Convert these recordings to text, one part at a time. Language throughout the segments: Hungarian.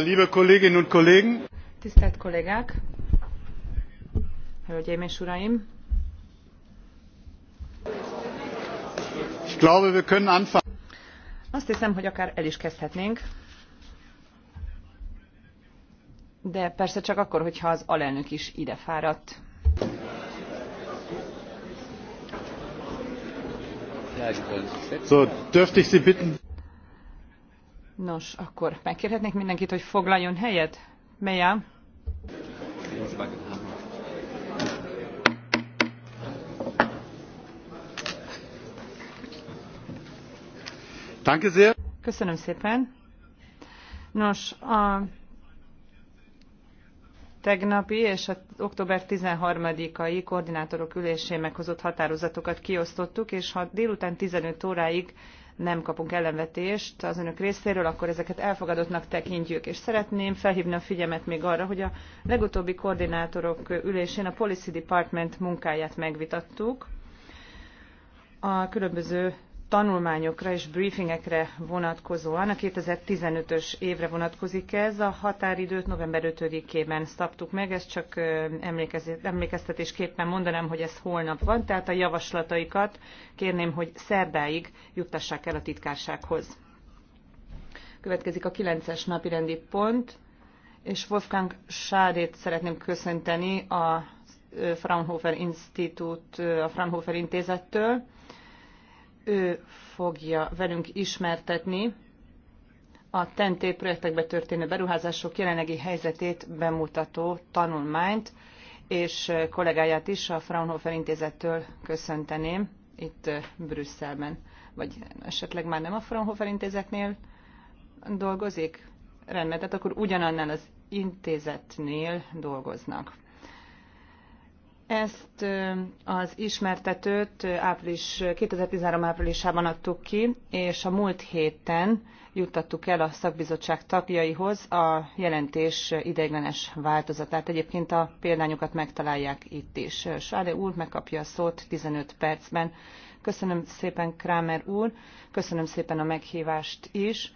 liebe Kolleginnen und Kollegen! Tisztelt kollégák! Hölgyeim és uraim! Azt hiszem, hogy akár el is kezdhetnénk. De persze csak akkor, hogyha az alelnök is ide fáradt. So, dürfte ich Sie bitten... Nos, akkor megkérhetnék mindenkit, hogy foglaljon helyet? Melyám? Köszönöm szépen. Nos, a tegnapi és a október 13-ai koordinátorok ülésén meghozott határozatokat kiosztottuk, és ha délután 15 óráig nem kapunk ellenvetést az önök részéről, akkor ezeket elfogadottnak tekintjük. És szeretném felhívni a figyelmet még arra, hogy a legutóbbi koordinátorok ülésén a Policy Department munkáját megvitattuk. A különböző tanulmányokra és briefingekre vonatkozóan. A 2015-ös évre vonatkozik ez. A határidőt november 5-ében szabtuk meg, ezt csak emlékeztetésképpen mondanám, hogy ez holnap van, tehát a javaslataikat kérném, hogy szerdáig juttassák el a titkársághoz. Következik a 9-es napi rendi pont, és Wolfgang Sádét szeretném köszönteni a Fraunhofer Institút, a Fraunhofer Intézettől ő fogja velünk ismertetni a TENTÉ projektekbe történő beruházások jelenlegi helyzetét bemutató tanulmányt, és kollégáját is a Fraunhofer Intézettől köszönteném itt Brüsszelben. Vagy esetleg már nem a Fraunhofer Intézetnél dolgozik? Rendben, tehát akkor ugyanannál az intézetnél dolgoznak. Ezt az ismertetőt április, 2013 áprilisában adtuk ki, és a múlt héten juttattuk el a szakbizottság tagjaihoz a jelentés ideiglenes változatát. Egyébként a példányokat megtalálják itt is. Sáde úr megkapja a szót 15 percben. Köszönöm szépen, Krámer úr, köszönöm szépen a meghívást is.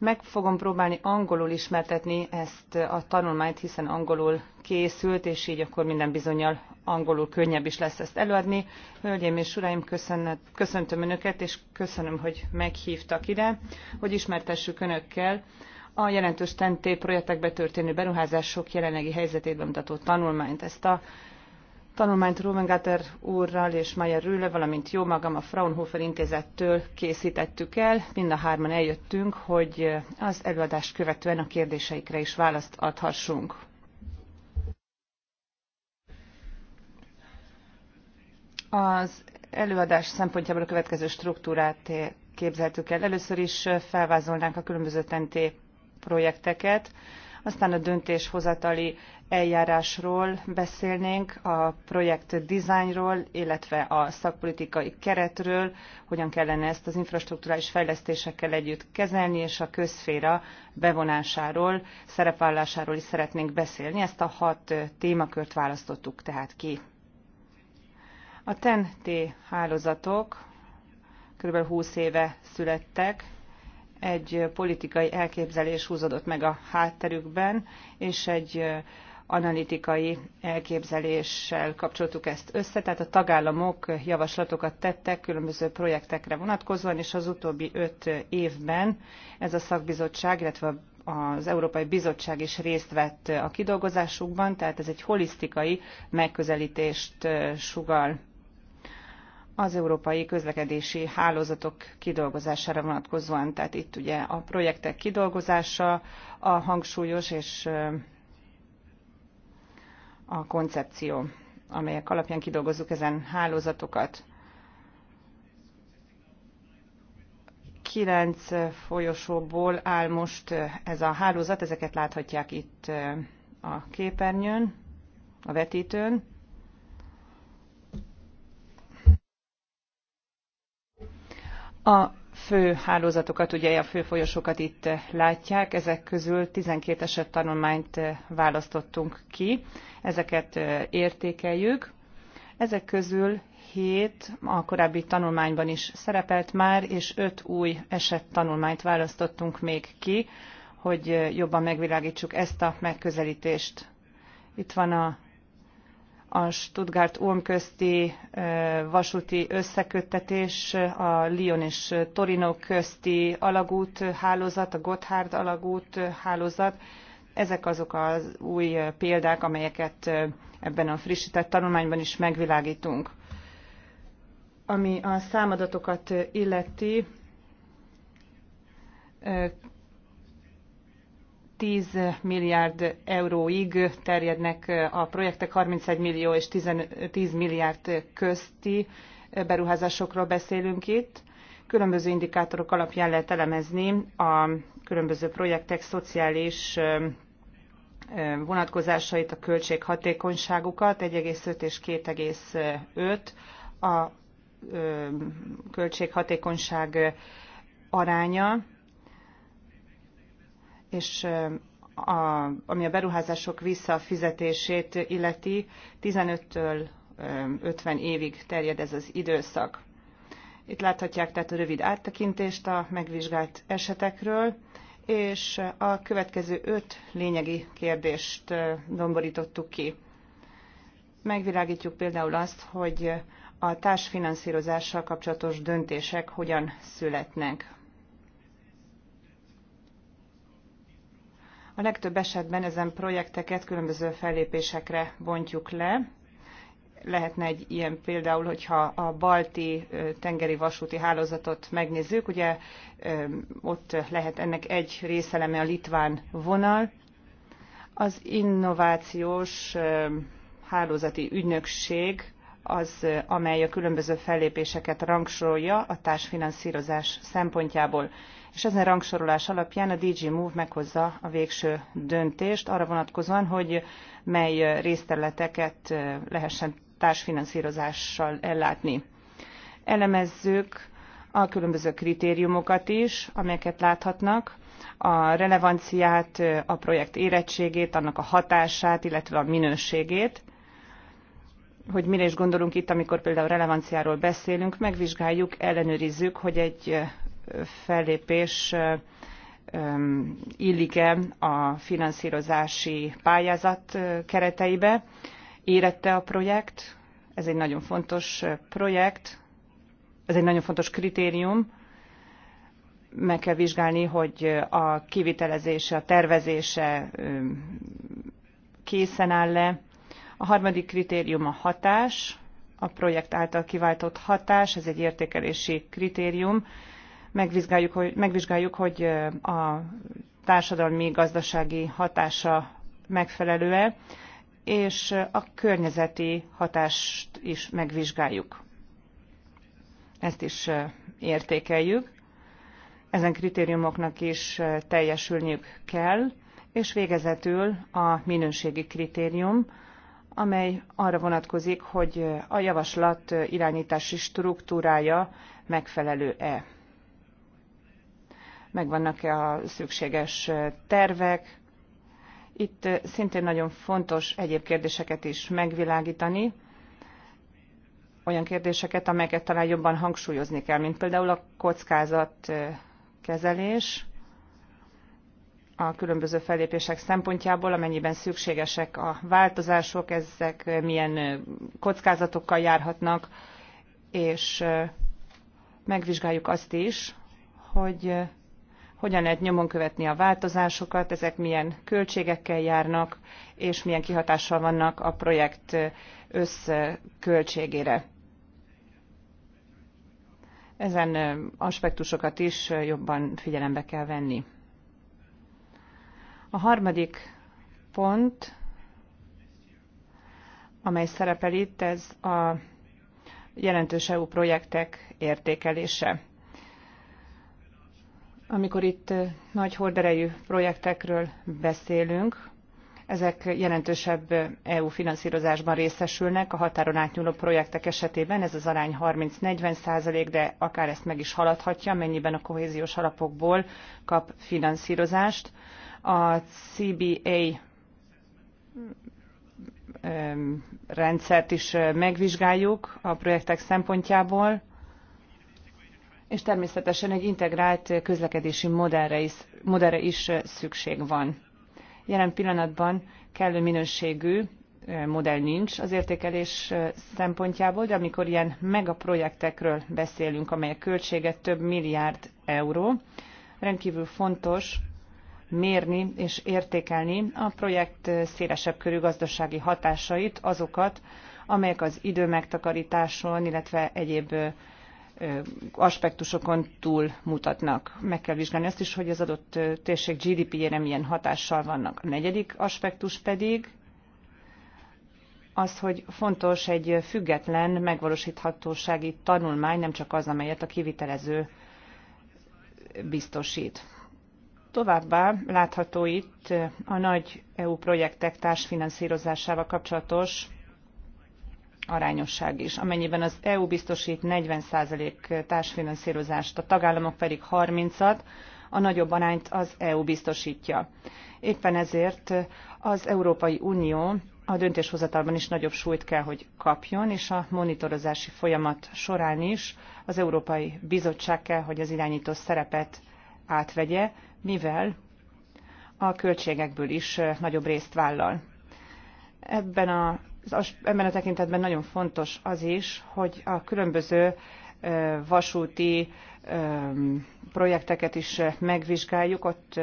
Meg fogom próbálni angolul ismertetni ezt a tanulmányt, hiszen angolul készült, és így akkor minden bizonyal angolul könnyebb is lesz ezt előadni. Hölgyeim és uraim, köszönet, köszöntöm Önöket, és köszönöm, hogy meghívtak ide, hogy ismertessük Önökkel a jelentős TNT projektekbe történő beruházások jelenlegi helyzetét bemutató tanulmányt. Ezt a tanulmányt Rumengáter úrral és Maja Rühle, valamint jó magam a Fraunhofer intézettől készítettük el. Mind a hárman eljöttünk, hogy az előadást követően a kérdéseikre is választ adhassunk. Az előadás szempontjából a következő struktúrát képzeltük el. Először is felvázolnánk a különböző TNT projekteket, aztán a döntéshozatali eljárásról beszélnénk, a projekt dizájnról, illetve a szakpolitikai keretről, hogyan kellene ezt az infrastruktúrális fejlesztésekkel együtt kezelni, és a közféra bevonásáról, szerepvállásáról is szeretnénk beszélni. Ezt a hat témakört választottuk tehát ki. A TEN-T hálózatok kb. 20 éve születtek, egy politikai elképzelés húzódott meg a hátterükben, és egy analitikai elképzeléssel kapcsoltuk ezt össze, tehát a tagállamok javaslatokat tettek különböző projektekre vonatkozóan, és az utóbbi öt évben ez a szakbizottság, illetve az Európai Bizottság is részt vett a kidolgozásukban, tehát ez egy holisztikai megközelítést sugal az európai közlekedési hálózatok kidolgozására vonatkozóan. Tehát itt ugye a projektek kidolgozása a hangsúlyos és a koncepció, amelyek alapján kidolgozzuk ezen hálózatokat. Kilenc folyosóból áll most ez a hálózat, ezeket láthatják itt a képernyőn, a vetítőn A fő hálózatokat, ugye a fő folyosókat itt látják, ezek közül 12 eset tanulmányt eh, választottunk ki, ezeket eh, értékeljük. Ezek közül 7 a korábbi tanulmányban is szerepelt már, és 5 új eset tanulmányt választottunk még ki, hogy eh, jobban megvilágítsuk ezt a megközelítést. Itt van a a Stuttgart-Ulm közti vasúti összeköttetés, a Lyon és Torino közti alagút hálózat, a Gotthard alagút hálózat. Ezek azok az új példák, amelyeket ebben a frissített tanulmányban is megvilágítunk. Ami a számadatokat illeti, 10 milliárd euróig terjednek a projektek, 31 millió és 10 milliárd közti beruházásokról beszélünk itt. Különböző indikátorok alapján lehet elemezni a különböző projektek szociális vonatkozásait, a költséghatékonyságukat, 1,5 és 2,5 a költséghatékonyság aránya, és a, ami a beruházások visszafizetését illeti, 15-től 50 évig terjed ez az időszak. Itt láthatják tehát a rövid áttekintést a megvizsgált esetekről, és a következő öt lényegi kérdést domborítottuk ki. Megvilágítjuk például azt, hogy a társfinanszírozással kapcsolatos döntések hogyan születnek. A legtöbb esetben ezen projekteket különböző fellépésekre bontjuk le. Lehetne egy ilyen például, hogyha a balti tengeri vasúti hálózatot megnézzük, ugye ott lehet ennek egy részeleme a litván vonal. Az innovációs hálózati ügynökség az, amely a különböző fellépéseket rangsorolja a társfinanszírozás szempontjából és ezen rangsorolás alapján a DG Move meghozza a végső döntést arra vonatkozóan, hogy mely részterületeket lehessen társfinanszírozással ellátni. Elemezzük a különböző kritériumokat is, amelyeket láthatnak, a relevanciát, a projekt érettségét, annak a hatását, illetve a minőségét hogy mire is gondolunk itt, amikor például relevanciáról beszélünk, megvizsgáljuk, ellenőrizzük, hogy egy fellépés illik-e a finanszírozási pályázat kereteibe. Érette a projekt, ez egy nagyon fontos projekt, ez egy nagyon fontos kritérium, meg kell vizsgálni, hogy a kivitelezése, a tervezése készen áll-e. A harmadik kritérium a hatás, a projekt által kiváltott hatás, ez egy értékelési kritérium, megvizsgáljuk, hogy, megvizsgáljuk, hogy a társadalmi gazdasági hatása megfelelő-e, és a környezeti hatást is megvizsgáljuk. Ezt is értékeljük. Ezen kritériumoknak is teljesülniük kell, és végezetül a minőségi kritérium, amely arra vonatkozik, hogy a javaslat irányítási struktúrája megfelelő-e megvannak-e a szükséges tervek. Itt szintén nagyon fontos egyéb kérdéseket is megvilágítani, olyan kérdéseket, amelyeket talán jobban hangsúlyozni kell, mint például a kockázatkezelés a különböző fellépések szempontjából, amennyiben szükségesek a változások, ezek milyen kockázatokkal járhatnak, és megvizsgáljuk azt is, hogy hogyan lehet nyomon követni a változásokat, ezek milyen költségekkel járnak, és milyen kihatással vannak a projekt összköltségére. Ezen aspektusokat is jobban figyelembe kell venni. A harmadik pont, amely szerepel itt, ez a jelentős EU projektek értékelése. Amikor itt eh, nagy horderejű projektekről beszélünk, ezek jelentősebb eh, EU finanszírozásban részesülnek a határon átnyúló projektek esetében, ez az arány 30-40 százalék, de akár ezt meg is haladhatja, mennyiben a kohéziós alapokból kap finanszírozást. A CBA mm, eh, rendszert is megvizsgáljuk a projektek szempontjából és természetesen egy integrált közlekedési modellre is, modellre is szükség van. Jelen pillanatban kellő minőségű modell nincs az értékelés szempontjából, de amikor ilyen megaprojektekről beszélünk, amelyek költsége több milliárd euró, rendkívül fontos mérni és értékelni a projekt szélesebb körű gazdasági hatásait, azokat, amelyek az időmegtakarításon, illetve egyéb aspektusokon túl mutatnak. Meg kell vizsgálni azt is, hogy az adott térség GDP-jére milyen hatással vannak. A negyedik aspektus pedig az, hogy fontos egy független megvalósíthatósági tanulmány, nem csak az, amelyet a kivitelező biztosít. Továbbá látható itt a nagy EU projektek társfinanszírozásával kapcsolatos arányosság is. Amennyiben az EU biztosít 40% társfinanszírozást, a tagállamok pedig 30-at, a nagyobb arányt az EU biztosítja. Éppen ezért az Európai Unió a döntéshozatalban is nagyobb súlyt kell, hogy kapjon, és a monitorozási folyamat során is az Európai Bizottság kell, hogy az irányító szerepet átvegye, mivel a költségekből is nagyobb részt vállal. Ebben a az ebben a tekintetben nagyon fontos az is, hogy a különböző vasúti projekteket is megvizsgáljuk, ott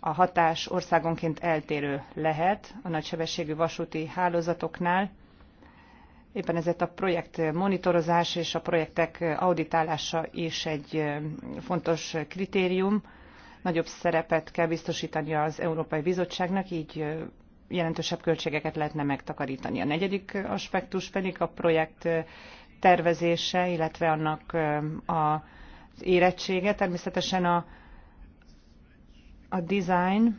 a hatás országonként eltérő lehet a nagysebességű vasúti hálózatoknál. Éppen ezért a projekt monitorozás és a projektek auditálása is egy fontos kritérium. Nagyobb szerepet kell biztosítani az Európai Bizottságnak, így jelentősebb költségeket lehetne megtakarítani. A negyedik aspektus pedig a projekt tervezése, illetve annak az érettsége. Természetesen a, a design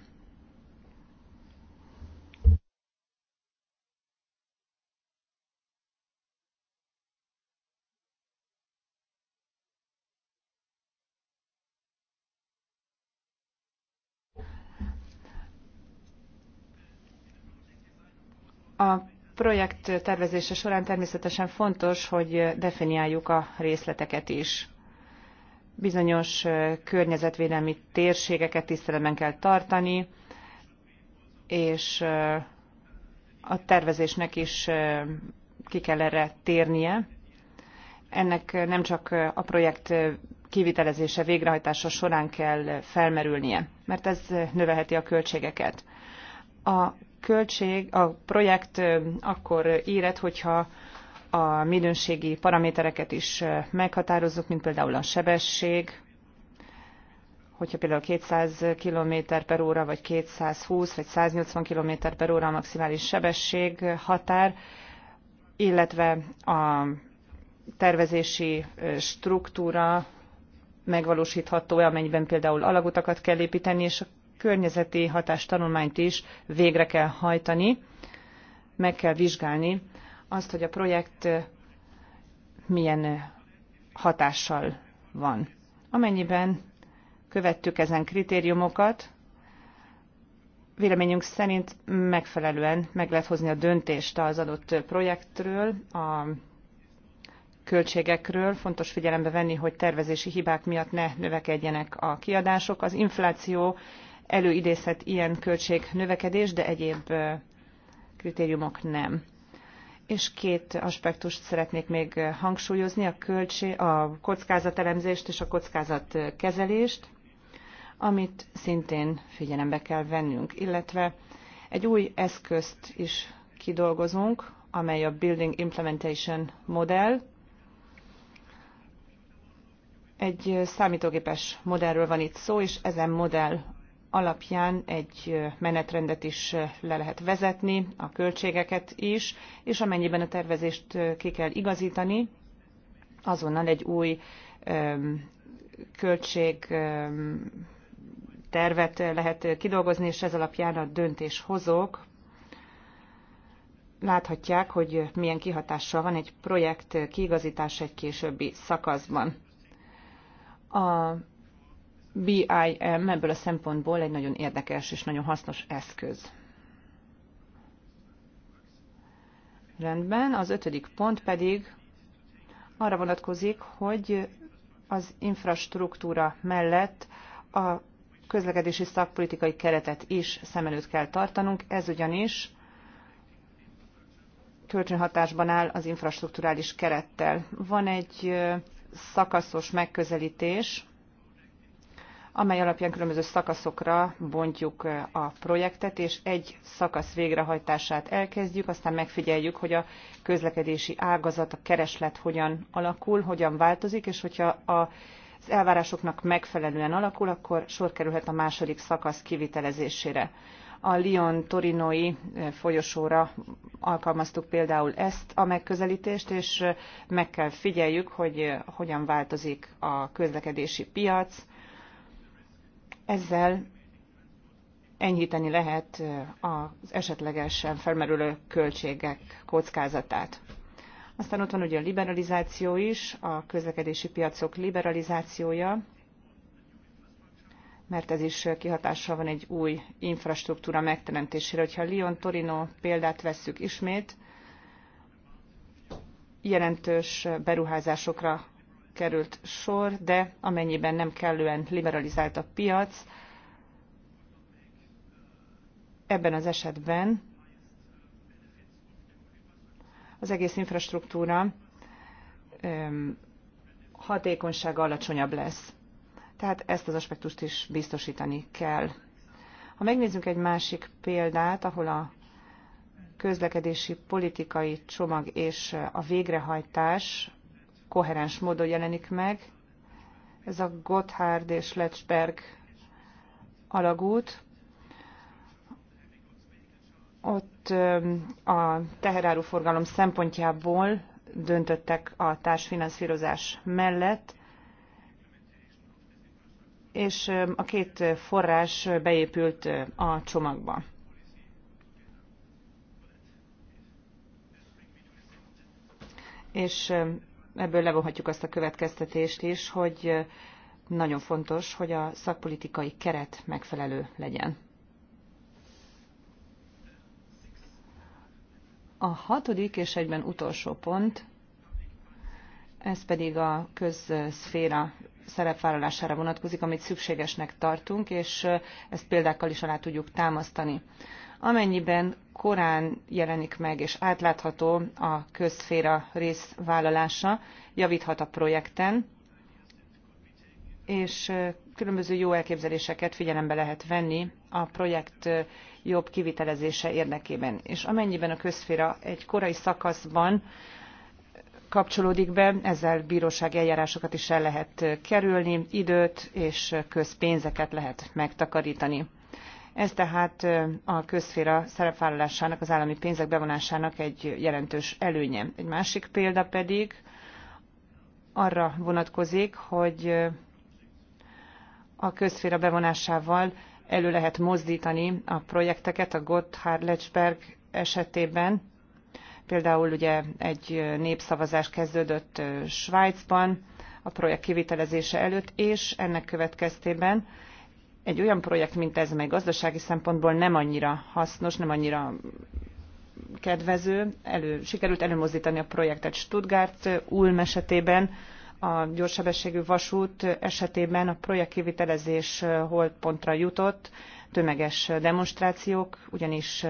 A projekt tervezése során természetesen fontos, hogy definiáljuk a részleteket is. Bizonyos környezetvédelmi térségeket tiszteletben kell tartani, és a tervezésnek is ki kell erre térnie. Ennek nem csak a projekt kivitelezése, végrehajtása során kell felmerülnie, mert ez növelheti a költségeket. A költség, a projekt akkor érett, hogyha a minőségi paramétereket is meghatározzuk, mint például a sebesség, hogyha például 200 km per óra, vagy 220, vagy 180 km per óra a maximális sebesség határ, illetve a tervezési struktúra megvalósítható amennyiben például alagutakat kell építeni, és környezeti hatástanulmányt is végre kell hajtani, meg kell vizsgálni azt, hogy a projekt milyen hatással van. Amennyiben követtük ezen kritériumokat, véleményünk szerint megfelelően meg lehet hozni a döntést az adott projektről, a költségekről. Fontos figyelembe venni, hogy tervezési hibák miatt ne növekedjenek a kiadások. Az infláció előidézhet ilyen költségnövekedés, de egyéb kritériumok nem. És két aspektust szeretnék még hangsúlyozni, a, költség, a kockázatelemzést és a kockázatkezelést, amit szintén figyelembe kell vennünk, illetve egy új eszközt is kidolgozunk, amely a Building Implementation Model. Egy számítógépes modellről van itt szó, és ezen modell alapján egy menetrendet is le lehet vezetni, a költségeket is, és amennyiben a tervezést ki kell igazítani, azonnal egy új költség tervet lehet kidolgozni, és ez alapján a döntéshozók láthatják, hogy milyen kihatással van egy projekt kiigazítás egy későbbi szakaszban. A BIM ebből a szempontból egy nagyon érdekes és nagyon hasznos eszköz. Rendben, az ötödik pont pedig arra vonatkozik, hogy az infrastruktúra mellett a közlekedési szakpolitikai keretet is szem előtt kell tartanunk, ez ugyanis kölcsönhatásban áll az infrastruktúrális kerettel. Van egy szakaszos megközelítés, amely alapján különböző szakaszokra bontjuk a projektet, és egy szakasz végrehajtását elkezdjük, aztán megfigyeljük, hogy a közlekedési ágazat, a kereslet hogyan alakul, hogyan változik, és hogyha a az elvárásoknak megfelelően alakul, akkor sor kerülhet a második szakasz kivitelezésére. A Lyon-Torinoi folyosóra alkalmaztuk például ezt a megközelítést, és meg kell figyeljük, hogy hogyan változik a közlekedési piac, ezzel enyhíteni lehet az esetlegesen felmerülő költségek kockázatát. Aztán ott van ugye a liberalizáció is, a közlekedési piacok liberalizációja, mert ez is kihatással van egy új infrastruktúra megteremtésére. Hogyha Lyon-Torino példát vesszük ismét, jelentős beruházásokra került sor, de amennyiben nem kellően liberalizált a piac, ebben az esetben az egész infrastruktúra hatékonysága alacsonyabb lesz. Tehát ezt az aspektust is biztosítani kell. Ha megnézzünk egy másik példát, ahol a közlekedési politikai csomag és a végrehajtás koherens módon jelenik meg. Ez a Gotthard és Lechberg alagút. Ott a teheráruforgalom szempontjából döntöttek a társfinanszírozás mellett, és a két forrás beépült a csomagba. És ebből levonhatjuk azt a következtetést is, hogy nagyon fontos, hogy a szakpolitikai keret megfelelő legyen. A hatodik és egyben utolsó pont, ez pedig a közszféra szerepvállalására vonatkozik, amit szükségesnek tartunk, és ezt példákkal is alá tudjuk támasztani amennyiben korán jelenik meg és átlátható a közféra részvállalása, javíthat a projekten, és különböző jó elképzeléseket figyelembe lehet venni a projekt jobb kivitelezése érdekében. És amennyiben a közféra egy korai szakaszban kapcsolódik be, ezzel bírósági eljárásokat is el lehet kerülni, időt és közpénzeket lehet megtakarítani. Ez tehát a közféra szerepvállalásának, az állami pénzek bevonásának egy jelentős előnye. Egy másik példa pedig arra vonatkozik, hogy a közféra bevonásával elő lehet mozdítani a projekteket a Gotthard Lechberg esetében. Például ugye egy népszavazás kezdődött Svájcban a projekt kivitelezése előtt, és ennek következtében egy olyan projekt, mint ez, mely gazdasági szempontból nem annyira hasznos, nem annyira kedvező. Elő, sikerült előmozdítani a projektet Stuttgart, Ulm esetében, a gyorsebességű vasút esetében a projekt kivitelezés holdpontra jutott, tömeges demonstrációk, ugyanis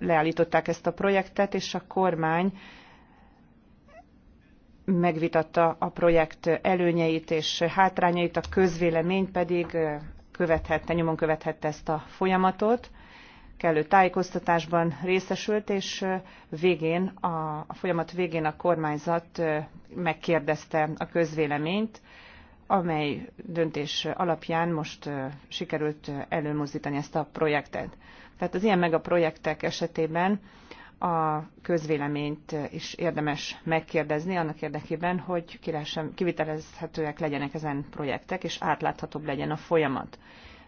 leállították ezt a projektet, és a kormány megvitatta a projekt előnyeit és hátrányait, a közvélemény pedig követhette, nyomon követhette ezt a folyamatot, kellő tájékoztatásban részesült, és végén, a, a folyamat végén a kormányzat megkérdezte a közvéleményt, amely döntés alapján most sikerült előmozdítani ezt a projektet. Tehát az ilyen megaprojektek esetében a közvéleményt is érdemes megkérdezni annak érdekében, hogy kivitelezhetőek legyenek ezen projektek, és átláthatóbb legyen a folyamat.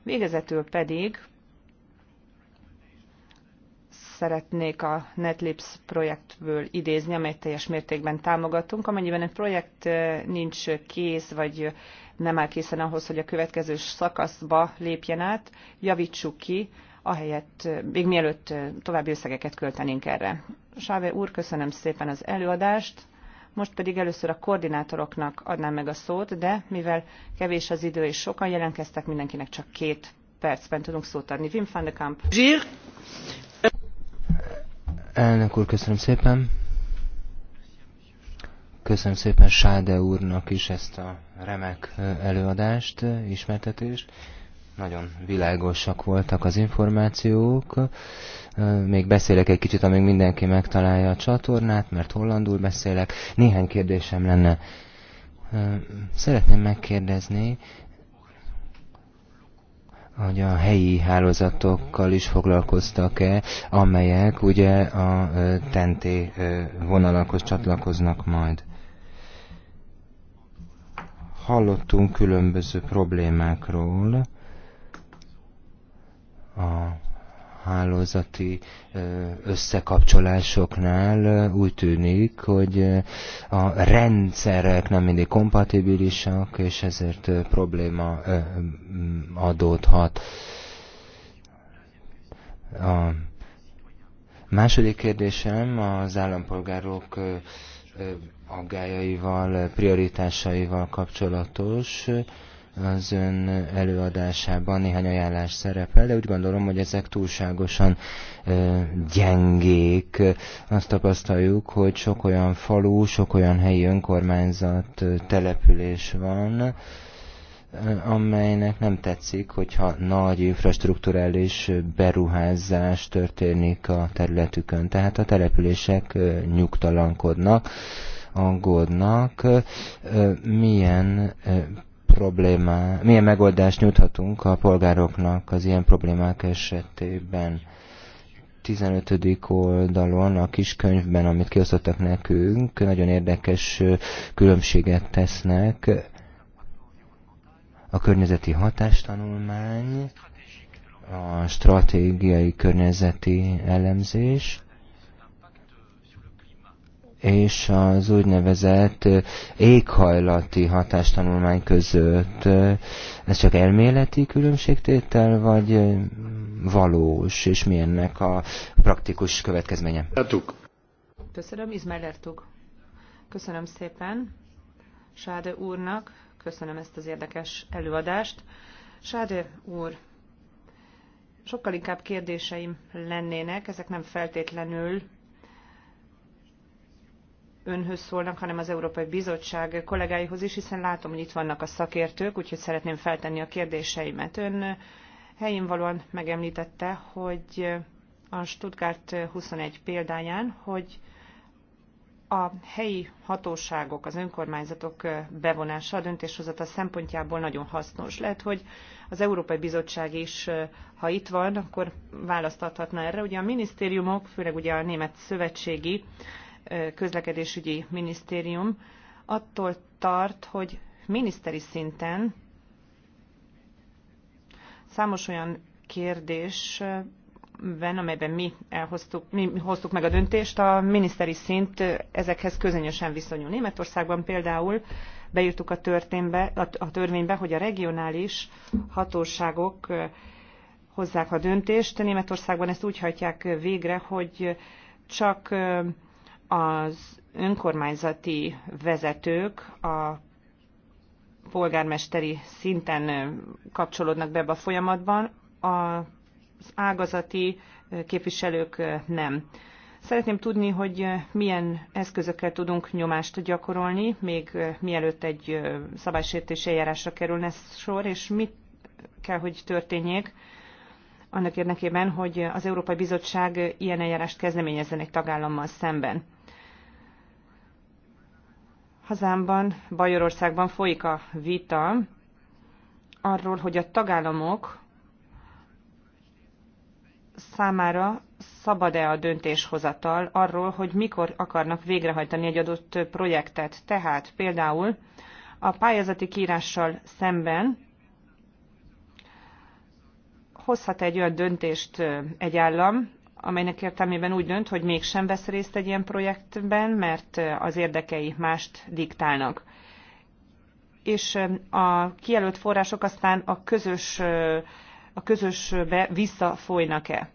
Végezetül pedig szeretnék a Netlips projektből idézni, amelyet teljes mértékben támogatunk. Amennyiben egy projekt nincs kész, vagy nem áll készen ahhoz, hogy a következő szakaszba lépjen át, javítsuk ki ahelyett, még mielőtt további összegeket költenénk erre. Sávé úr, köszönöm szépen az előadást. Most pedig először a koordinátoroknak adnám meg a szót, de mivel kevés az idő és sokan jelentkeztek, mindenkinek csak két percben tudunk szót adni. Wim van de Kamp. Zsír. Elnök úr, köszönöm szépen. Köszönöm szépen Sáde úrnak is ezt a remek előadást, ismertetést. Nagyon világosak voltak az információk. Még beszélek egy kicsit, amíg mindenki megtalálja a csatornát, mert hollandul beszélek. Néhány kérdésem lenne. Szeretném megkérdezni, hogy a helyi hálózatokkal is foglalkoztak-e, amelyek ugye a tenté vonalakhoz csatlakoznak majd. Hallottunk különböző problémákról, a hálózati összekapcsolásoknál úgy tűnik, hogy a rendszerek nem mindig kompatibilisak, és ezért probléma adódhat. A második kérdésem az állampolgárok aggájaival, prioritásaival kapcsolatos az ön előadásában néhány ajánlás szerepel, de úgy gondolom, hogy ezek túlságosan ö, gyengék. Azt tapasztaljuk, hogy sok olyan falu, sok olyan helyi önkormányzat település van, amelynek nem tetszik, hogyha nagy infrastruktúrális beruházás történik a területükön. Tehát a települések nyugtalankodnak, aggódnak, milyen problémá, milyen megoldást nyújthatunk a polgároknak az ilyen problémák esetében. 15. oldalon a kis könyvben, amit kiosztottak nekünk, nagyon érdekes különbséget tesznek. A környezeti hatástanulmány, a stratégiai környezeti elemzés, és az úgynevezett éghajlati hatástanulmány között. Ez csak elméleti különbségtétel, vagy valós, és mi ennek a praktikus következménye? Tuk. Köszönöm, Izmellertuk. Köszönöm szépen Sáde úrnak, köszönöm ezt az érdekes előadást. Sáde úr, sokkal inkább kérdéseim lennének, ezek nem feltétlenül önhöz szólnak, hanem az Európai Bizottság kollégáihoz is, hiszen látom, hogy itt vannak a szakértők, úgyhogy szeretném feltenni a kérdéseimet. Ön eh, helyén valóan megemlítette, hogy eh, a Stuttgart 21 eh, példáján, hogy a helyi hatóságok, az önkormányzatok bevonása a döntéshozata szempontjából nagyon hasznos. Lehet, hogy az Európai Bizottság is, ha itt van, akkor választ adhatna erre. Ugye a minisztériumok, főleg ugye a német szövetségi közlekedésügyi minisztérium attól tart, hogy miniszteri szinten számos olyan kérdés ben, amelyben mi, elhoztuk, mi hoztuk meg a döntést, a miniszteri szint ezekhez közönösen viszonyul. Németországban például beírtuk a, történbe, a törvénybe, hogy a regionális hatóságok hozzák a döntést. Németországban ezt úgy hajtják végre, hogy csak az önkormányzati vezetők a polgármesteri szinten kapcsolódnak be ebbe a folyamatban, az ágazati képviselők nem. Szeretném tudni, hogy milyen eszközökkel tudunk nyomást gyakorolni, még mielőtt egy szabálysértési eljárásra kerülne sor, és mit kell, hogy történjék annak érdekében, hogy az Európai Bizottság ilyen eljárást kezdeményezzen egy tagállammal szemben. Hazámban, Bajorországban folyik a vita arról, hogy a tagállamok számára szabad-e a döntéshozatal arról, hogy mikor akarnak végrehajtani egy adott projektet. Tehát például a pályázati kírással szemben hozhat egy olyan döntést egy állam, amelynek értelmében úgy dönt, hogy mégsem vesz részt egy ilyen projektben, mert eh, az érdekei mást diktálnak. És eh, a kijelölt források aztán a közös, eh, a közösbe visszafolynak-e?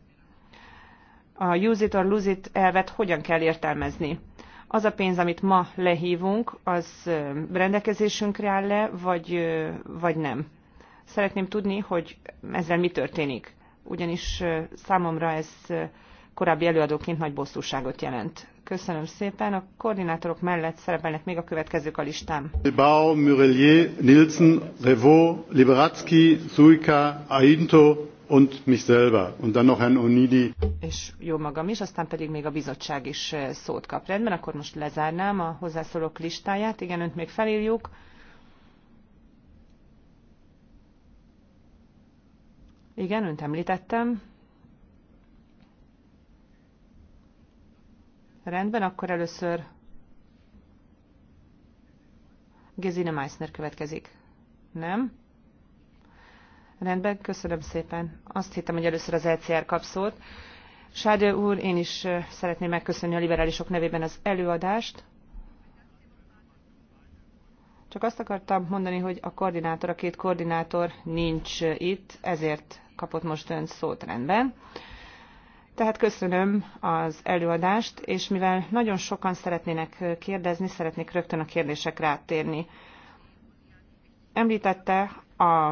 A use it or lose it elvet hogyan kell értelmezni? Az a pénz, amit ma lehívunk, az rendelkezésünkre áll le, vagy, vagy nem? Szeretném tudni, hogy ezzel mi történik ugyanis számomra ez korábbi előadóként nagy bosszúságot jelent. Köszönöm szépen. A koordinátorok mellett szerepelnek még a következők a listám. Bilbao, Murelier, Nielsen, Revo, Liberatsky, Suika, Ainto und mich selber. Und dann noch Herrn Onidi. És jó magam is, aztán pedig még a bizottság is szót kap. Rendben, akkor most lezárnám a hozzászólók listáját. Igen, önt még felírjuk. Igen, önt említettem. Rendben, akkor először Gezine Meissner következik. Nem? Rendben, köszönöm szépen. Azt hittem, hogy először az ECR kap szót. úr, én is szeretném megköszönni a liberálisok nevében az előadást. Csak azt akartam mondani, hogy a koordinátor, a két koordinátor nincs itt, ezért kapott most ön szót rendben. Tehát köszönöm az előadást, és mivel nagyon sokan szeretnének kérdezni, szeretnék rögtön a kérdésekre áttérni. Említette a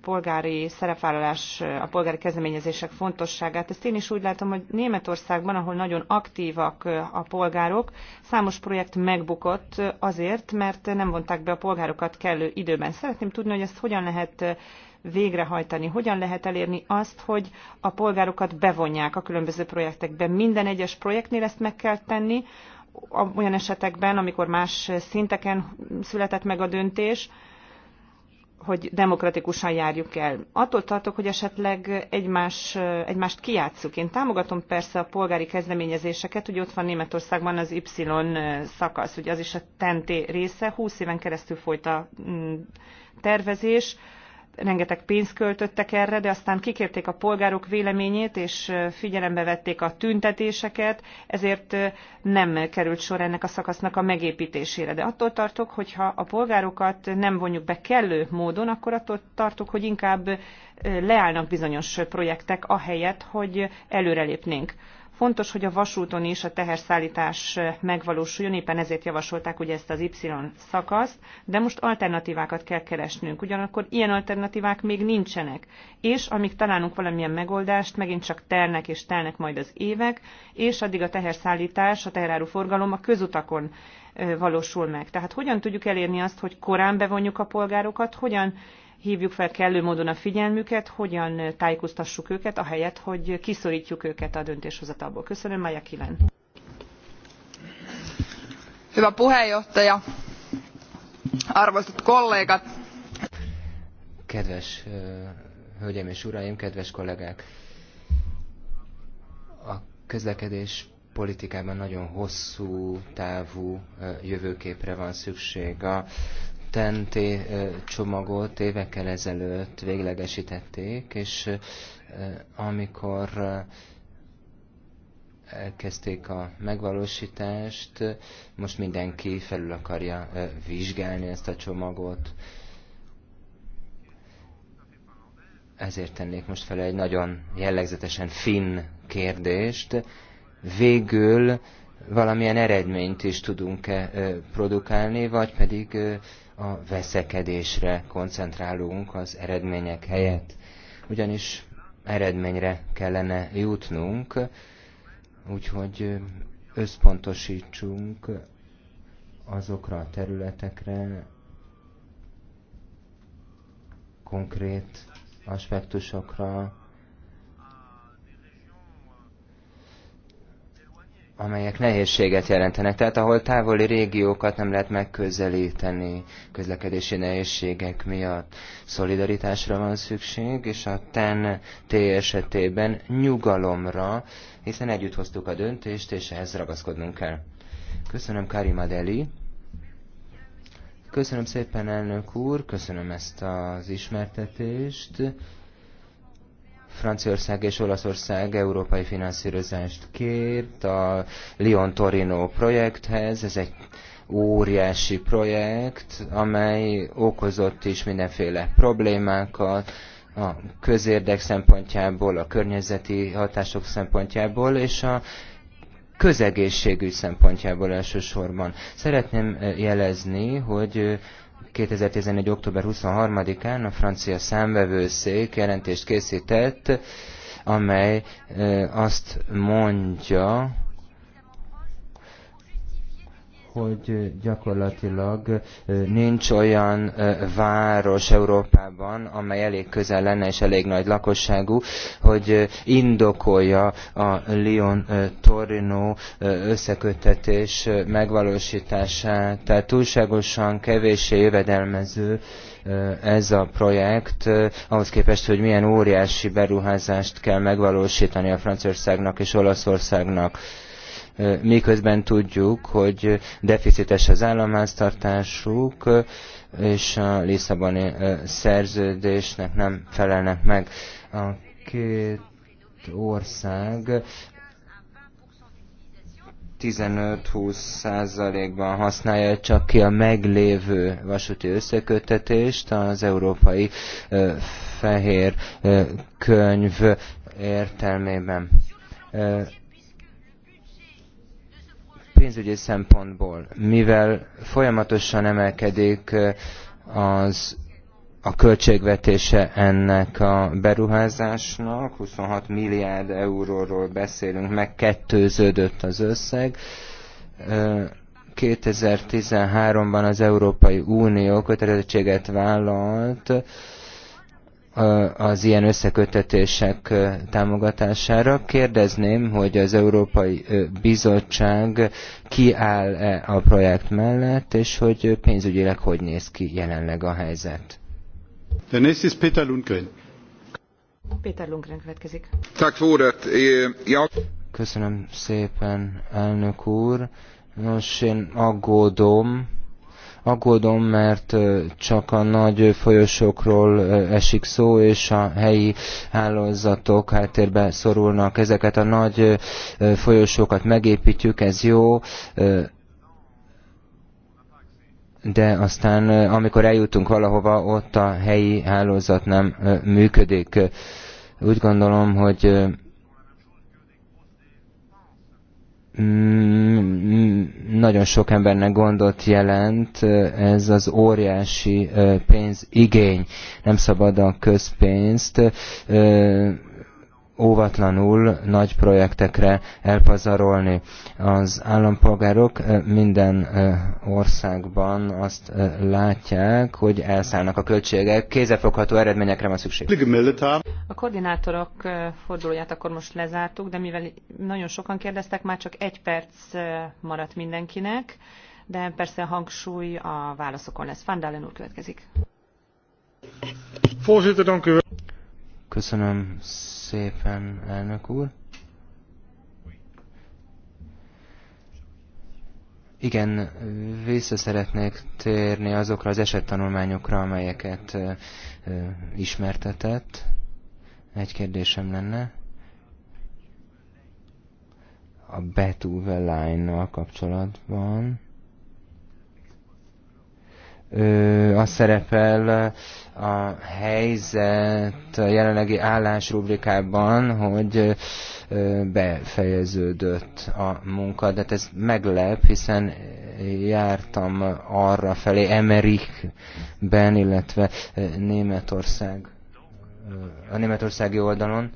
polgári szerepvállalás, a polgári kezdeményezések fontosságát. Ezt én is úgy látom, hogy Németországban, ahol nagyon aktívak a polgárok, számos projekt megbukott azért, mert nem vonták be a polgárokat kellő időben. Szeretném tudni, hogy ezt hogyan lehet végrehajtani? Hogyan lehet elérni azt, hogy a polgárokat bevonják a különböző projektekbe? Minden egyes projektnél ezt meg kell tenni, olyan esetekben, amikor más szinteken született meg a döntés, hogy demokratikusan járjuk el. Attól tartok, hogy esetleg egymás, egymást kiátszuk. Én támogatom persze a polgári kezdeményezéseket, hogy ott van Németországban az Y szakasz, ugye az is a tenté része, 20 éven keresztül folyt a mm, tervezés, rengeteg pénzt költöttek erre, de aztán kikérték a polgárok véleményét, és figyelembe vették a tüntetéseket, ezért nem került sor ennek a szakasznak a megépítésére. De attól tartok, hogyha a polgárokat nem vonjuk be kellő módon, akkor attól tartok, hogy inkább leállnak bizonyos projektek, ahelyett, hogy előrelépnénk. Fontos, hogy a vasúton is a teherszállítás megvalósuljon, éppen ezért javasolták ugye ezt az Y szakaszt, de most alternatívákat kell keresnünk. Ugyanakkor ilyen alternatívák még nincsenek. És amíg találunk valamilyen megoldást, megint csak telnek és telnek majd az évek, és addig a teherszállítás, a teheráru forgalom a közutakon valósul meg. Tehát hogyan tudjuk elérni azt, hogy korán bevonjuk a polgárokat, hogyan hívjuk fel kellő módon a figyelmüket, hogyan tájékoztassuk őket, ahelyett, hogy kiszorítjuk őket a döntéshozatalból. Köszönöm, Maja Kilen. Hyvä puheenjohtaja, arvoisat kollégat. Kedves hölgyeim és uraim, kedves kollégák! A közlekedés politikában nagyon hosszú távú jövőképre van szükség. A TNT csomagot évekkel ezelőtt véglegesítették, és amikor elkezdték a megvalósítást, most mindenki felül akarja vizsgálni ezt a csomagot. Ezért tennék most fel egy nagyon jellegzetesen finn kérdést. Végül valamilyen eredményt is tudunk-e produkálni, vagy pedig a veszekedésre koncentrálunk az eredmények helyett. Ugyanis eredményre kellene jutnunk, úgyhogy összpontosítsunk azokra a területekre, konkrét aspektusokra, amelyek nehézséget jelentenek, tehát ahol távoli régiókat nem lehet megközelíteni közlekedési nehézségek miatt. Szolidaritásra van szükség, és a TEN-T esetében nyugalomra, hiszen együtt hoztuk a döntést, és ehhez ragaszkodnunk kell. Köszönöm Karima Deli. Köszönöm szépen, elnök úr, köszönöm ezt az ismertetést. Franciaország és Olaszország európai finanszírozást kért a Lyon-Torino projekthez. Ez egy óriási projekt, amely okozott is mindenféle problémákat, a közérdek szempontjából, a környezeti hatások szempontjából, és a közegészségügy szempontjából elsősorban. Szeretném jelezni, hogy 2014. október 23-án a francia számvevőszék jelentést készített, amely azt mondja, hogy gyakorlatilag nincs olyan város Európában, amely elég közel lenne és elég nagy lakosságú, hogy indokolja a Lyon-Torino összeköttetés megvalósítását. Tehát túlságosan kevéssé jövedelmező ez a projekt, ahhoz képest, hogy milyen óriási beruházást kell megvalósítani a Franciaországnak és Olaszországnak miközben tudjuk, hogy deficites az államháztartásuk, és a Lisszaboni szerződésnek nem felelnek meg. A két ország 15-20 százalékban használja csak ki a meglévő vasúti összekötetést, az európai fehér könyv értelmében pénzügyi szempontból, mivel folyamatosan emelkedik az a költségvetése ennek a beruházásnak, 26 milliárd euróról beszélünk, megkettőződött az összeg. 2013-ban az Európai Unió kötelezettséget vállalt, az ilyen összekötetések támogatására. Kérdezném, hogy az Európai Bizottság kiáll-e a projekt mellett, és hogy pénzügyileg hogy néz ki jelenleg a helyzet. The next is Peter Lundgren. Péter Lundgren következik. Tak fúrat, Ja. Köszönöm szépen, elnök úr. Nos, én aggódom, Aggódom, mert csak a nagy folyosókról esik szó, és a helyi hálózatok háttérbe szorulnak. Ezeket a nagy folyosókat megépítjük, ez jó, de aztán amikor eljutunk valahova, ott a helyi hálózat nem működik. Úgy gondolom, hogy Mm, nagyon sok embernek gondot jelent ez az óriási pénzigény. Nem szabad a közpénzt óvatlanul nagy projektekre elpazarolni. Az állampolgárok minden országban azt látják, hogy elszállnak a költségek, kézefogható eredményekre van szükség. A koordinátorok fordulóját akkor most lezártuk, de mivel nagyon sokan kérdeztek, már csak egy perc maradt mindenkinek, de persze a hangsúly a válaszokon lesz. Fandalen úr következik. Voorzitter, dank u wel. Köszönöm szépen, elnök úr. Igen, vissza szeretnék térni azokra az esettanulmányokra, amelyeket ö, ö, ismertetett. Egy kérdésem lenne. A Beethoven line kapcsolatban. Ö, az szerepel a helyzet a jelenlegi állás rubrikában, hogy befejeződött a munka, de hát ez meglep, hiszen jártam arra felé Emerikben, illetve Németország a németországi oldalon.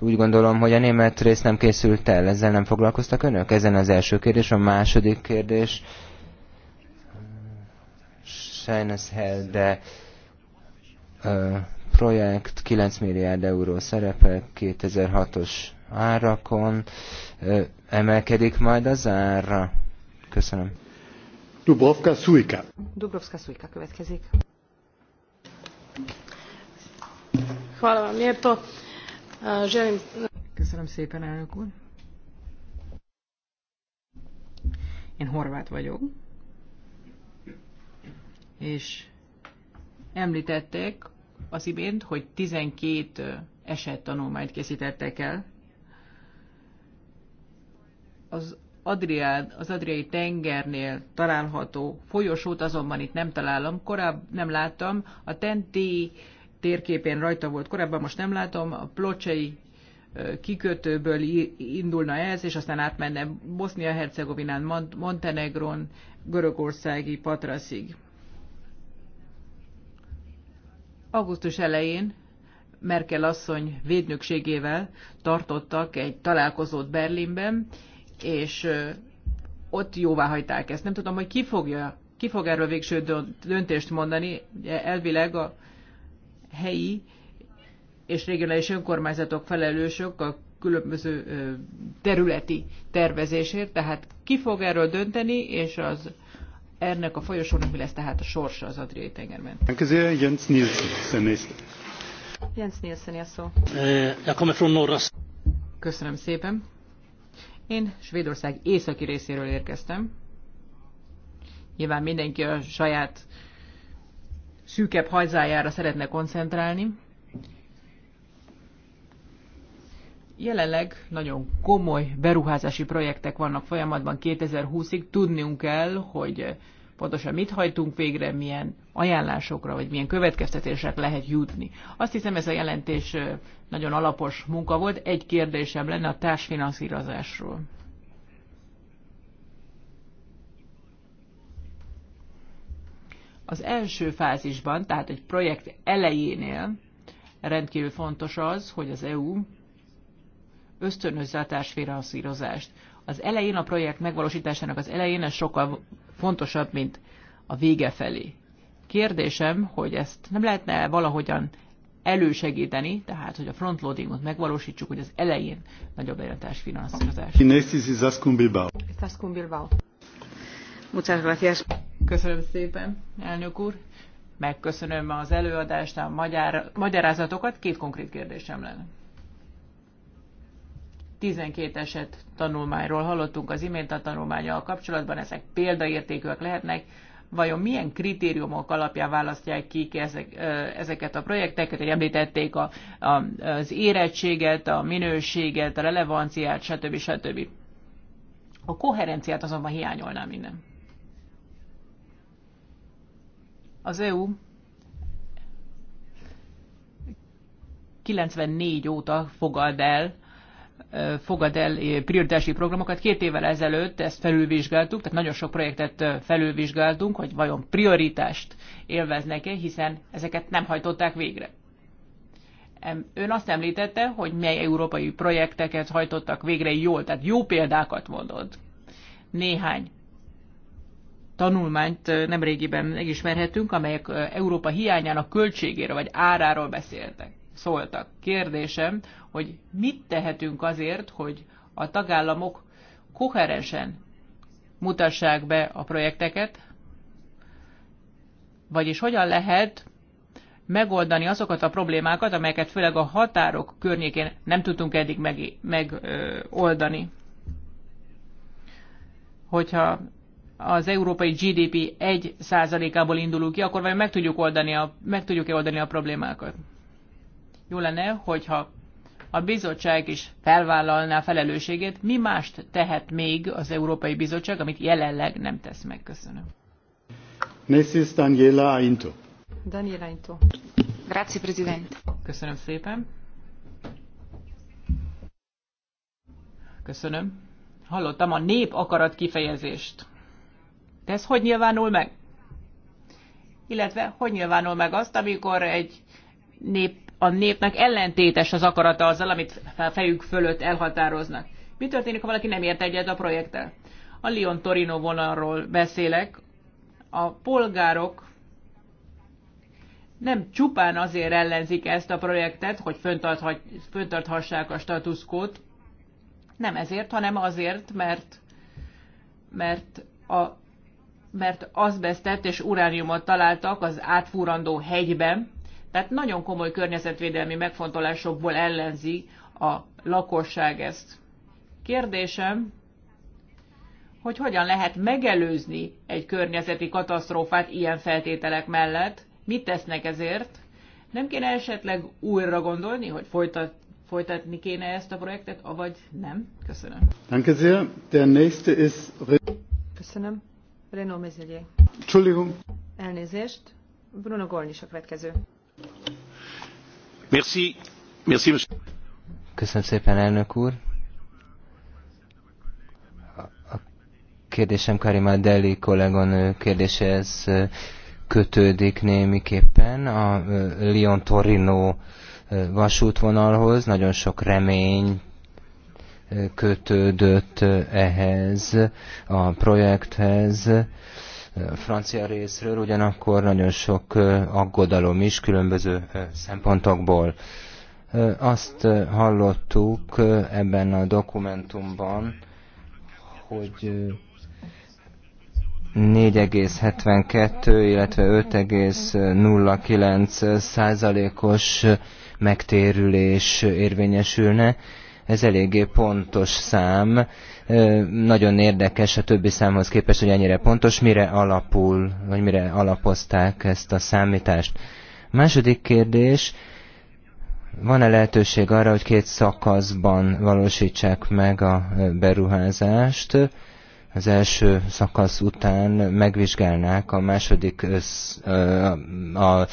Úgy gondolom, hogy a német rész nem készült el, ezzel nem foglalkoztak önök? Ezen az első kérdés, a második kérdés, Finance Hell, de projekt 9 milliárd euró szerepel 2006-os árakon. Emelkedik majd az ára? Köszönöm. Dubrovka Szujka. Dubrovka Szujka következik. Köszönöm szépen, elnök úr. Én horvát vagyok és említették az imént, hogy 12 eset tanulmányt készítettek el. Az Adrián, az Adriai tengernél található folyosót azonban itt nem találom, korábban nem láttam. A Tenti térképén rajta volt korábban, most nem látom. A Plocsei kikötőből indulna ez, és aztán átmenne Bosznia-Hercegovinán, Montenegron, Görögországi Patraszig. Augusztus elején Merkel asszony védnökségével tartottak egy találkozót Berlinben, és ott jóvá hagyták ezt. Nem tudom, hogy ki, fogja, ki fog erről végső döntést mondani. Elvileg a helyi és regionális önkormányzatok felelősök a különböző területi tervezésért, tehát ki fog erről dönteni, és az ennek a folyosónak mi lesz tehát a sorsa az Adriai tengerben. Jens Nielsen. Jens Nielsen a szó. Eh, Köszönöm szépen. Én Svédország északi részéről érkeztem. Nyilván mindenki a saját szűkebb hajzájára szeretne koncentrálni. Jelenleg nagyon komoly beruházási projektek vannak folyamatban 2020-ig. Tudnunk kell, hogy pontosan mit hajtunk végre, milyen ajánlásokra, vagy milyen következtetések lehet jutni. Azt hiszem, ez a jelentés nagyon alapos munka volt. Egy kérdésem lenne a társfinanszírozásról. Az első fázisban, tehát egy projekt elejénél rendkívül fontos az, hogy az EU ösztönözze a társfinanszírozást. Az elején, a projekt megvalósításának az elején ez sokkal fontosabb, mint a vége felé. Kérdésem, hogy ezt nem lehetne valahogyan elősegíteni, tehát hogy a frontloadingot megvalósítsuk, hogy az elején nagyobb legyen a társfinanszírozás. Köszönöm szépen, elnök úr. Megköszönöm az előadást, a magyar, magyarázatokat. Két konkrét kérdésem lenne. 12 eset tanulmányról hallottunk az imént a tanulmányal kapcsolatban, ezek példaértékűek lehetnek. Vajon milyen kritériumok alapján választják ki ezek, ezeket a projekteket? Hogy említették a, a, az érettséget, a minőséget, a relevanciát, stb. stb. A koherenciát azonban hiányolnám innen. Az EU 94 óta fogad el fogad el prioritási programokat. Két évvel ezelőtt ezt felülvizsgáltuk, tehát nagyon sok projektet felülvizsgáltunk, hogy vajon prioritást élveznek-e, hiszen ezeket nem hajtották végre. Ön azt említette, hogy mely európai projekteket hajtottak végre jól, tehát jó példákat mondod. Néhány tanulmányt nemrégiben megismerhetünk, amelyek Európa hiányának költségéről vagy áráról beszéltek, szóltak. Kérdésem, hogy mit tehetünk azért, hogy a tagállamok koherensen mutassák be a projekteket, vagyis hogyan lehet megoldani azokat a problémákat, amelyeket főleg a határok környékén nem tudtunk eddig megoldani. Meg, Hogyha az európai GDP 1%-ából indulunk ki, akkor vajon meg tudjuk, oldani a, meg tudjuk -e oldani a problémákat? Jó lenne, hogyha a bizottság is felvállalná a felelősségét. Mi mást tehet még az Európai Bizottság, amit jelenleg nem tesz meg? Köszönöm. Mrs. Daniela Ainto. Daniela Ainto. Grazie, Presidente. Köszönöm szépen. Köszönöm. Hallottam a nép akarat kifejezést. De ez hogy nyilvánul meg? Illetve hogy nyilvánul meg azt, amikor egy nép a népnek ellentétes az akarata azzal, amit a fejük fölött elhatároznak. Mi történik, ha valaki nem ért egyet a projekttel? A Lyon-Torino vonalról beszélek. A polgárok nem csupán azért ellenzik ezt a projektet, hogy föntarthassák a statuszkót, nem ezért, hanem azért, mert, mert a mert azbesztet és urániumot találtak az átfúrandó hegyben, tehát nagyon komoly környezetvédelmi megfontolásokból ellenzi a lakosság ezt. Kérdésem, hogy hogyan lehet megelőzni egy környezeti katasztrófát ilyen feltételek mellett, mit tesznek ezért, nem kéne esetleg újra gondolni, hogy folytat, folytatni kéne ezt a projektet, avagy nem? Köszönöm. Danke sehr. Der nächste ist... Köszönöm. Renaud Mezelier. Entschuldigung. Elnézést. Bruno Golnis a következő. Köszönöm szépen, elnök úr. A kérdésem Karima Deli kolléganő kérdéséhez kötődik némiképpen a Lyon-Torino vasútvonalhoz. Nagyon sok remény kötődött ehhez a projekthez francia részről, ugyanakkor nagyon sok aggodalom is különböző szempontokból. Azt hallottuk ebben a dokumentumban, hogy 4,72, illetve 5,09 százalékos megtérülés érvényesülne, ez eléggé pontos szám. Nagyon érdekes a többi számhoz képest, hogy ennyire pontos, mire alapul, vagy mire alapozták ezt a számítást. Második kérdés, van-e lehetőség arra, hogy két szakaszban valósítsák meg a beruházást? az első szakasz után megvizsgálnák a második össz, a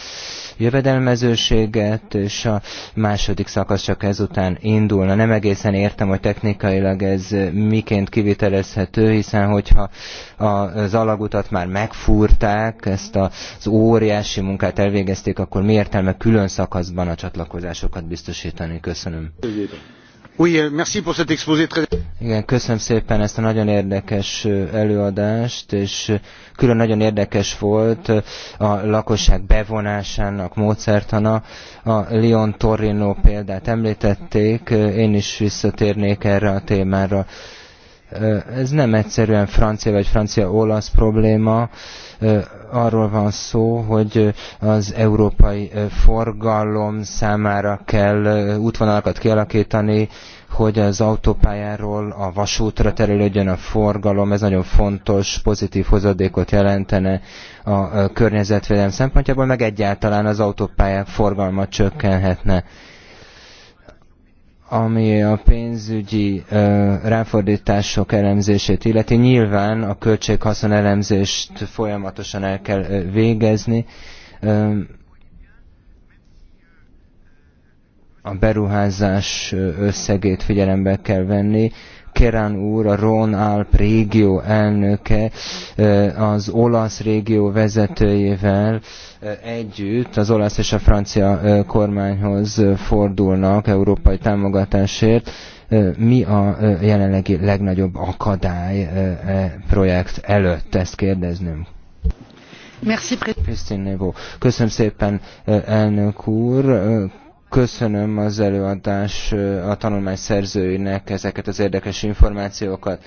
jövedelmezőséget, és a második szakasz csak ezután indulna. Nem egészen értem, hogy technikailag ez miként kivitelezhető, hiszen hogyha az alagutat már megfúrták, ezt az óriási munkát elvégezték, akkor mi értelme külön szakaszban a csatlakozásokat biztosítani? Köszönöm. Euh, Igen, köszönöm szépen ezt a nagyon érdekes előadást, és külön nagyon érdekes volt a lakosság bevonásának módszertana. A Lyon Torino példát említették, én is visszatérnék erre a témára. Ez nem egyszerűen francia vagy francia-olasz probléma, arról van szó, hogy az európai forgalom számára kell útvonalakat kialakítani, hogy az autópályáról a vasútra terülődjön a forgalom, ez nagyon fontos, pozitív hozadékot jelentene a környezetvédelem szempontjából, meg egyáltalán az autópályák forgalma csökkenhetne ami a pénzügyi ráfordítások elemzését illeti, nyilván a költséghaszon elemzést folyamatosan el kell végezni. a beruházás összegét figyelembe kell venni, Kerán úr, a Rón Alp régió elnöke, az olasz régió vezetőjével együtt az olasz és a francia kormányhoz fordulnak európai támogatásért. Mi a jelenlegi legnagyobb akadály e projekt előtt? Ezt kérdeznünk. Köszönöm szépen, elnök úr Köszönöm az előadás a tanulmány szerzőinek ezeket az érdekes információkat.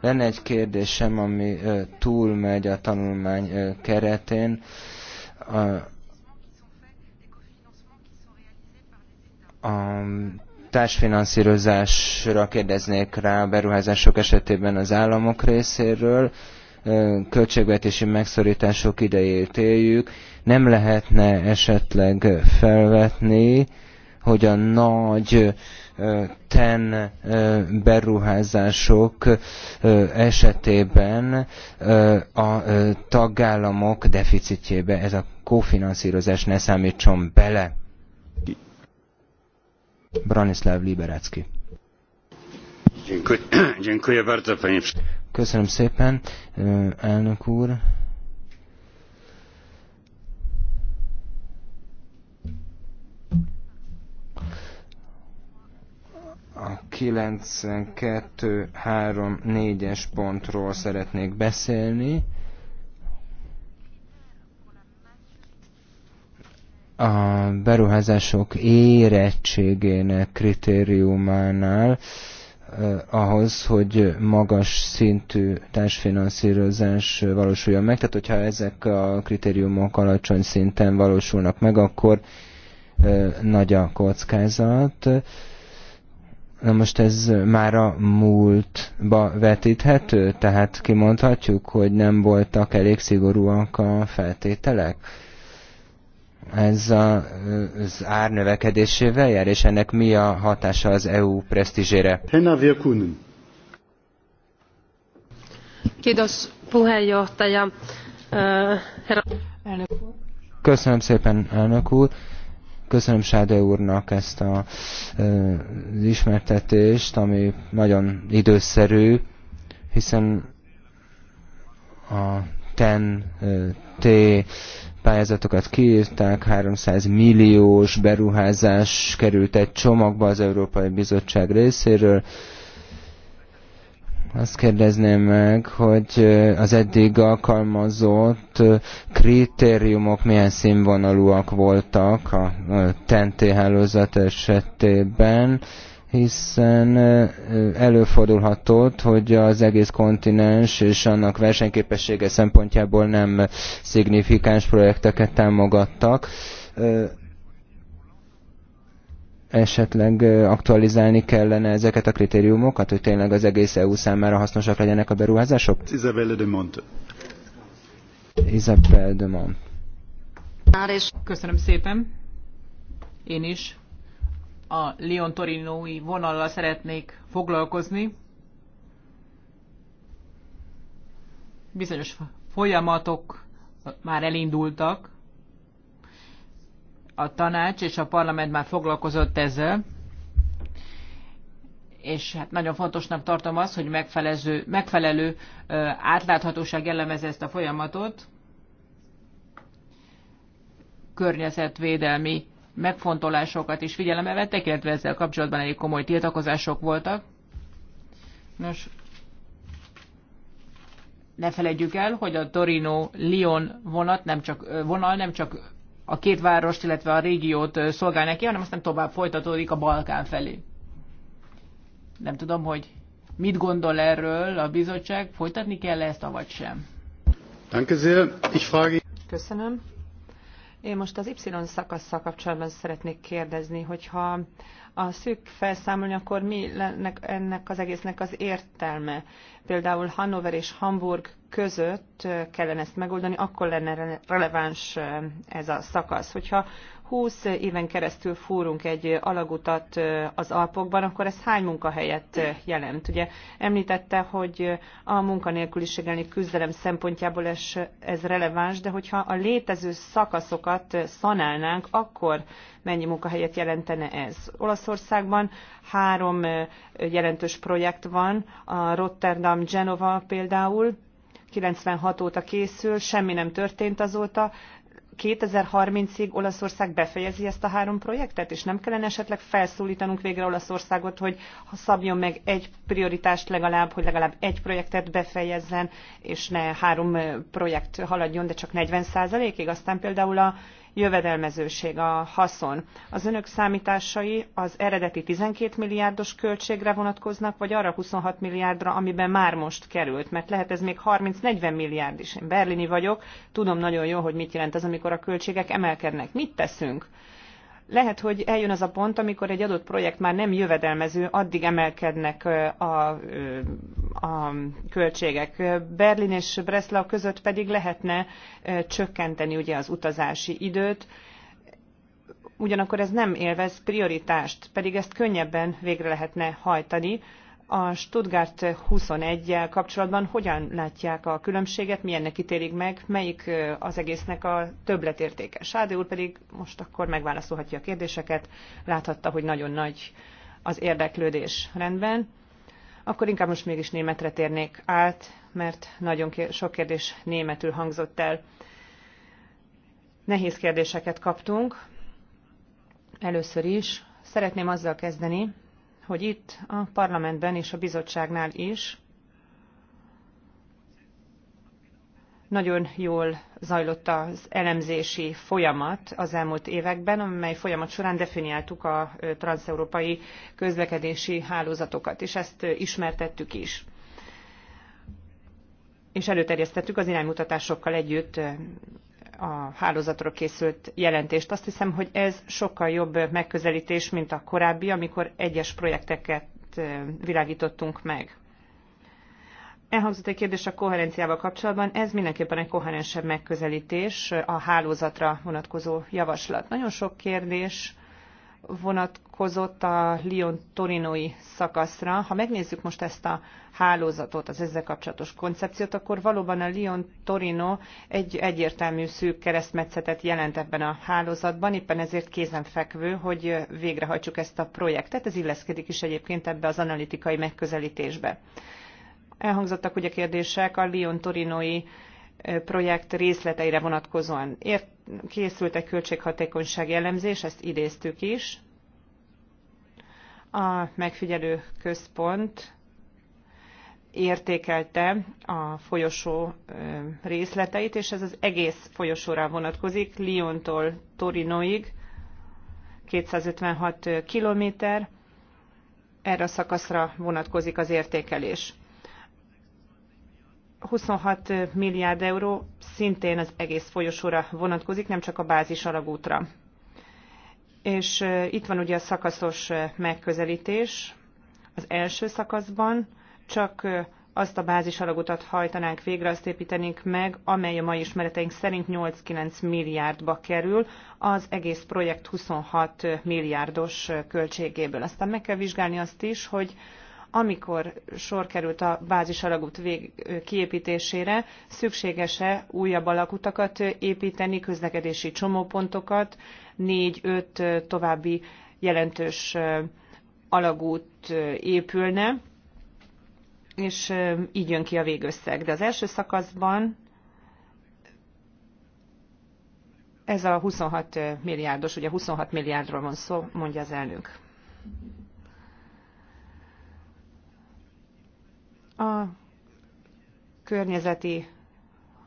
Lenne egy kérdésem, ami túlmegy a tanulmány keretén. A, a társfinanszírozásra kérdeznék rá a beruházások esetében az államok részéről költségvetési megszorítások idejét éljük, nem lehetne esetleg felvetni hogy a nagy ten beruházások esetében a tagállamok deficitjébe ez a kofinanszírozás ne számítson bele. Branislav Liberecki. Köszönöm szépen, elnök úr. a 9234-es pontról szeretnék beszélni. A beruházások érettségének kritériumánál ahhoz, hogy magas szintű társfinanszírozás valósuljon meg. Tehát, hogyha ezek a kritériumok alacsony szinten valósulnak meg, akkor nagy a kockázat. Na most ez már a múltba vetíthető, tehát kimondhatjuk, hogy nem voltak elég szigorúak a feltételek. Ez a, az ár növekedésével jár, és ennek mi a hatása az EU presztízsére? Köszönöm szépen, elnök úr. Köszönöm Sáde úrnak ezt a, az ismertetést, ami nagyon időszerű, hiszen a TEN-T pályázatokat kiírták, 300 milliós beruházás került egy csomagba az Európai Bizottság részéről, azt kérdezném meg, hogy az eddig alkalmazott kritériumok milyen színvonalúak voltak a tenté hálózat esetében, hiszen előfordulhatott, hogy az egész kontinens és annak versenyképessége szempontjából nem szignifikáns projekteket támogattak esetleg aktualizálni kellene ezeket a kritériumokat, hogy tényleg az egész EU számára hasznosak legyenek a beruházások? Isabelle de Mont. Isabelle de Mont. Köszönöm szépen. Én is a Lyon-Torinói vonallal szeretnék foglalkozni. Bizonyos folyamatok már elindultak, a tanács és a parlament már foglalkozott ezzel, és hát nagyon fontosnak tartom azt, hogy megfelelő, megfelelő átláthatóság jellemezze ezt a folyamatot, környezetvédelmi megfontolásokat is figyelembe vettek, illetve ezzel kapcsolatban elég komoly tiltakozások voltak. Nos, ne felejtjük el, hogy a Torino-Lyon vonat nem csak, vonal nem csak a két várost, illetve a régiót szolgál neki, hanem aztán tovább folytatódik a Balkán felé. Nem tudom, hogy mit gondol erről a bizottság, folytatni kell -e ezt, vagy sem. Köszönöm. Én most az Y szakasszal kapcsolatban szeretnék kérdezni, hogyha a szűk felszámolni, akkor mi lennek ennek az egésznek az értelme? Például Hannover és Hamburg között eh, kellene ezt megoldani, akkor lenne releváns eh, ez a szakasz. Hogyha 20 éven keresztül fúrunk egy alagutat az Alpokban, akkor ez hány munkahelyet jelent? Ugye említette, hogy a munkanélküliség elleni küzdelem szempontjából ez, ez releváns, de hogyha a létező szakaszokat szanálnánk, akkor mennyi munkahelyet jelentene ez? Olaszországban három jelentős projekt van, a Rotterdam-Genova például, 96 óta készül, semmi nem történt azóta, 2030-ig Olaszország befejezi ezt a három projektet, és nem kellene esetleg felszólítanunk végre Olaszországot, hogy szabjon meg egy prioritást legalább, hogy legalább egy projektet befejezzen, és ne három projekt haladjon, de csak 40%-ig. Aztán például a jövedelmezőség, a haszon. Az önök számításai az eredeti 12 milliárdos költségre vonatkoznak, vagy arra 26 milliárdra, amiben már most került? Mert lehet ez még 30-40 milliárd is. Én berlini vagyok, tudom nagyon jól, hogy mit jelent ez, amikor a költségek emelkednek. Mit teszünk? lehet, hogy eljön az a pont, amikor egy adott projekt már nem jövedelmező, addig emelkednek a, a költségek. Berlin és Breslau között pedig lehetne csökkenteni ugye az utazási időt, ugyanakkor ez nem élvez prioritást, pedig ezt könnyebben végre lehetne hajtani, a Stuttgart 21-jel kapcsolatban hogyan látják a különbséget, milyennek ítélik meg, melyik az egésznek a többletértéke. Sádi úr pedig most akkor megválaszolhatja a kérdéseket, láthatta, hogy nagyon nagy az érdeklődés rendben. Akkor inkább most mégis németre térnék át, mert nagyon sok kérdés németül hangzott el. Nehéz kérdéseket kaptunk. Először is szeretném azzal kezdeni, hogy itt a parlamentben és a bizottságnál is nagyon jól zajlott az elemzési folyamat az elmúlt években, amely folyamat során definiáltuk a transeurópai közlekedési hálózatokat, és ezt ismertettük is. És előterjesztettük az iránymutatásokkal együtt a hálózatról készült jelentést. Azt hiszem, hogy ez sokkal jobb megközelítés, mint a korábbi, amikor egyes projekteket világítottunk meg. Elhangzott egy kérdés a koherenciával kapcsolatban. Ez mindenképpen egy koherensebb megközelítés a hálózatra vonatkozó javaslat. Nagyon sok kérdés vonatkozott a Lyon-Torinoi szakaszra. Ha megnézzük most ezt a hálózatot, az ezzel kapcsolatos koncepciót, akkor valóban a Lyon-Torino egy egyértelmű szűk keresztmetszetet jelent ebben a hálózatban, éppen ezért kézenfekvő, hogy végrehajtsuk ezt a projektet. Ez illeszkedik is egyébként ebbe az analitikai megközelítésbe. Elhangzottak ugye kérdések a Lyon-Torinoi projekt részleteire vonatkozóan. készült egy költséghatékonyság elemzés, ezt idéztük is. A megfigyelő központ értékelte a folyosó részleteit, és ez az egész folyosóra vonatkozik, Lyontól Torinoig, 256 kilométer, erre a szakaszra vonatkozik az értékelés. 26 milliárd euró szintén az egész folyosóra vonatkozik, nem csak a bázis alagútra. És itt van ugye a szakaszos megközelítés. Az első szakaszban csak azt a bázis alagutat hajtanánk végre, azt építenénk meg, amely a mai ismereteink szerint 8-9 milliárdba kerül, az egész projekt 26 milliárdos költségéből. Aztán meg kell vizsgálni azt is, hogy amikor sor került a bázis alagút vég kiépítésére, szükséges-e újabb alakutakat építeni, közlekedési csomópontokat, négy-öt további jelentős alagút épülne, és így jön ki a végösszeg. De az első szakaszban ez a 26 milliárdos, ugye 26 milliárdról van szó, mondja az elnök. A környezeti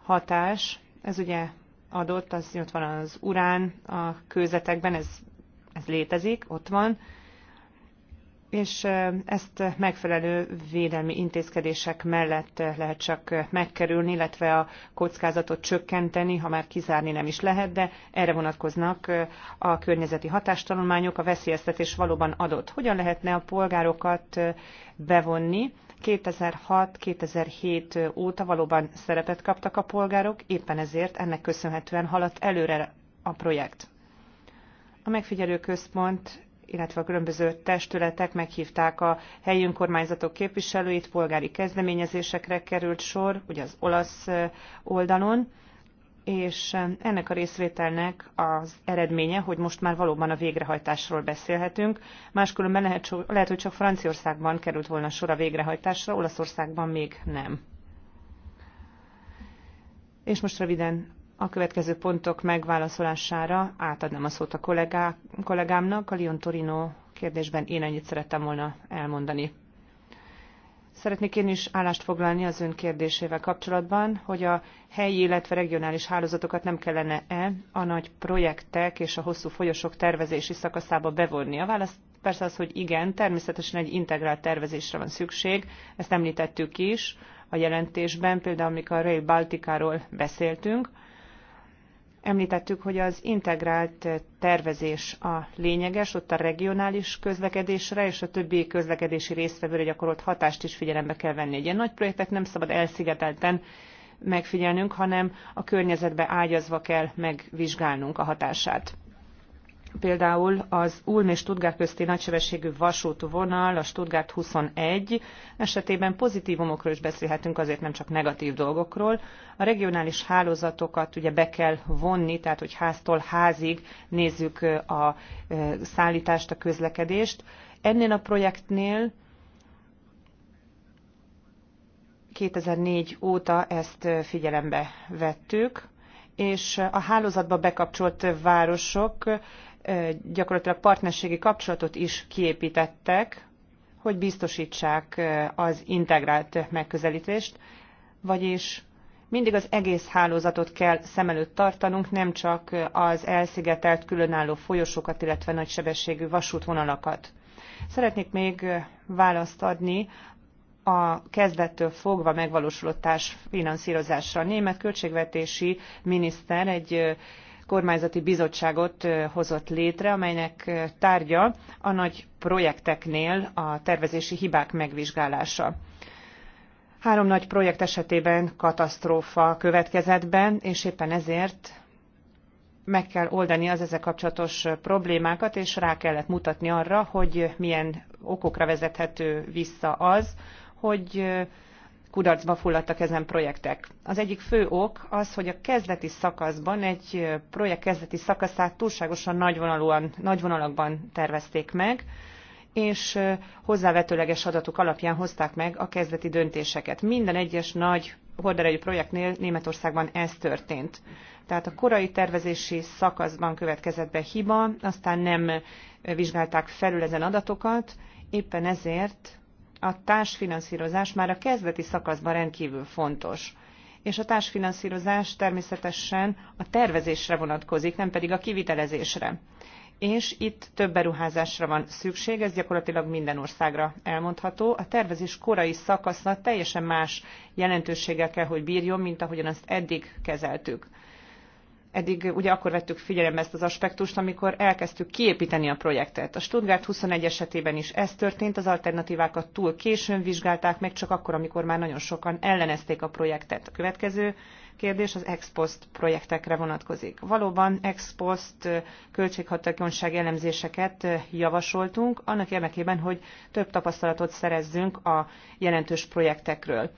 hatás, ez ugye adott, az ott van az urán, a kőzetekben, ez, ez létezik, ott van, és ezt megfelelő védelmi intézkedések mellett lehet csak megkerülni, illetve a kockázatot csökkenteni, ha már kizárni nem is lehet, de erre vonatkoznak a környezeti hatástanulmányok, a veszélyeztetés valóban adott. Hogyan lehetne a polgárokat bevonni 2006-2007 óta valóban szerepet kaptak a polgárok, éppen ezért ennek köszönhetően haladt előre a projekt. A megfigyelő központ illetve a különböző testületek meghívták a helyi önkormányzatok képviselőit, polgári kezdeményezésekre került sor, ugye az olasz eh, oldalon, és ennek a részvételnek az eredménye, hogy most már valóban a végrehajtásról beszélhetünk. Máskülönben lehet, lehet, hogy csak Franciaországban került volna sor a végrehajtásra, Olaszországban még nem. És most röviden a következő pontok megválaszolására átadnám a szót a kollégá, kollégámnak. A Lyon Torino kérdésben én ennyit szerettem volna elmondani. Szeretnék én is állást foglalni az ön kérdésével kapcsolatban, hogy a helyi, illetve regionális hálózatokat nem kellene-e a nagy projektek és a hosszú folyosok tervezési szakaszába bevonni. A válasz persze az, hogy igen, természetesen egy integrált tervezésre van szükség, ezt említettük is a jelentésben, például amikor a Rail Baltikáról beszéltünk, Említettük, hogy az integrált tervezés a lényeges, ott a regionális közlekedésre és a többi közlekedési résztvevőre gyakorolt hatást is figyelembe kell venni. Egy ilyen nagy projektet nem szabad elszigetelten megfigyelnünk, hanem a környezetbe ágyazva kell megvizsgálnunk a hatását például az Ulm és Stuttgart közti nagysebességű vasútvonal, a Stuttgart 21 esetében pozitívumokról is beszélhetünk, azért nem csak negatív dolgokról. A regionális hálózatokat ugye be kell vonni, tehát hogy háztól házig nézzük a szállítást, a közlekedést. Ennél a projektnél 2004 óta ezt figyelembe vettük, és a hálózatba bekapcsolt városok gyakorlatilag partnerségi kapcsolatot is kiépítettek, hogy biztosítsák az integrált megközelítést, vagyis mindig az egész hálózatot kell szem előtt tartanunk, nem csak az elszigetelt különálló folyosókat, illetve nagysebességű vasútvonalakat. Szeretnék még választ adni a kezdettől fogva megvalósulott társfinanszírozásra. A német költségvetési miniszter egy kormányzati bizottságot hozott létre, amelynek tárgya a nagy projekteknél a tervezési hibák megvizsgálása. Három nagy projekt esetében katasztrófa következett be, és éppen ezért meg kell oldani az ezzel kapcsolatos problémákat, és rá kellett mutatni arra, hogy milyen okokra vezethető vissza az, hogy kudarcba fulladtak ezen projektek. Az egyik fő ok az, hogy a kezdeti szakaszban, egy projekt kezdeti szakaszát túlságosan nagyvonalúan, nagyvonalakban tervezték meg, és hozzávetőleges adatok alapján hozták meg a kezdeti döntéseket. Minden egyes nagy horderejű projektnél Németországban ez történt. Tehát a korai tervezési szakaszban következett be hiba, aztán nem vizsgálták felül ezen adatokat, éppen ezért a társfinanszírozás már a kezdeti szakaszban rendkívül fontos. És a társfinanszírozás természetesen a tervezésre vonatkozik, nem pedig a kivitelezésre. És itt több beruházásra van szükség, ez gyakorlatilag minden országra elmondható. A tervezés korai szakasznak teljesen más jelentőséggel kell, hogy bírjon, mint ahogyan azt eddig kezeltük eddig ugye akkor vettük figyelembe ezt az aspektust, amikor elkezdtük kiépíteni a projektet. A Stuttgart 21 esetében is ez történt, az alternatívákat túl későn vizsgálták meg, csak akkor, amikor már nagyon sokan ellenezték a projektet. A következő kérdés az EXPOST projektekre vonatkozik. Valóban EXPOST költséghatékonyság elemzéseket javasoltunk, annak érdekében, hogy több tapasztalatot szerezzünk a jelentős projektekről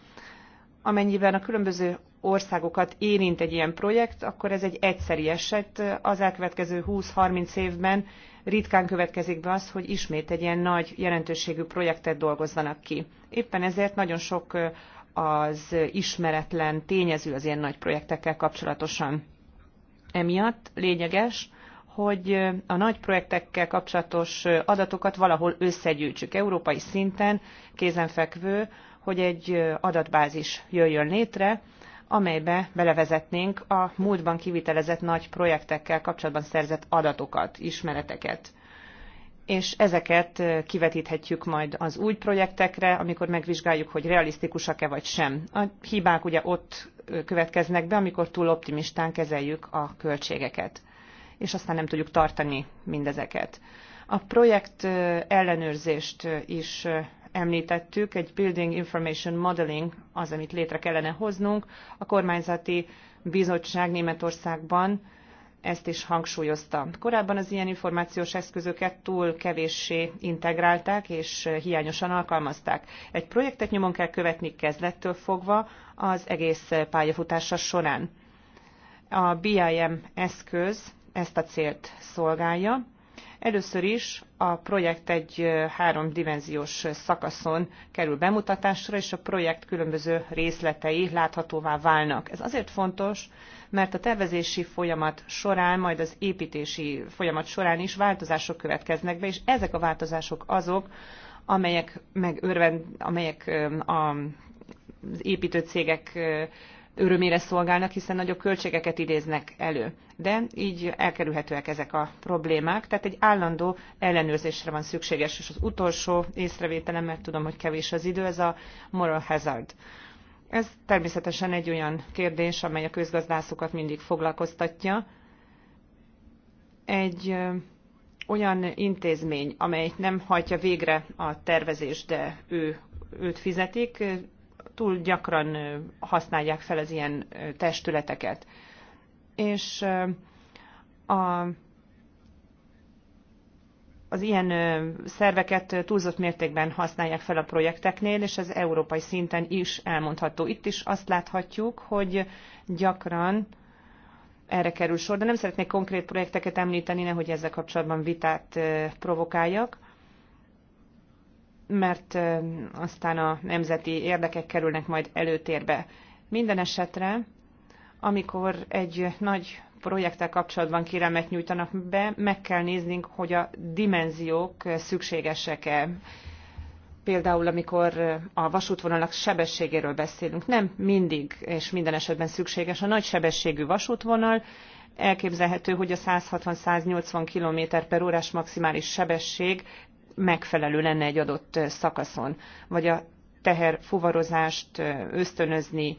amennyiben a különböző országokat érint egy ilyen projekt, akkor ez egy egyszeri eset. Az elkövetkező 20-30 évben ritkán következik be az, hogy ismét egy ilyen nagy jelentőségű projektet dolgozzanak ki. Éppen ezért nagyon sok az ismeretlen tényező az ilyen nagy projektekkel kapcsolatosan. Emiatt lényeges, hogy a nagy projektekkel kapcsolatos adatokat valahol összegyűjtsük európai szinten, kézenfekvő, hogy egy adatbázis jöjjön létre, amelybe belevezetnénk a múltban kivitelezett nagy projektekkel kapcsolatban szerzett adatokat, ismereteket. És ezeket kivetíthetjük majd az új projektekre, amikor megvizsgáljuk, hogy realisztikusak-e vagy sem. A hibák ugye ott következnek be, amikor túl optimistán kezeljük a költségeket, és aztán nem tudjuk tartani mindezeket. A projekt ellenőrzést is említettük, egy Building Information Modeling az, amit létre kellene hoznunk. A kormányzati bizottság Németországban ezt is hangsúlyozta. Korábban az ilyen információs eszközöket túl kevéssé integrálták és hiányosan alkalmazták. Egy projektet nyomon kell követni kezdettől fogva az egész pályafutása során. A BIM eszköz ezt a célt szolgálja, Először is a projekt egy háromdimenziós szakaszon kerül bemutatásra, és a projekt különböző részletei láthatóvá válnak. Ez azért fontos, mert a tervezési folyamat során, majd az építési folyamat során is változások következnek be, és ezek a változások azok, amelyek, meg örvend, amelyek a az építőcégek örömére szolgálnak, hiszen nagyobb költségeket idéznek elő. De így elkerülhetőek ezek a problémák, tehát egy állandó ellenőrzésre van szükséges, és az utolsó észrevételem, mert tudom, hogy kevés az idő, ez a moral hazard. Ez természetesen egy olyan kérdés, amely a közgazdászokat mindig foglalkoztatja. Egy olyan intézmény, amely nem hajtja végre a tervezést, de ő, őt fizetik, túl gyakran használják fel az ilyen testületeket. És a, az ilyen szerveket túlzott mértékben használják fel a projekteknél, és ez európai szinten is elmondható. Itt is azt láthatjuk, hogy gyakran erre kerül sor, de nem szeretnék konkrét projekteket említeni, nehogy ezzel kapcsolatban vitát provokáljak mert aztán a nemzeti érdekek kerülnek majd előtérbe. Minden esetre, amikor egy nagy projekttel kapcsolatban kérelmet nyújtanak be, meg kell néznünk, hogy a dimenziók szükségesek-e. Például, amikor a vasútvonalak sebességéről beszélünk, nem mindig és minden esetben szükséges a nagy sebességű vasútvonal, elképzelhető, hogy a 160-180 km per órás maximális sebesség megfelelő lenne egy adott szakaszon, vagy a teherfuvarozást ösztönözni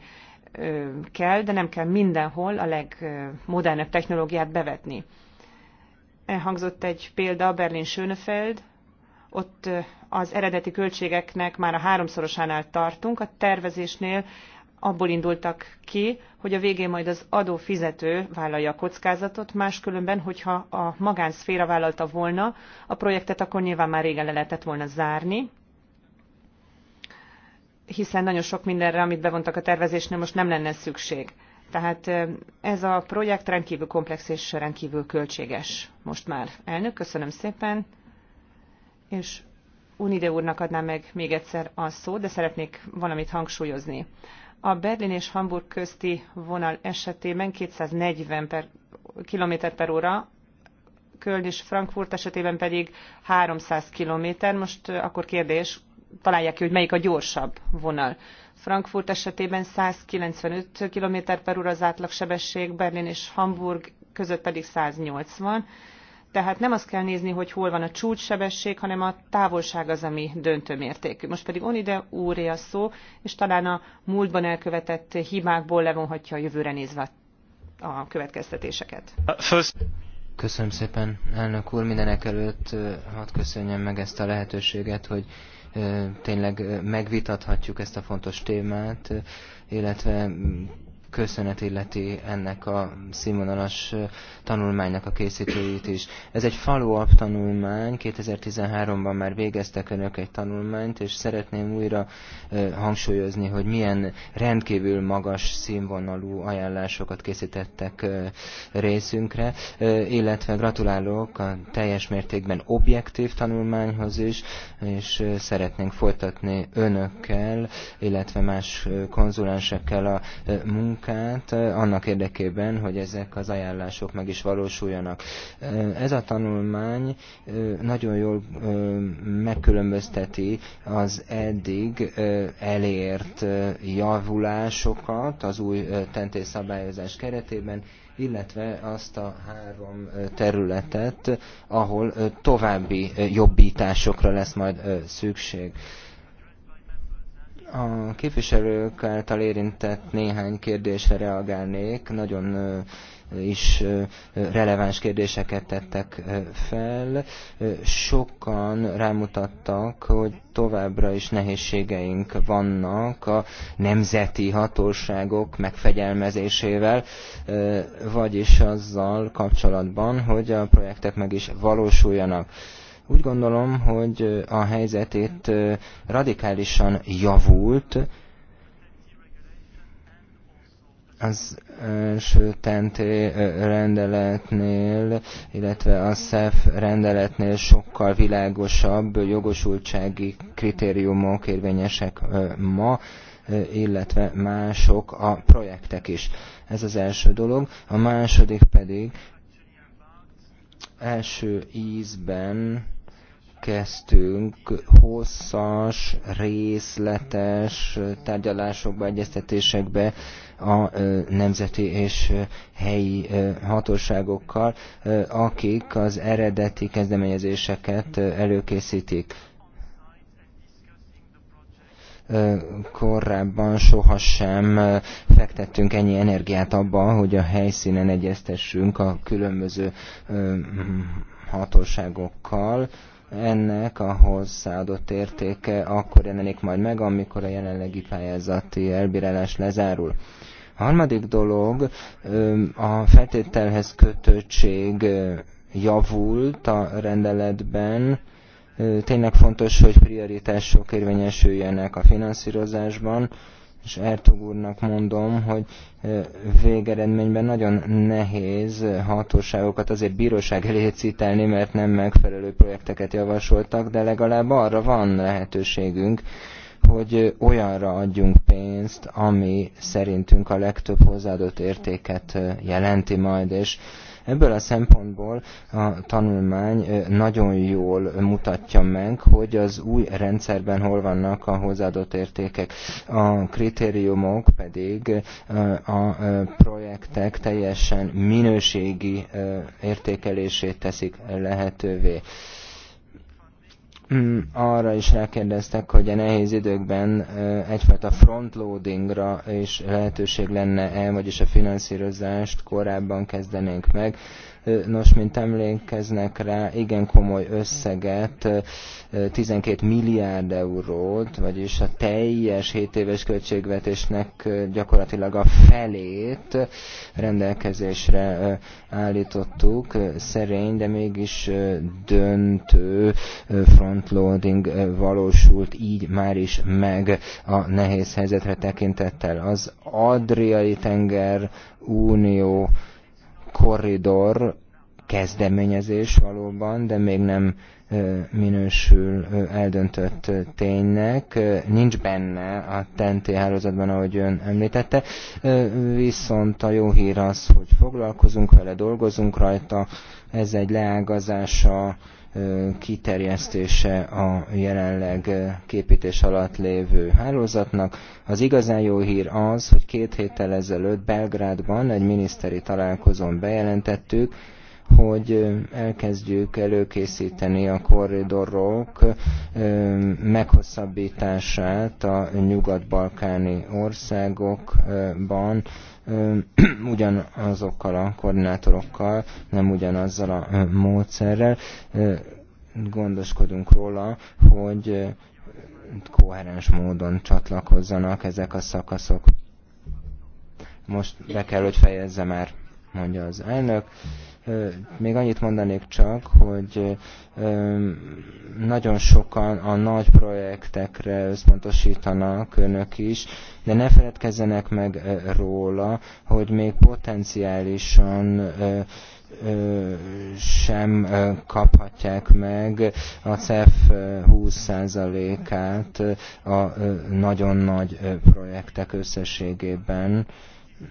kell, de nem kell mindenhol a legmodernebb technológiát bevetni. Elhangzott egy példa Berlin-Schönefeld, ott az eredeti költségeknek már a háromszorosánál tartunk, a tervezésnél abból indultak ki, hogy a végén majd az adófizető vállalja a kockázatot, máskülönben, hogyha a magánszféra vállalta volna a projektet, akkor nyilván már régen le lehetett volna zárni, hiszen nagyon sok mindenre, amit bevontak a tervezésnél, most nem lenne szükség. Tehát ez a projekt rendkívül komplex és rendkívül költséges most már. Elnök, köszönöm szépen, és Unide úrnak adnám meg még egyszer a szót, de szeretnék valamit hangsúlyozni. A Berlin és Hamburg közti vonal esetében 240 per, km per óra, Köln és Frankfurt esetében pedig 300 km. Most akkor kérdés, találják ki, hogy melyik a gyorsabb vonal. Frankfurt esetében 195 km per óra az átlagsebesség, Berlin és Hamburg között pedig 180 tehát nem azt kell nézni, hogy hol van a csúcssebesség, hanem a távolság az, ami döntő mértékű. Most pedig Onide úré a szó, és talán a múltban elkövetett hibákból levonhatja a jövőre nézve a következtetéseket. Köszönöm szépen, elnök úr. Mindenek előtt hadd köszönjem meg ezt a lehetőséget, hogy tényleg megvitathatjuk ezt a fontos témát, illetve köszönet illeti ennek a színvonalas tanulmánynak a készítőit is. Ez egy follow-up tanulmány, 2013-ban már végeztek önök egy tanulmányt, és szeretném újra hangsúlyozni, hogy milyen rendkívül magas színvonalú ajánlásokat készítettek részünkre, illetve gratulálok a teljes mértékben objektív tanulmányhoz is, és szeretnénk folytatni önökkel, illetve más konzulensekkel a munkát, munkát eh, annak érdekében, hogy ezek az ajánlások meg is valósuljanak. Eh, ez a tanulmány eh, nagyon jól megkülönbözteti az eddig elért javulásokat az új tentészabályozás keretében, illetve azt a három területet, ahol további jobbításokra lesz majd szükség. A képviselők által érintett néhány kérdésre reagálnék. Nagyon is releváns kérdéseket tettek fel. Sokan rámutattak, hogy továbbra is nehézségeink vannak a nemzeti hatóságok megfegyelmezésével, vagyis azzal kapcsolatban, hogy a projektek meg is valósuljanak úgy gondolom, hogy a helyzet itt radikálisan javult. Az első TNT rendeletnél, illetve a SZEF rendeletnél sokkal világosabb jogosultsági kritériumok érvényesek ma illetve mások a projektek is. Ez az első dolog. A második pedig első ízben kezdtünk hosszas, részletes tárgyalásokba, egyeztetésekbe a nemzeti és helyi hatóságokkal, akik az eredeti kezdeményezéseket előkészítik korábban sohasem fektettünk ennyi energiát abba, hogy a helyszínen egyeztessünk a különböző hatóságokkal, ennek a hozzáadott értéke akkor jelenik majd meg, amikor a jelenlegi pályázati elbírálás lezárul. A harmadik dolog, a feltételhez kötöttség javult a rendeletben, tényleg fontos, hogy prioritások érvényesüljenek a finanszírozásban, és Ertug úrnak mondom, hogy végeredményben nagyon nehéz hatóságokat azért bíróság elé citálni, mert nem megfelelő projekteket javasoltak, de legalább arra van lehetőségünk, hogy olyanra adjunk pénzt, ami szerintünk a legtöbb hozzáadott értéket jelenti majd, és Ebből a szempontból a tanulmány nagyon jól mutatja meg, hogy az új rendszerben hol vannak a hozzáadott értékek. A kritériumok pedig a projektek teljesen minőségi értékelését teszik lehetővé. Mm, arra is rákérdeztek, hogy a nehéz időkben egyfajta frontloadingra is lehetőség lenne el, vagyis a finanszírozást korábban kezdenénk meg. Nos, mint emlékeznek rá, igen komoly összeget, 12 milliárd eurót, vagyis a teljes 7 éves költségvetésnek gyakorlatilag a felét rendelkezésre állítottuk, szerény, de mégis döntő frontloading valósult így már is meg a nehéz helyzetre tekintettel. Az Adriai tenger unió korridor kezdeményezés valóban, de még nem minősül eldöntött ténynek. Nincs benne a TNT hálózatban, ahogy ön említette, viszont a jó hír az, hogy foglalkozunk vele, dolgozunk rajta, ez egy leágazása kiterjesztése a jelenleg képítés alatt lévő hálózatnak. Az igazán jó hír az, hogy két héttel ezelőtt Belgrádban egy miniszteri találkozón bejelentettük, hogy elkezdjük előkészíteni a korridorok meghosszabbítását a nyugat-balkáni országokban ugyanazokkal a koordinátorokkal, nem ugyanazzal a módszerrel. Gondoskodunk róla, hogy koherens módon csatlakozzanak ezek a szakaszok. Most be kell, hogy fejezze már, mondja az elnök. Még annyit mondanék csak, hogy nagyon sokan a nagy projektekre összpontosítanak önök is, de ne feledkezzenek meg róla, hogy még potenciálisan sem kaphatják meg a CEF 20%-át a nagyon nagy projektek összességében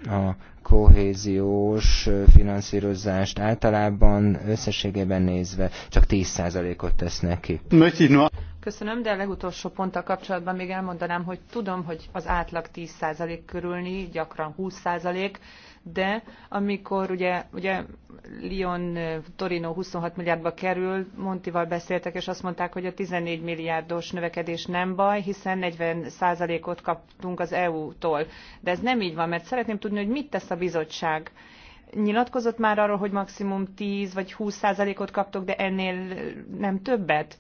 a kohéziós finanszírozást általában összességében nézve csak 10%-ot tesz neki. Köszönöm, de a legutolsó ponttal kapcsolatban még elmondanám, hogy tudom, hogy az átlag 10% körülni, gyakran 20%, de amikor ugye, ugye Lyon eh, Torino 26 milliárdba kerül, Montival beszéltek, és azt mondták, hogy a 14 milliárdos növekedés nem baj, hiszen 40 százalékot kaptunk az EU-tól. De ez nem így van, mert szeretném tudni, hogy mit tesz a bizottság. Nyilatkozott már arról, hogy maximum 10 vagy 20 százalékot kaptok, de ennél nem többet?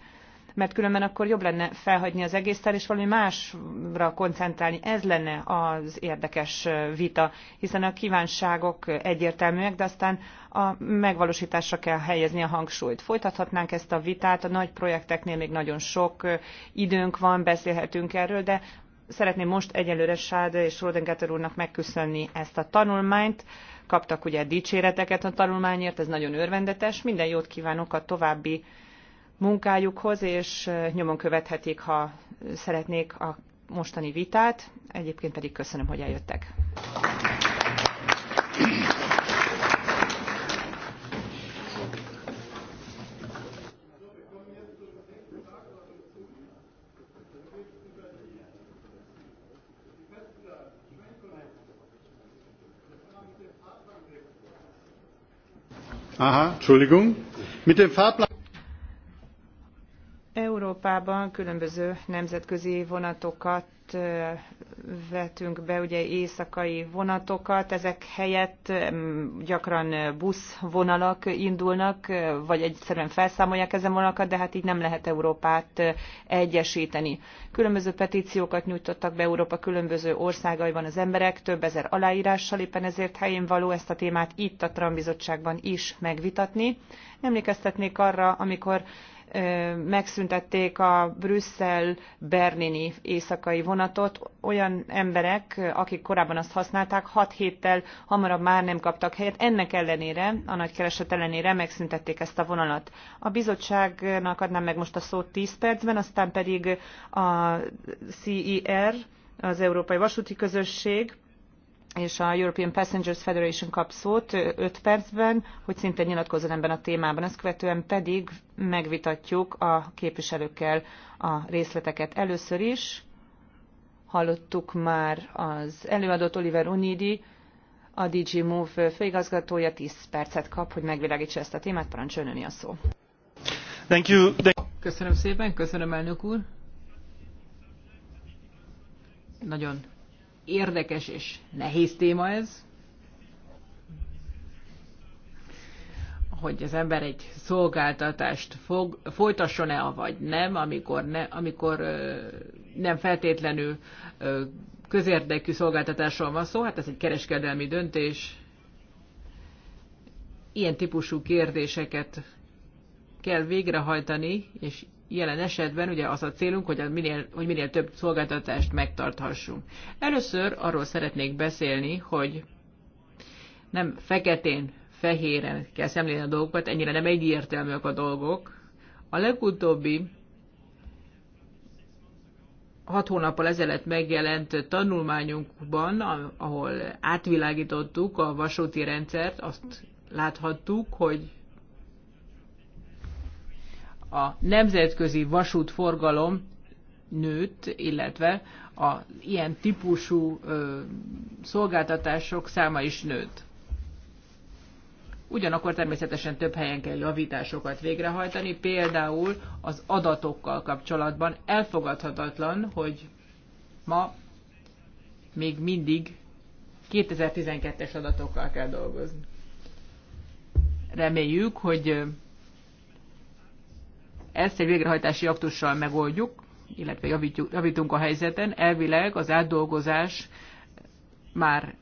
mert különben akkor jobb lenne felhagyni az egésztel, és valami másra koncentrálni. Ez lenne az érdekes vita, hiszen a kívánságok egyértelműek, de aztán a megvalósításra kell helyezni a hangsúlyt. Folytathatnánk ezt a vitát, a nagy projekteknél még nagyon sok időnk van, beszélhetünk erről, de szeretném most egyelőre Sád és Rodengeter úrnak megköszönni ezt a tanulmányt. Kaptak ugye dicséreteket a tanulmányért, ez nagyon örvendetes. Minden jót kívánok a további munkájukhoz, és nyomon követhetik, ha szeretnék a mostani vitát. Egyébként pedig köszönöm, hogy eljöttek. Aha, Entschuldigung. Mit dem Fahrplan Európában különböző nemzetközi vonatokat vetünk be, ugye éjszakai vonatokat, ezek helyett mm, gyakran buszvonalak indulnak, vagy egyszerűen felszámolják ezen vonalakat, de hát így nem lehet Európát egyesíteni. Különböző petíciókat nyújtottak be Európa különböző országaiban az emberek, több ezer aláírással, éppen ezért helyén való ezt a témát itt a Trambizottságban is megvitatni. Emlékeztetnék arra, amikor megszüntették a brüsszel bernini éjszakai vonatot. Olyan emberek, akik korábban azt használták, 6 héttel hamarabb már nem kaptak helyet. Ennek ellenére, a kereset ellenére megszüntették ezt a vonalat. A bizottságnak adnám meg most a szót 10 percben, aztán pedig a CIR, e az Európai Vasúti Közösség, és a European Passengers Federation kap szót 5 percben, hogy szinte nyilatkozzon ebben a témában. Ezt követően pedig megvitatjuk a képviselőkkel a részleteket. Először is hallottuk már az előadót Oliver Unidi, a DG Move főigazgatója 10 percet kap, hogy megvilágítsa ezt a témát. Parancsoljon a szó. Thank you. Köszönöm szépen, köszönöm elnök úr. Nagyon érdekes és nehéz téma ez. Hogy az ember egy szolgáltatást fog, folytasson-e, vagy nem, amikor, ne, amikor nem feltétlenül közérdekű szolgáltatásról van szó, hát ez egy kereskedelmi döntés. Ilyen típusú kérdéseket kell végrehajtani, és jelen esetben ugye az a célunk, hogy, a minél, hogy minél több szolgáltatást megtarthassunk. Először arról szeretnék beszélni, hogy nem feketén, fehéren kell szemlélni a dolgokat, ennyire nem egyértelműek a dolgok. A legutóbbi hat hónappal ezelőtt megjelent tanulmányunkban, ahol átvilágítottuk a vasúti rendszert, azt láthattuk, hogy a nemzetközi vasútforgalom nőtt, illetve a ilyen típusú ö, szolgáltatások száma is nőtt. Ugyanakkor természetesen több helyen kell javításokat végrehajtani, például az adatokkal kapcsolatban elfogadhatatlan, hogy ma még mindig 2012-es adatokkal kell dolgozni. Reméljük, hogy ezt egy végrehajtási aktussal megoldjuk, illetve javítjuk, javítunk a helyzeten. Elvileg az átdolgozás már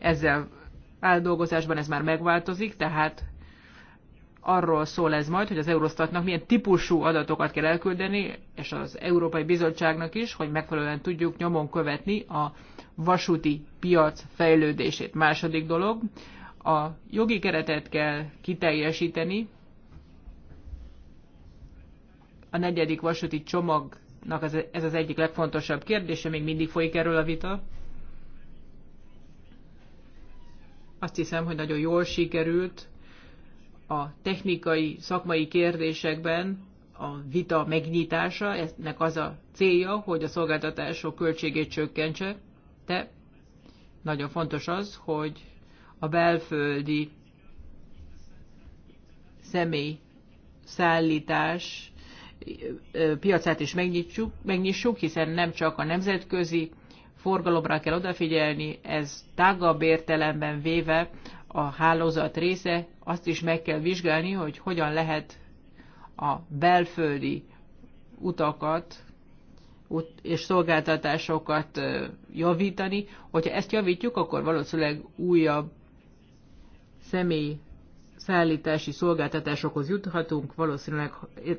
ezzel átdolgozásban ez már megváltozik, tehát arról szól ez majd, hogy az Eurostatnak milyen típusú adatokat kell elküldeni, és az Európai Bizottságnak is, hogy megfelelően tudjuk nyomon követni a vasúti piac fejlődését. Második dolog, a jogi keretet kell kiteljesíteni, a negyedik vasúti csomagnak ez az egyik legfontosabb kérdése, még mindig folyik erről a vita. Azt hiszem, hogy nagyon jól sikerült a technikai, szakmai kérdésekben a vita megnyitása, ennek az a célja, hogy a szolgáltatások költségét csökkentse, de nagyon fontos az, hogy a belföldi személy szállítás piacát is megnyitjuk, megnyissuk, hiszen nem csak a nemzetközi forgalomra kell odafigyelni, ez tágabb értelemben véve a hálózat része, azt is meg kell vizsgálni, hogy hogyan lehet a belföldi utakat és szolgáltatásokat javítani. Hogyha ezt javítjuk, akkor valószínűleg újabb személy szállítási szolgáltatásokhoz juthatunk, valószínűleg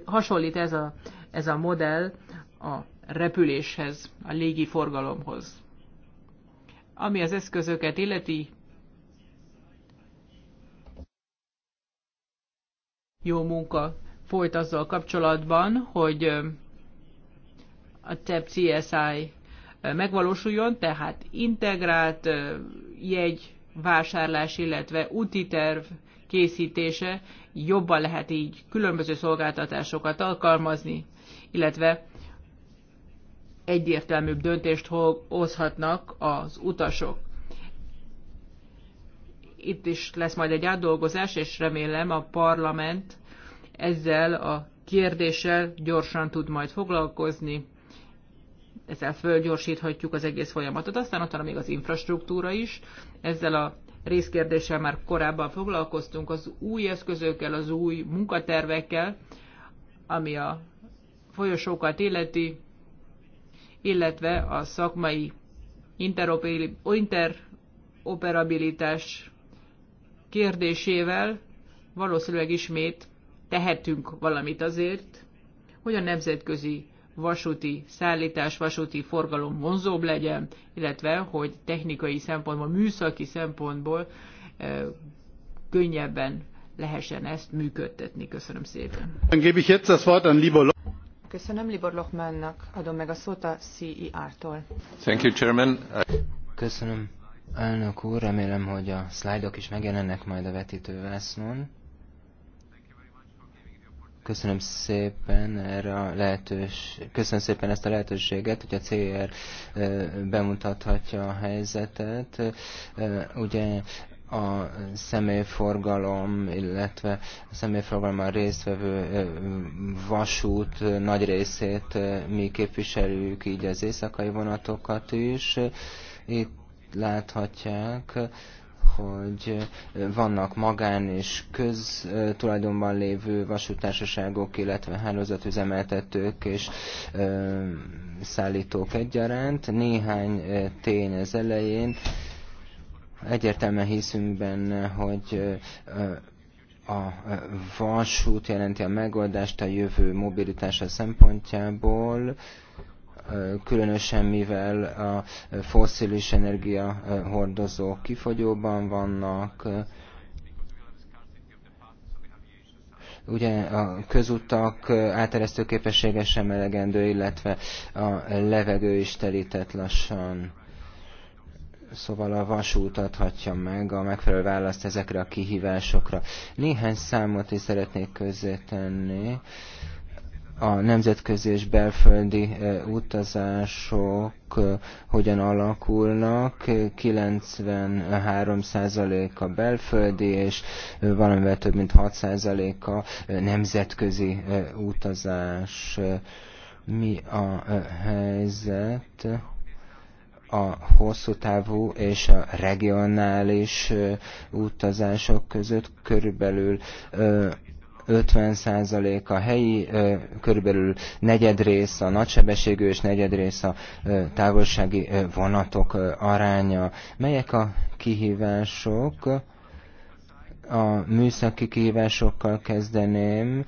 hasonlít ez a, ez a modell a repüléshez, a légi forgalomhoz. Ami az eszközöket illeti, jó munka folyt azzal kapcsolatban, hogy a TEP CSI megvalósuljon, tehát integrált jegy, vásárlás, illetve úti terv, készítése, jobban lehet így különböző szolgáltatásokat alkalmazni, illetve egyértelműbb döntést hozhatnak az utasok. Itt is lesz majd egy átdolgozás, és remélem a parlament ezzel a kérdéssel gyorsan tud majd foglalkozni. Ezzel fölgyorsíthatjuk az egész folyamatot. Aztán ott van még az infrastruktúra is. Ezzel a részkérdéssel már korábban foglalkoztunk, az új eszközökkel, az új munkatervekkel, ami a folyosókat illeti, illetve a szakmai interoperabilitás kérdésével valószínűleg ismét tehetünk valamit azért, hogy a nemzetközi vasúti szállítás, vasúti forgalom vonzóbb legyen, illetve hogy technikai szempontból, műszaki szempontból könnyebben lehessen ezt működtetni. Köszönöm szépen. Köszönöm, Libor Lochmannak adom meg a szót a CER-tól. Thank you, Chairman. Köszönöm, elnök úr. Remélem, hogy a szlájdok is megjelennek majd a vetítővásznon. Köszönöm szépen erre a lehetős... Köszönöm szépen ezt a lehetőséget, hogy a CR bemutathatja a helyzetet. Ugye a személyforgalom, illetve a személyforgalommal résztvevő vasút nagy részét mi képviseljük, így az éjszakai vonatokat is. Itt láthatják, hogy vannak magán és köztulajdonban lévő vasútársaságok, illetve hálózatüzemeltetők és szállítók egyaránt. Néhány tény az elején. Egyértelműen hiszünk benne, hogy a vasút jelenti a megoldást a jövő mobilitása szempontjából, különösen mivel a fosszilis energia hordozók kifogyóban vannak, ugye a közutak áteresztő képessége sem elegendő, illetve a levegő is telített lassan. Szóval a vasút adhatja meg a megfelelő választ ezekre a kihívásokra. Néhány számot is szeretnék közzétenni. tenni a nemzetközi és belföldi eh, utazások eh, hogyan alakulnak. 93% a belföldi, és eh, valamivel több mint 6% a nemzetközi utazás. Mi a helyzet? a hosszú távú és a regionális utazások között körülbelül 50% a helyi, körülbelül negyed rész a nagysebességű és negyed rész a távolsági vonatok aránya. Melyek a kihívások? a műszaki kihívásokkal kezdeném.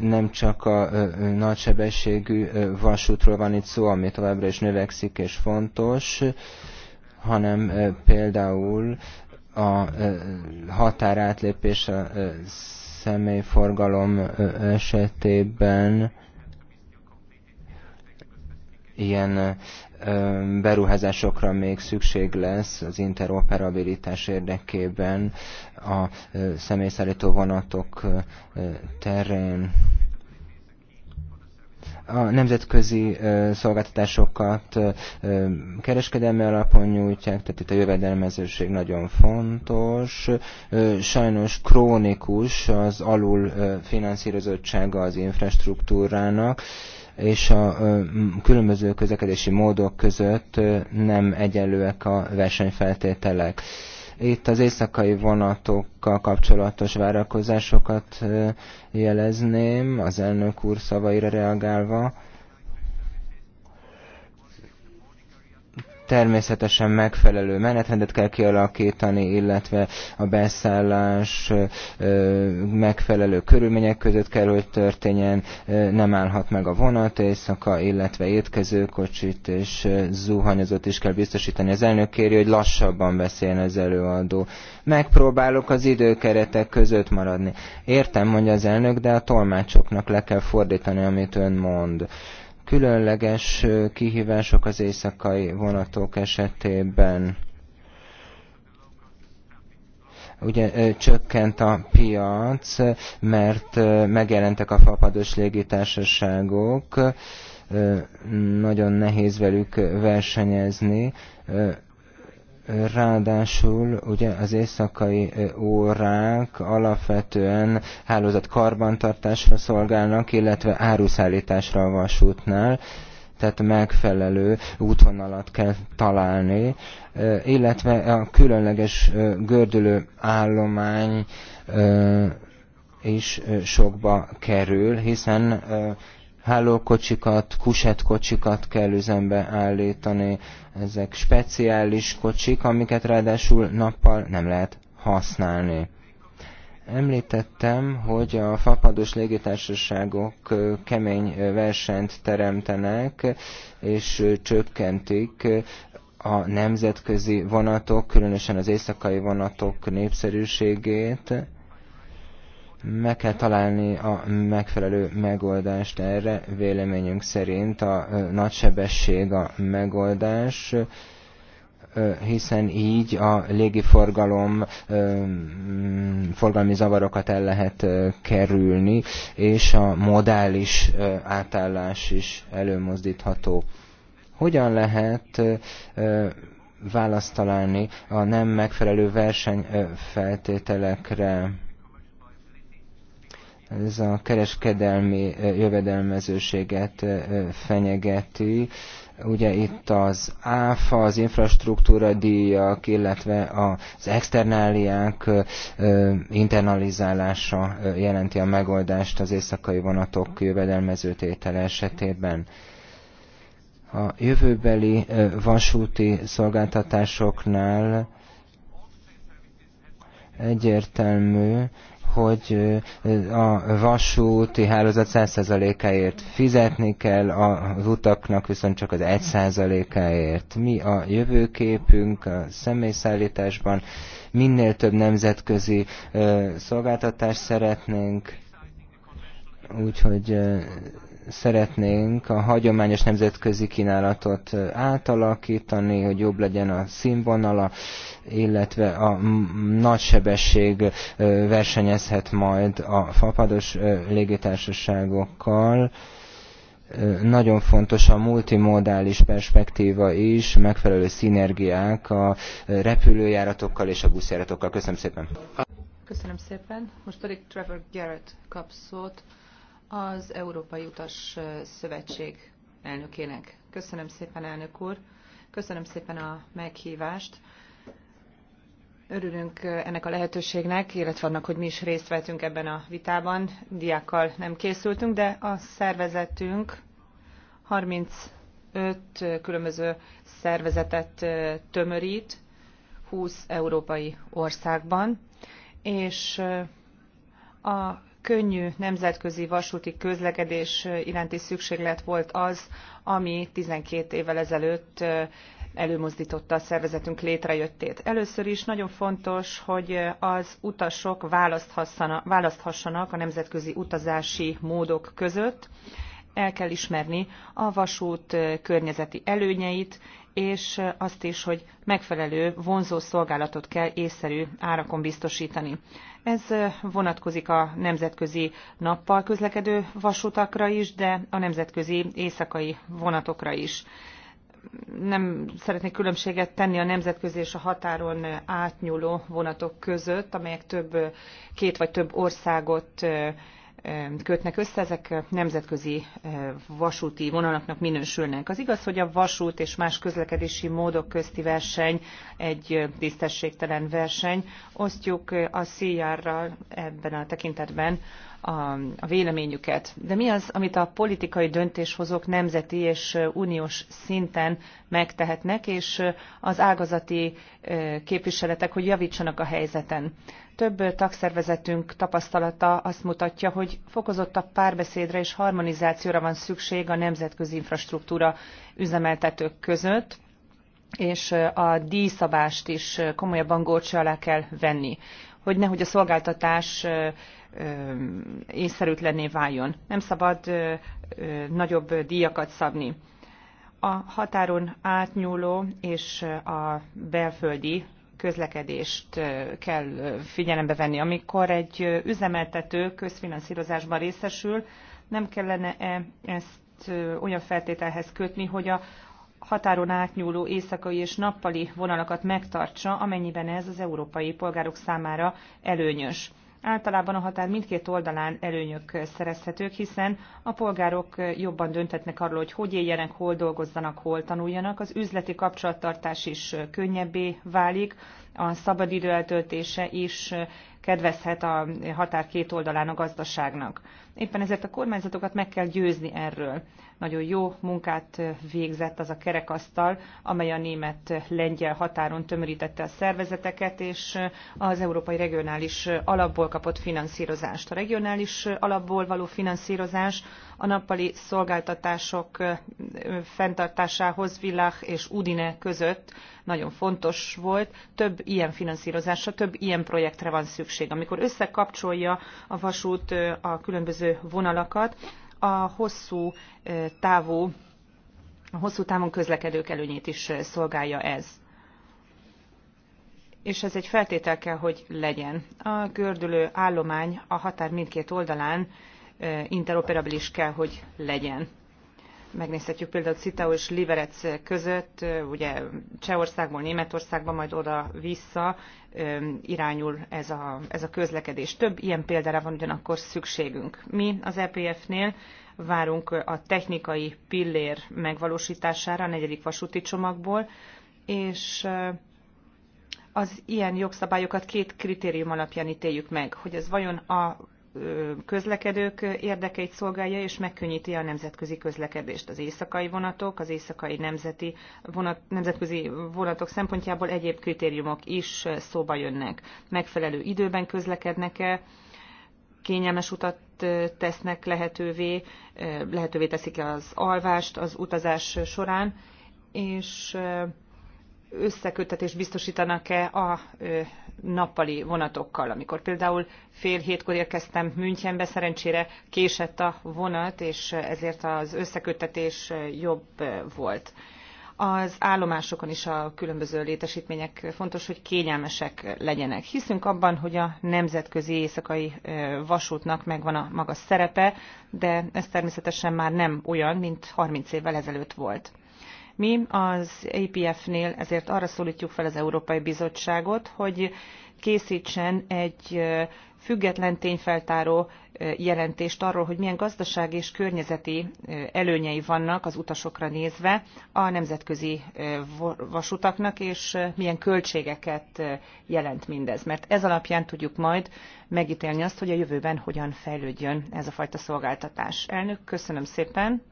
Nem csak a nagysebességű vasútról van itt szó, ami továbbra is növekszik és fontos, hanem például a határátlépés a személyforgalom esetében ilyen beruházásokra még szükség lesz az interoperabilitás érdekében a személyszállító vonatok terén a nemzetközi szolgáltatásokat kereskedelmi alapon nyújtják, tehát itt a jövedelmezőség nagyon fontos. Sajnos krónikus az alul finanszírozottsága az infrastruktúrának, és a különböző közlekedési módok között nem egyenlőek a versenyfeltételek. Itt az éjszakai vonatokkal kapcsolatos várakozásokat jelezném, az elnök úr szavaira reagálva. Természetesen megfelelő menetrendet kell kialakítani, illetve a beszállás megfelelő körülmények között kell, hogy történjen, nem állhat meg a vonat éjszaka, illetve étkezőkocsit és zuhanyozót is kell biztosítani. Az elnök kéri, hogy lassabban beszéljen az előadó. Megpróbálok az időkeretek között maradni. Értem, mondja az elnök, de a tolmácsoknak le kell fordítani, amit ön mond. Különleges kihívások az éjszakai vonatok esetében. Ugye csökkent a piac, mert megjelentek a fapados légitársaságok, nagyon nehéz velük versenyezni, Ráadásul ugye az éjszakai órák alapvetően hálózat karbantartásra szolgálnak, illetve áruszállításra a vasútnál, tehát megfelelő útvonalat kell találni, illetve a különleges gördülő állomány is sokba kerül, hiszen hálókocsikat, kusetkocsikat kell üzembe állítani. Ezek speciális kocsik, amiket ráadásul nappal nem lehet használni. Említettem, hogy a fapados légitársaságok kemény versenyt teremtenek, és csökkentik a nemzetközi vonatok, különösen az éjszakai vonatok népszerűségét, meg kell találni a megfelelő megoldást erre. Véleményünk szerint a nagysebesség a megoldás hiszen így a légiforgalom forgalmi zavarokat el lehet kerülni, és a modális átállás is előmozdítható. Hogyan lehet választ találni a nem megfelelő versenyfeltételekre? ez a kereskedelmi eh, jövedelmezőséget eh, eh, fenyegeti. Ugye itt az áfa, az infrastruktúra díjak, illetve az externáliák internalizálása jelenti a megoldást az éjszakai vonatok jövedelmező tétele esetében a jövőbeli vasúti szolgáltatásoknál egyértelmű, hogy a vasúti hálózat 100%-áért fizetni kell, az utaknak viszont csak az 1%-áért. Mi a jövőképünk a személyszállításban, minél több nemzetközi szolgáltatást szeretnénk, úgyhogy szeretnénk a hagyományos nemzetközi kínálatot átalakítani, hogy jobb legyen a színvonala, illetve a nagysebesség versenyezhet majd a fapados légitársaságokkal. Nagyon fontos a multimodális perspektíva is, megfelelő szinergiák a repülőjáratokkal és a buszjáratokkal. Köszönöm szépen! Köszönöm szépen. Most pedig Trevor Garrett kap szót az Európai Utas Szövetség elnökének. Köszönöm szépen, elnök úr! Köszönöm szépen a meghívást! Örülünk ennek a lehetőségnek, illetve annak, hogy mi is részt vettünk ebben a vitában. Diákkal nem készültünk, de a szervezetünk 35 különböző szervezetet tömörít 20 európai országban, és a könnyű nemzetközi vasúti közlekedés iránti szükséglet volt az, ami tizenkét évvel ezelőtt előmozdította a szervezetünk létrejöttét. Először is nagyon fontos, hogy az utasok választhassanak a nemzetközi utazási módok között. El kell ismerni a vasút környezeti előnyeit, és azt is, hogy megfelelő vonzó szolgálatot kell észszerű árakon biztosítani. Ez vonatkozik a nemzetközi nappal közlekedő vasutakra is, de a nemzetközi éjszakai vonatokra is nem szeretnék különbséget tenni a nemzetközi és a határon átnyúló vonatok között, amelyek több, két vagy több országot kötnek össze, ezek nemzetközi eh, vasúti vonalaknak minősülnek. Az igaz, hogy a vasút és más közlekedési módok közti verseny egy eh, tisztességtelen verseny. Osztjuk eh, a CR-ral ebben a tekintetben a, a véleményüket. De mi az, amit a politikai döntéshozók nemzeti és uniós szinten megtehetnek, és az ágazati képviseletek, hogy javítsanak a helyzeten? Több tagszervezetünk tapasztalata azt mutatja, hogy fokozottabb párbeszédre és harmonizációra van szükség a nemzetközi infrastruktúra üzemeltetők között, és a díjszabást is komolyabban górcső alá kell venni, hogy nehogy a szolgáltatás észszerűtlenné váljon. Nem szabad nagyobb díjakat szabni. A határon átnyúló és a belföldi közlekedést kell figyelembe venni. Amikor egy üzemeltető közfinanszírozásban részesül, nem kellene-e ezt olyan feltételhez kötni, hogy a határon átnyúló éjszakai és nappali vonalakat megtartsa, amennyiben ez az európai polgárok számára előnyös. Általában a határ mindkét oldalán előnyök szerezhetők, hiszen a polgárok jobban dönthetnek arról, hogy hogy éljenek, hol dolgozzanak, hol tanuljanak. Az üzleti kapcsolattartás is könnyebbé válik, a szabadidő eltöltése is kedvezhet a határ két oldalán a gazdaságnak. Éppen ezért a kormányzatokat meg kell győzni erről. Nagyon jó munkát végzett az a kerekasztal, amely a német-lengyel határon tömörítette a szervezeteket, és az Európai Regionális Alapból kapott finanszírozást. A regionális alapból való finanszírozás a nappali szolgáltatások fenntartásához Villach és Udine között nagyon fontos volt. Több ilyen finanszírozásra, több ilyen projektre van szükség. Amikor összekapcsolja a vasút a különböző vonalakat, a hosszú távú, a hosszú távon közlekedők előnyét is szolgálja ez és ez egy feltétel kell, hogy legyen. A gördülő állomány a határ mindkét oldalán interoperabilis kell, hogy legyen. Megnézhetjük például Citao és Liberec között, ugye Csehországból, Németországba, majd oda-vissza irányul ez a, ez a közlekedés. Több ilyen példára van ugyanakkor szükségünk. Mi az EPF-nél várunk a technikai pillér megvalósítására a negyedik vasúti csomagból, és az ilyen jogszabályokat két kritérium alapján ítéljük meg, hogy ez vajon a közlekedők érdekeit szolgálja, és megkönnyíti a nemzetközi közlekedést. Az éjszakai vonatok, az éjszakai nemzeti vonat, nemzetközi vonatok szempontjából egyéb kritériumok is szóba jönnek. Megfelelő időben közlekednek-e, kényelmes utat tesznek lehetővé, lehetővé teszik az alvást az utazás során, és összeköttetés biztosítanak-e a nappali vonatokkal. Amikor például fél hétkor érkeztem Münchenbe, szerencsére késett a vonat, és ezért az összeköttetés jobb volt. Az állomásokon is a különböző létesítmények fontos, hogy kényelmesek legyenek. Hiszünk abban, hogy a nemzetközi éjszakai vasútnak megvan a maga szerepe, de ez természetesen már nem olyan, mint 30 évvel ezelőtt volt mi az APF-nél ezért arra szólítjuk fel az Európai Bizottságot, hogy készítsen egy független tényfeltáró jelentést arról, hogy milyen gazdasági és környezeti előnyei vannak az utasokra nézve a nemzetközi vasutaknak, és milyen költségeket jelent mindez. Mert ez alapján tudjuk majd megítélni azt, hogy a jövőben hogyan fejlődjön ez a fajta szolgáltatás. Elnök, köszönöm szépen!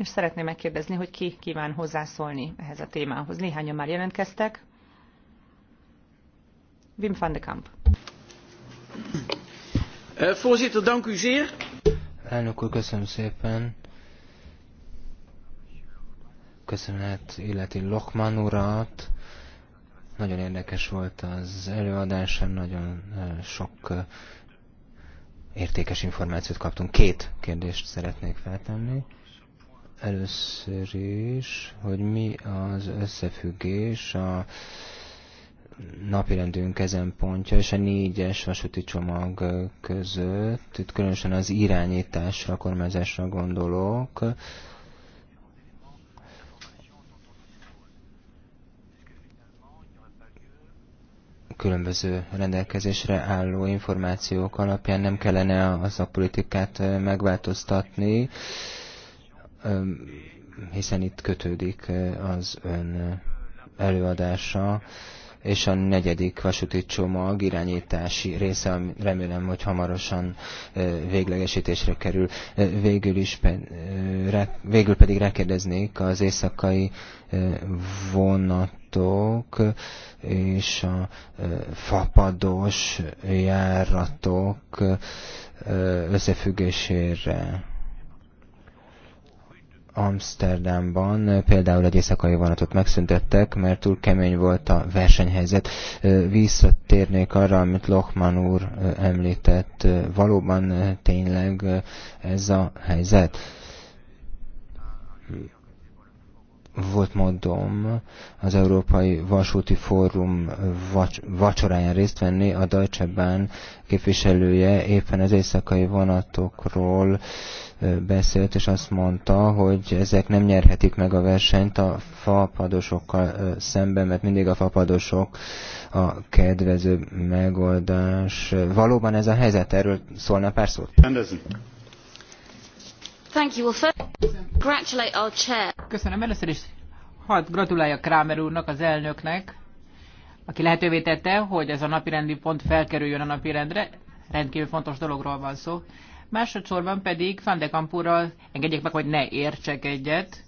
és szeretném megkérdezni, hogy ki kíván hozzászólni ehhez a témához. Néhányan már jelentkeztek. Wim van de Kamp. Eh, voorzitter, dank u zeer. Elnök úr, köszönöm szépen. Köszönet illeti Lokman urat. Nagyon érdekes volt az előadása, nagyon eh, sok eh, értékes információt kaptunk. Két kérdést szeretnék feltenni. Először is, hogy mi az összefüggés a napirendünk ezen pontja és a négyes vasúti csomag között. Itt különösen az irányításra, kormányzásra gondolok. különböző rendelkezésre álló információk alapján nem kellene az a politikát megváltoztatni, hiszen itt kötődik az ön előadása, és a negyedik vasúti csomag irányítási része, remélem, hogy hamarosan véglegesítésre kerül. Végül, is, végül pedig rekedeznék az éjszakai vonatok és a fapados járatok összefüggésére Amsterdamban például egy éjszakai vonatot megszüntettek, mert túl kemény volt a versenyhelyzet. Visszatérnék arra, amit Lochman úr említett. Valóban tényleg ez a helyzet? volt mondom az Európai Vasúti Fórum vacs vacsoráján részt venni, a Deutsche Bahn képviselője éppen az éjszakai vonatokról beszélt, és azt mondta, hogy ezek nem nyerhetik meg a versenyt a fapadosokkal szemben, mert mindig a fapadosok a kedvező megoldás. Valóban ez a helyzet, erről szólna pár szót? Thank you. Well, congratulate our chair. Köszönöm. Először is hadd gratulálja Kramer úrnak, az elnöknek, aki lehetővé tette, hogy ez a napirendi pont felkerüljön a napirendre. Rendkívül fontos dologról van szó. Másodszorban pedig Van de Kampúrral engedjék meg, hogy ne értsek egyet.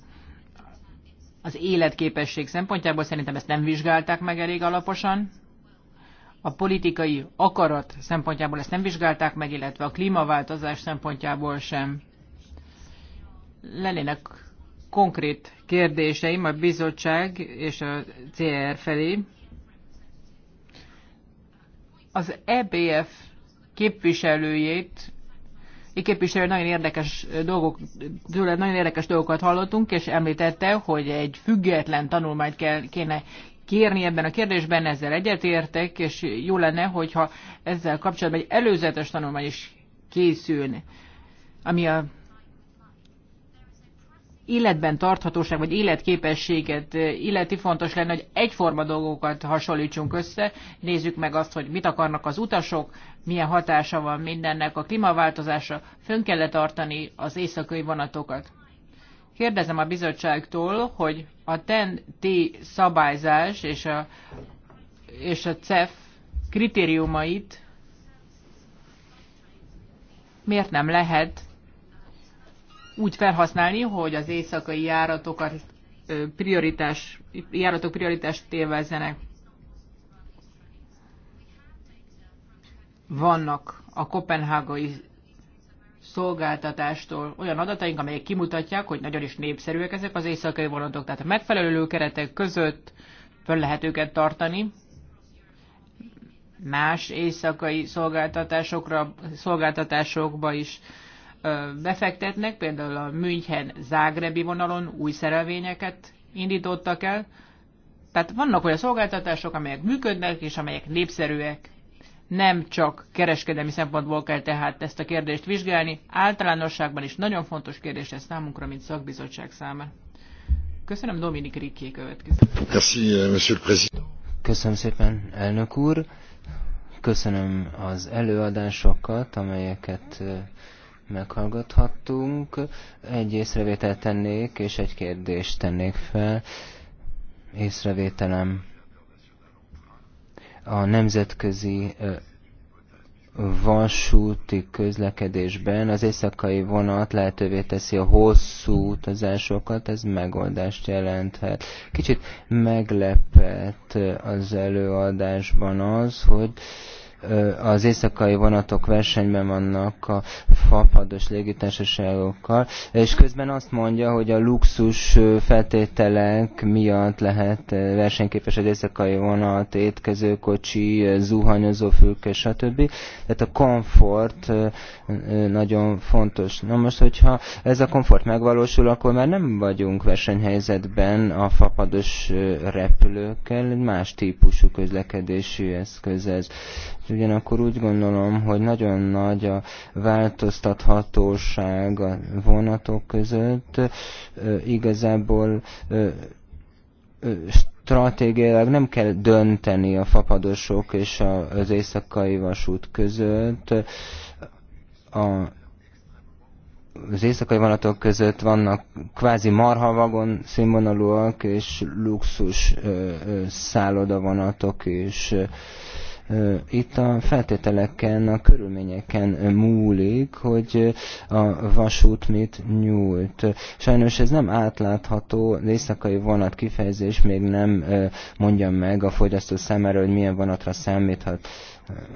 Az életképesség szempontjából szerintem ezt nem vizsgálták meg elég alaposan. A politikai akarat szempontjából ezt nem vizsgálták meg, illetve a klímaváltozás szempontjából sem. Lennének konkrét kérdéseim a bizottság és a CR felé. Az EBF képviselőjét képviselő nagyon érdekes dolgok, tőle nagyon érdekes dolgokat hallottunk, és említette, hogy egy független tanulmányt kell, kéne kérni ebben a kérdésben, ezzel egyetértek, és jó lenne, hogyha ezzel kapcsolatban egy előzetes tanulmány is készülne, ami a életben tarthatóság vagy életképességet eh, illeti fontos lenne, hogy egyforma dolgokat hasonlítsunk össze, nézzük meg azt, hogy mit akarnak az utasok, milyen hatása van mindennek a klímaváltozásra, fönn kell -e tartani az éjszakai vonatokat. Kérdezem a bizottságtól, hogy a TEN-T szabályzás és a, és a CEF kritériumait miért nem lehet úgy felhasználni, hogy az éjszakai járatokat prioritás, járatok prioritást élvezzenek. Vannak a kopenhágai szolgáltatástól olyan adataink, amelyek kimutatják, hogy nagyon is népszerűek ezek az éjszakai vonatok. Tehát a megfelelő keretek között föl lehet őket tartani. Más éjszakai szolgáltatásokra, szolgáltatásokba is befektetnek, például a München-Zágrebi vonalon új szerelvényeket indítottak el. Tehát vannak olyan szolgáltatások, amelyek működnek és amelyek népszerűek. Nem csak kereskedelmi szempontból kell tehát ezt a kérdést vizsgálni, általánosságban is nagyon fontos kérdés ez számunkra, mint szakbizottság száma. Köszönöm, Dominik Rikké következő. Euh, Köszönöm szépen, elnök úr. Köszönöm az előadásokat, amelyeket meghallgathattunk. Egy észrevételt tennék, és egy kérdést tennék fel. Észrevételem a nemzetközi vasúti közlekedésben az éjszakai vonat lehetővé teszi a hosszú utazásokat, ez megoldást jelenthet. Kicsit meglepett az előadásban az, hogy az éjszakai vonatok versenyben vannak a fapados légitársaságokkal, és közben azt mondja, hogy a luxus feltételek miatt lehet versenyképes az éjszakai vonat, étkezőkocsi, zuhanyozó fülke, stb. Tehát a komfort nagyon fontos. Na most, hogyha ez a komfort megvalósul, akkor már nem vagyunk versenyhelyzetben a fapados repülőkkel, más típusú közlekedésű eszköz ez ugyanakkor úgy gondolom, hogy nagyon nagy a változtathatóság a vonatok között. Igazából stratégiailag nem kell dönteni a fapadosok és az éjszakai vasút között. A az éjszakai vonatok között vannak kvázi marhavagon színvonalúak és luxus szállodavonatok is. Ö, itt a feltételeken, a körülményeken múlik, hogy a vasút mit nyújt. Sajnos ez nem átlátható, éjszakai vonat kifejezés még nem mondja meg a fogyasztó szemére, hogy milyen vonatra számíthat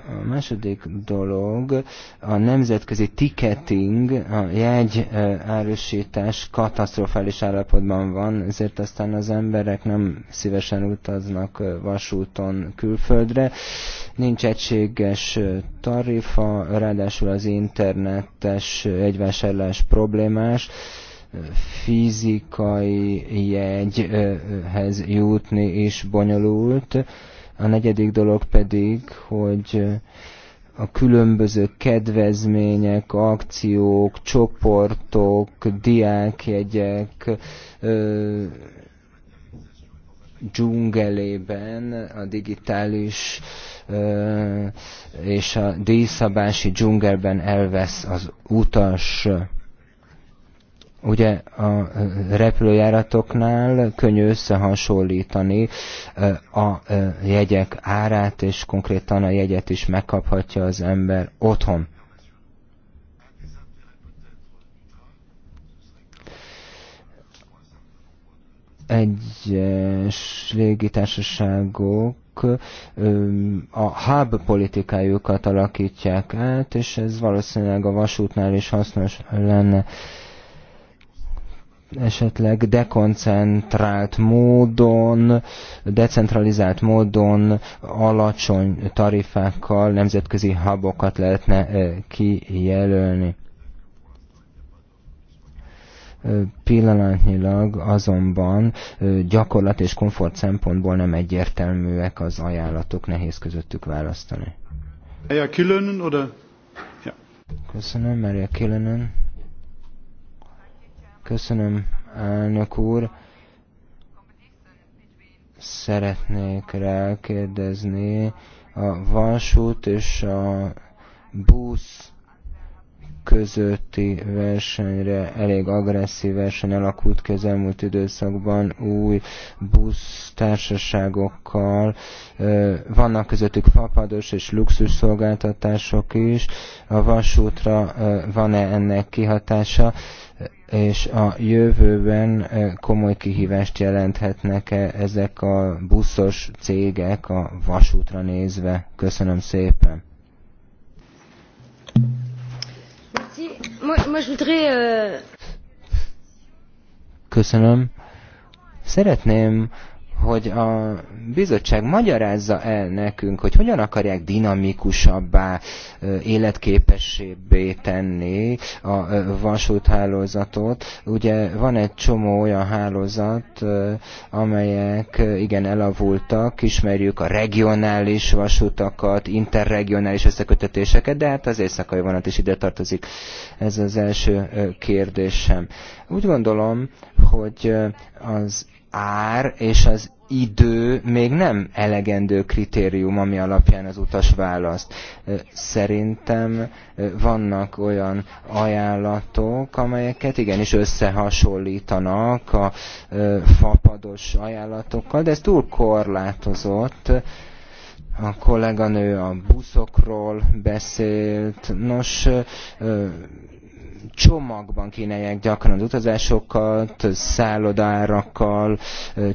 a második dolog a nemzetközi ticketing, a jegy árusítás katasztrofális állapotban van, ezért aztán az emberek nem szívesen utaznak vasúton külföldre. Nincs egységes tarifa, ráadásul az internetes egyvásárlás problémás fizikai jegyhez jutni is bonyolult a negyedik dolog pedig, hogy a különböző kedvezmények, akciók, csoportok, diákjegyek ö, dzsungelében a digitális ö, és a díszabási dzsungelben elvesz az utas. Ugye a repülőjáratoknál könnyű összehasonlítani a jegyek árát, és konkrétan a jegyet is megkaphatja az ember otthon. egyes légitársaságok a hub politikájukat alakítják át, és ez valószínűleg a vasútnál is hasznos lenne esetleg dekoncentrált módon, decentralizált módon alacsony tarifákkal nemzetközi habokat lehetne e, kijelölni. E, pillanatnyilag azonban e, gyakorlat és komfort szempontból nem egyértelműek az ajánlatok, nehéz közöttük választani. Ja, különön, oda? Ja. Köszönöm, Maria Kilönen. Köszönöm, elnök úr. Szeretnék rákérdezni a vasút és a busz közötti versenyre elég agresszív verseny alakult közelmúlt időszakban új társaságokkal. Vannak közöttük fapados és luxus szolgáltatások is. A vasútra van-e ennek kihatása? és a jövőben eh, komoly kihívást jelenthetnek -e ezek a buszos cégek a vasútra nézve? Köszönöm szépen. Euh, Köszönöm. Szeretném hogy a bizottság magyarázza el nekünk, hogy hogyan akarják dinamikusabbá, életképessébbé tenni a vasúthálózatot. Ugye van egy csomó olyan hálózat, amelyek igen elavultak, ismerjük a regionális vasutakat, interregionális összekötetéseket, de hát az éjszakai vonat is ide tartozik. Ez az első kérdésem. Úgy gondolom, hogy az ár és az idő még nem elegendő kritérium, ami alapján az utas választ. Szerintem vannak olyan ajánlatok, amelyeket igenis összehasonlítanak a fapados ajánlatokkal, de ez túl korlátozott. A kolléganő a buszokról beszélt. Nos, csomagban kínálják gyakran az utazásokat, szállodárakkal,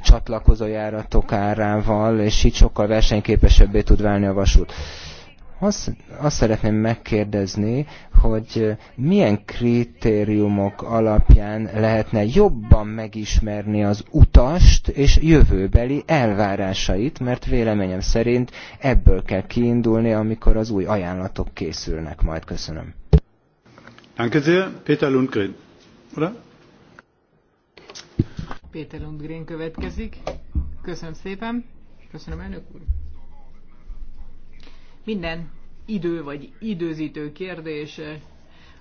csatlakozójáratok árával, és így sokkal versenyképesebbé tud válni a vasút. Azt, azt szeretném megkérdezni, hogy milyen kritériumok alapján lehetne jobban megismerni az utast és jövőbeli elvárásait, mert véleményem szerint ebből kell kiindulni, amikor az új ajánlatok készülnek. Majd köszönöm. Danke sehr. Peter Lundgren, oder? Lundgren következik. Köszönöm szépen. Köszönöm, elnök úr. Minden idő vagy időzítő kérdés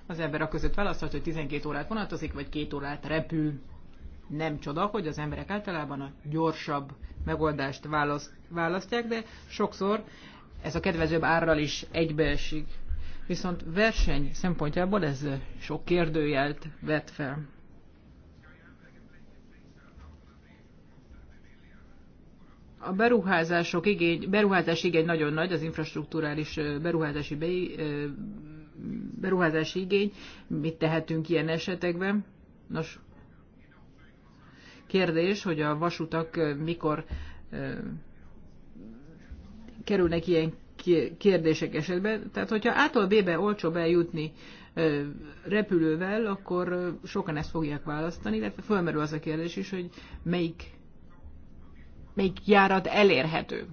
az ember a között választhat, hogy 12 órát vonatozik, vagy 2 órát repül. Nem csoda, hogy az emberek általában a gyorsabb megoldást választ, választják, de sokszor ez a kedvezőbb árral is egybeesik viszont verseny szempontjából ez sok kérdőjelt vet fel. A beruházások igény, beruházási igény nagyon nagy, az infrastruktúrális beruházási, be, beruházási igény. Mit tehetünk ilyen esetekben? Nos, kérdés, hogy a vasutak mikor kerülnek ilyen kérdések esetben. Tehát, hogyha A-tól B-be olcsóbb eljutni repülővel, akkor sokan ezt fogják választani, illetve hát fölmerül az a kérdés is, hogy melyik, melyik járat elérhető.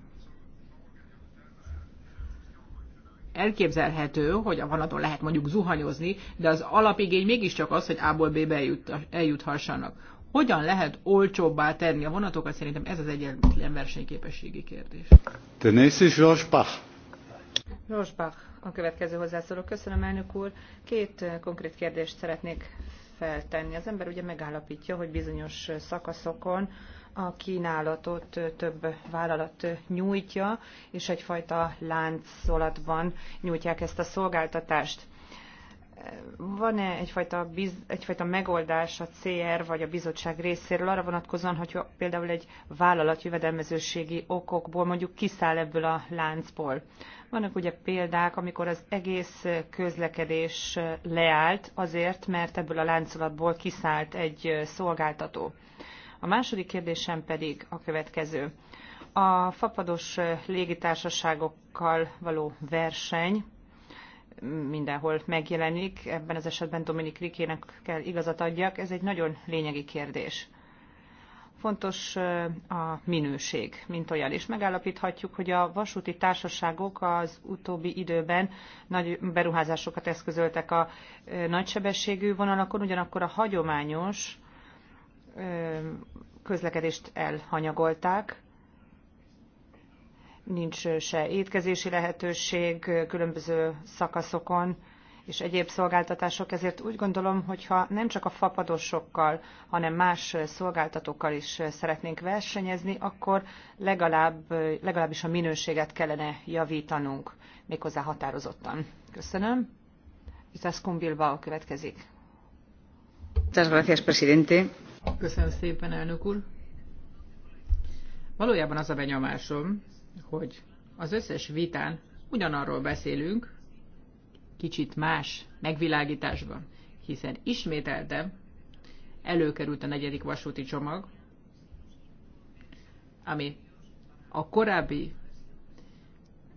elképzelhető, hogy a vonaton lehet mondjuk zuhanyozni, de az alapigény mégiscsak az, hogy A-ból B-be eljuthassanak. Hogyan lehet olcsóbbá tenni a vonatokat? Szerintem ez az egyetlen versenyképességi kérdés. Tenész és Pach. Rosbach a következő hozzászóló. Köszönöm, elnök úr. Két eh, konkrét kérdést szeretnék feltenni. Az ember ugye megállapítja, hogy bizonyos szakaszokon a kínálatot eh, több vállalat eh, nyújtja, és egyfajta láncolatban nyújtják ezt a szolgáltatást. Van-e egyfajta, biz, egyfajta megoldás a CR vagy a bizottság részéről arra vonatkozóan, hogy például egy vállalat jövedelmezőségi okokból mondjuk kiszáll ebből a láncból? Vannak ugye példák, amikor az egész közlekedés leállt azért, mert ebből a láncolatból kiszállt egy szolgáltató. A második kérdésem pedig a következő. A fapados légitársaságokkal való verseny mindenhol megjelenik, ebben az esetben Dominik Rikének kell igazat adjak, ez egy nagyon lényegi kérdés. Fontos a minőség, mint olyan, és megállapíthatjuk, hogy a vasúti társaságok az utóbbi időben nagy beruházásokat eszközöltek a nagysebességű vonalakon, ugyanakkor a hagyományos közlekedést elhanyagolták, nincs se étkezési lehetőség különböző szakaszokon, és egyéb szolgáltatások, ezért úgy gondolom, hogyha nem csak a fapadosokkal, hanem más szolgáltatókkal is szeretnénk versenyezni, akkor legalább, legalábbis a minőséget kellene javítanunk, méghozzá határozottan. Köszönöm. Itászkun a következik. Köszönöm szépen, elnök úr. Valójában az a benyomásom, hogy az összes vitán ugyanarról beszélünk, kicsit más megvilágításban, hiszen ismételte előkerült a negyedik vasúti csomag, ami a korábbi,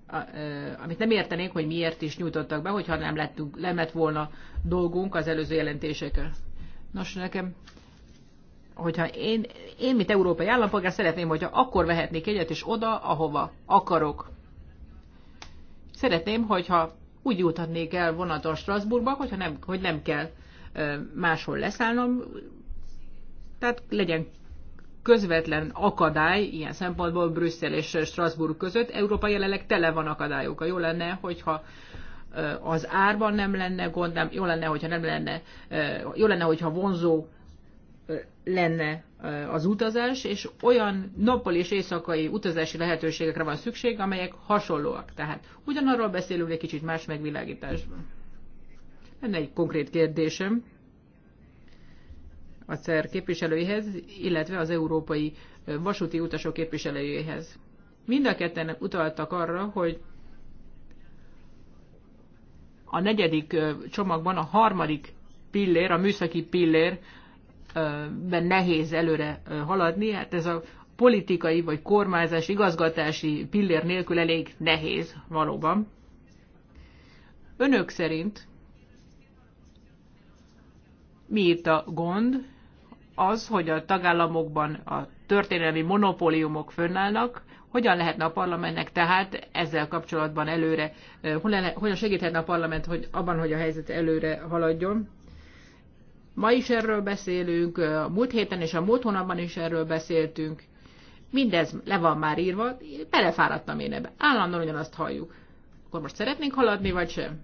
a, ö, amit nem értenénk, hogy miért is nyújtottak be, hogyha nem, lettünk, nem lett volna dolgunk az előző jelentésekkel. Nos, nekem, hogyha én, én mint európai állampolgár szeretném, hogyha akkor vehetnék egyet, és oda, ahova akarok. Szeretném, hogyha úgy jutatnék el vonaton Strasbourgba, hogyha nem, hogy nem kell máshol leszállnom. Tehát legyen közvetlen akadály ilyen szempontból Brüsszel és Strasbourg között. Európa jelenleg tele van akadályokkal. Jó lenne, hogyha az árban nem lenne gond, nem, jó lenne, hogyha nem lenne, jó lenne, hogyha vonzó lenne az utazás, és olyan nappal és éjszakai utazási lehetőségekre van szükség, amelyek hasonlóak. Tehát ugyanarról beszélünk egy kicsit más megvilágításban. Lenne egy konkrét kérdésem a CER képviselőihez, illetve az európai vasúti utasok képviselőjéhez. Mind a ketten utaltak arra, hogy a negyedik csomagban a harmadik pillér, a műszaki pillér ben nehéz előre haladni, hát ez a politikai vagy kormányzás, igazgatási pillér nélkül elég nehéz valóban. Önök szerint mi itt a gond? Az, hogy a tagállamokban a történelmi monopóliumok fönnállnak, hogyan lehetne a parlamentnek tehát ezzel kapcsolatban előre, hogyan segíthetne a parlament hogy abban, hogy a helyzet előre haladjon? Ma is erről beszélünk, a múlt héten és a múlt hónapban is erről beszéltünk. Mindez le van már írva, belefáradtam én ebbe. Állandóan ugyanazt halljuk. Akkor most szeretnénk haladni, vagy sem?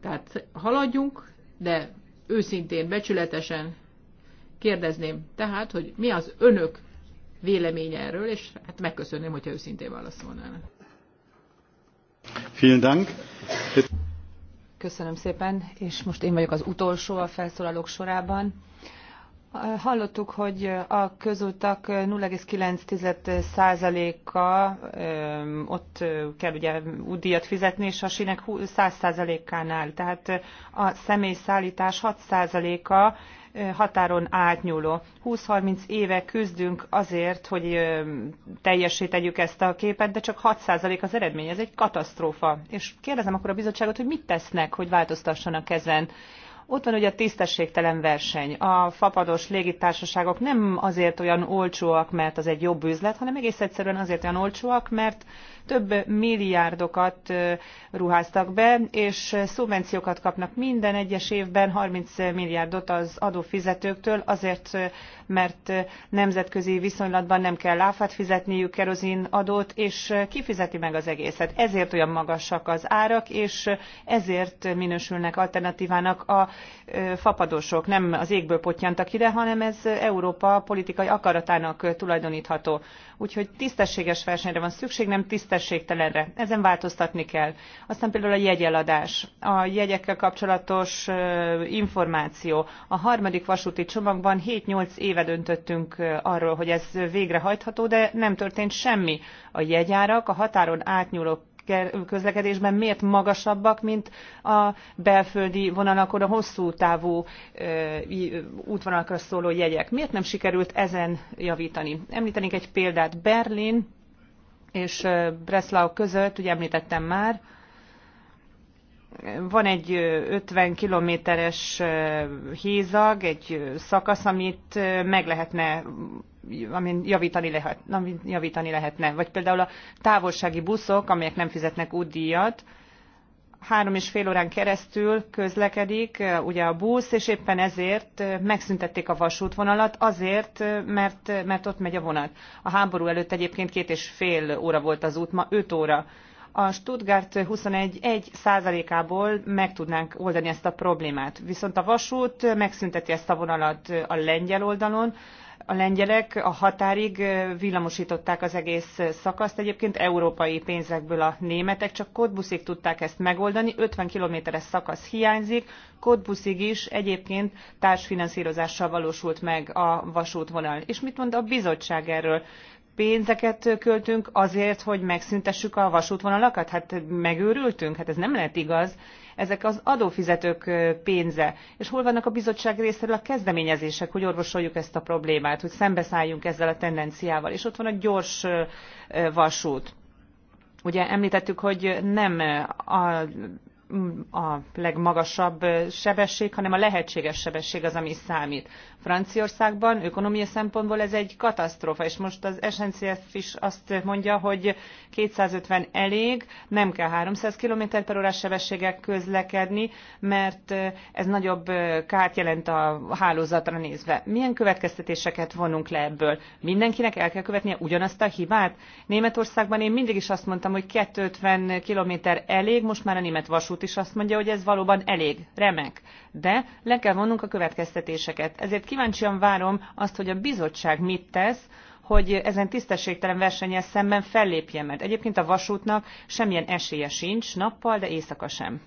Tehát haladjunk, de őszintén, becsületesen kérdezném tehát, hogy mi az önök véleménye erről, és hát megköszönném, hogyha őszintén válaszolnának. Vielen Dank. Köszönöm szépen, és most én vagyok az utolsó a felszólalók sorában. Hallottuk, hogy a közutak 0,9%-a ott kell ugye útdíjat fizetni, és a sinek 100%-ánál. Tehát a személyszállítás 6%-a határon átnyúló. 20-30 éve küzdünk azért, hogy teljessé ezt a képet, de csak 6% az eredmény, ez egy katasztrófa. És kérdezem akkor a bizottságot, hogy mit tesznek, hogy változtassanak ezen. Ott van ugye a tisztességtelen verseny. A fapados légitársaságok nem azért olyan olcsóak, mert az egy jobb üzlet, hanem egész egyszerűen azért olyan olcsóak, mert több milliárdokat ruháztak be, és szubvenciókat kapnak minden egyes évben 30 milliárdot az adófizetőktől, azért, mert nemzetközi viszonylatban nem kell áfát fizetniük, kerozin adót, és kifizeti meg az egészet. Ezért olyan magasak az árak, és ezért minősülnek alternatívának a fapadósok. Nem az égből potyantak ide, hanem ez Európa politikai akaratának tulajdonítható. Úgyhogy tisztességes versenyre van szükség, nem tisztességes tisztességtelenre. Ezen változtatni kell. Aztán például a jegyeladás, a jegyekkel kapcsolatos információ. A harmadik vasúti csomagban 7-8 éve döntöttünk arról, hogy ez végrehajtható, de nem történt semmi. A jegyárak a határon átnyúló közlekedésben miért magasabbak, mint a belföldi vonalakon a hosszú távú útvonalakra szóló jegyek. Miért nem sikerült ezen javítani? Említenék egy példát. Berlin és Breslau között, ugye említettem már, van egy 50 kilométeres hízag, egy szakasz, amit meg lehetne, amin javítani, lehet, amin javítani lehetne. Vagy például a távolsági buszok, amelyek nem fizetnek útdíjat, három és fél órán keresztül közlekedik ugye a busz, és éppen ezért megszüntették a vasútvonalat, azért, mert, mert ott megy a vonat. A háború előtt egyébként két és fél óra volt az út, ma öt óra. A Stuttgart 21 1 százalékából meg tudnánk oldani ezt a problémát. Viszont a vasút megszünteti ezt a vonalat a lengyel oldalon, a lengyelek a határig villamosították az egész szakaszt, egyébként európai pénzekből a németek, csak kódbuszig tudták ezt megoldani, 50 kilométeres szakasz hiányzik, kódbuszig is egyébként társfinanszírozással valósult meg a vasútvonal. És mit mond a bizottság erről? pénzeket költünk azért, hogy megszüntessük a vasútvonalakat? Hát megőrültünk? Hát ez nem lehet igaz. Ezek az adófizetők pénze. És hol vannak a bizottság részéről a kezdeményezések, hogy orvosoljuk ezt a problémát, hogy szembeszálljunk ezzel a tendenciával. És ott van a gyors vasút. Ugye említettük, hogy nem a a legmagasabb sebesség, hanem a lehetséges sebesség az, ami számít. Franciaországban ökonomia szempontból ez egy katasztrófa, és most az SNCF is azt mondja, hogy 250 elég, nem kell 300 km per órás sebességek közlekedni, mert ez nagyobb kárt jelent a hálózatra nézve. Milyen következtetéseket vonunk le ebből? Mindenkinek el kell követnie ugyanazt a hibát? Németországban én mindig is azt mondtam, hogy 250 km elég, most már a német vasút abszolút is azt mondja, hogy ez valóban elég, remek. De le kell vonnunk a következtetéseket. Ezért kíváncsian várom azt, hogy a bizottság mit tesz, hogy ezen tisztességtelen versenyel szemben fellépjen, mert egyébként a vasútnak semmilyen esélye sincs, nappal, de éjszaka sem.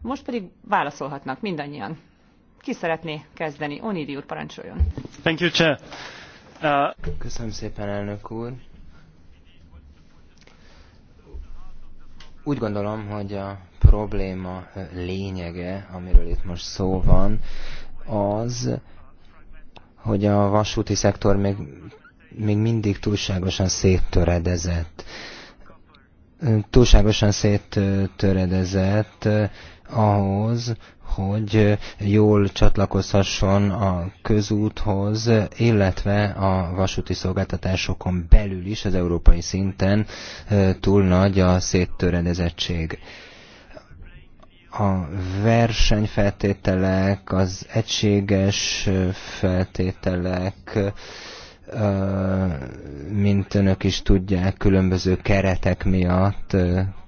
Most pedig válaszolhatnak mindannyian. Ki szeretné kezdeni? Onidi úr, parancsoljon. Thank you, Chair. Uh... Köszönöm szépen, elnök úr. Úgy gondolom, hogy a probléma lényege, amiről itt most szó van, az, hogy a vasúti szektor még, még mindig túlságosan széttöredezett. Túlságosan széttöredezett ahhoz, hogy jól csatlakozhasson a közúthoz, illetve a vasúti szolgáltatásokon belül is az európai szinten túl nagy a széttöredezettség a versenyfeltételek, az egységes feltételek, mint önök is tudják, különböző keretek miatt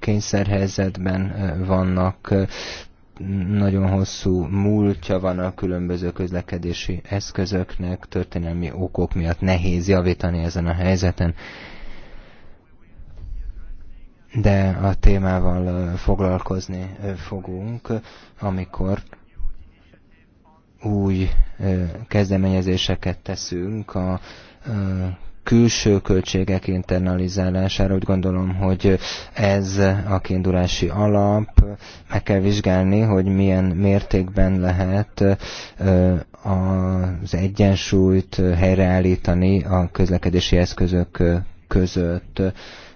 kényszerhelyzetben vannak nagyon hosszú múltja van a különböző közlekedési eszközöknek, történelmi okok miatt nehéz javítani ezen a helyzeten, de a témával foglalkozni fogunk, amikor új kezdeményezéseket teszünk a külső költségek internalizálására. Úgy gondolom, hogy ez a kiindulási alap. Meg kell vizsgálni, hogy milyen mértékben lehet az egyensúlyt helyreállítani a közlekedési eszközök között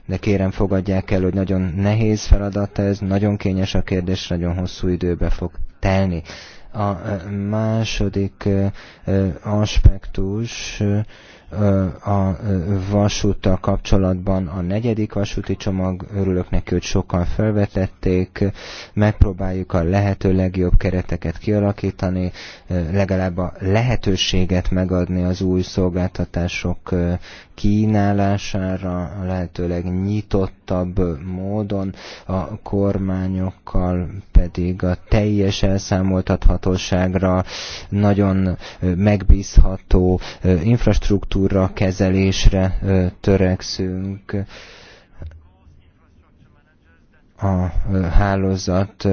de kérem fogadják el, hogy nagyon nehéz feladat ez, nagyon kényes a kérdés, nagyon hosszú időbe fog telni. A második aspektus a vasúttal kapcsolatban a negyedik vasúti csomag, örülök neki, hogy sokan felvetették, megpróbáljuk a lehető legjobb kereteket kialakítani, legalább a lehetőséget megadni az új szolgáltatások kínálására a lehetőleg nyitottabb módon, a kormányokkal pedig a teljes elszámoltathatóságra, nagyon megbízható infrastruktúra kezelésre törekszünk, a hálózat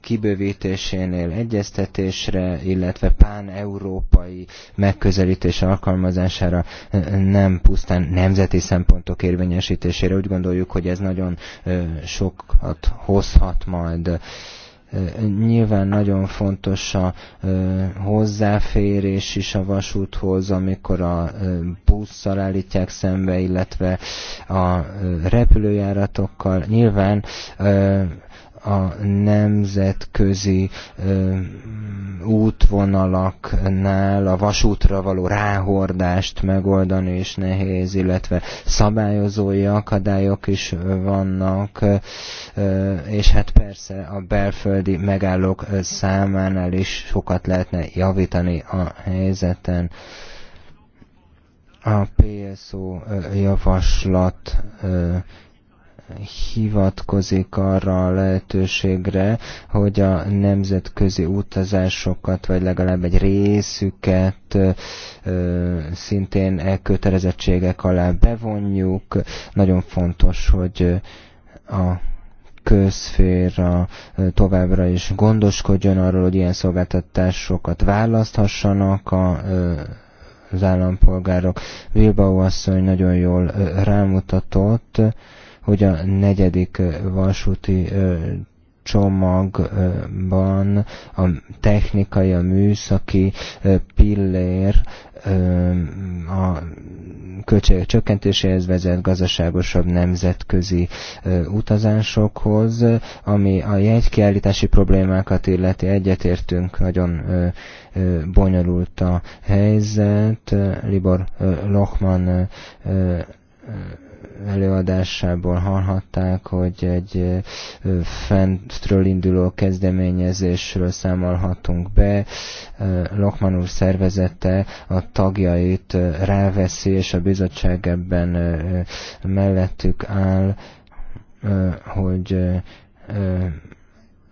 kibővítésénél egyeztetésre, illetve pán-európai megközelítés alkalmazására, nem pusztán nemzeti szempontok érvényesítésére. Úgy gondoljuk, hogy ez nagyon sokat hozhat majd Nyilván nagyon fontos a hozzáférés is a vasúthoz, amikor a busszal állítják szembe, illetve a repülőjáratokkal. Nyilván a nemzetközi ö, útvonalaknál a vasútra való ráhordást megoldani is nehéz, illetve szabályozói akadályok is vannak, ö, és hát persze a belföldi megállók számánál is sokat lehetne javítani a helyzeten. A PSO javaslat ö, hivatkozik arra a lehetőségre, hogy a nemzetközi utazásokat, vagy legalább egy részüket szintén e kötelezettségek alá bevonjuk. Nagyon fontos, hogy a közféra továbbra is gondoskodjon arról, hogy ilyen szolgáltatásokat választhassanak a az állampolgárok. Bilbao asszony nagyon jól rámutatott, hogy a negyedik vasúti csomagban a technikai, a műszaki pillér a költségek csökkentéséhez vezet gazdaságosabb nemzetközi utazásokhoz, ami a jegykiállítási problémákat illeti egyetértünk, nagyon bonyolult a helyzet. Libor Lochman előadásából hallhatták, hogy egy fentről induló kezdeményezésről számolhatunk be. Lokman úr szervezete a tagjait ráveszi, és a bizottság ebben mellettük áll, hogy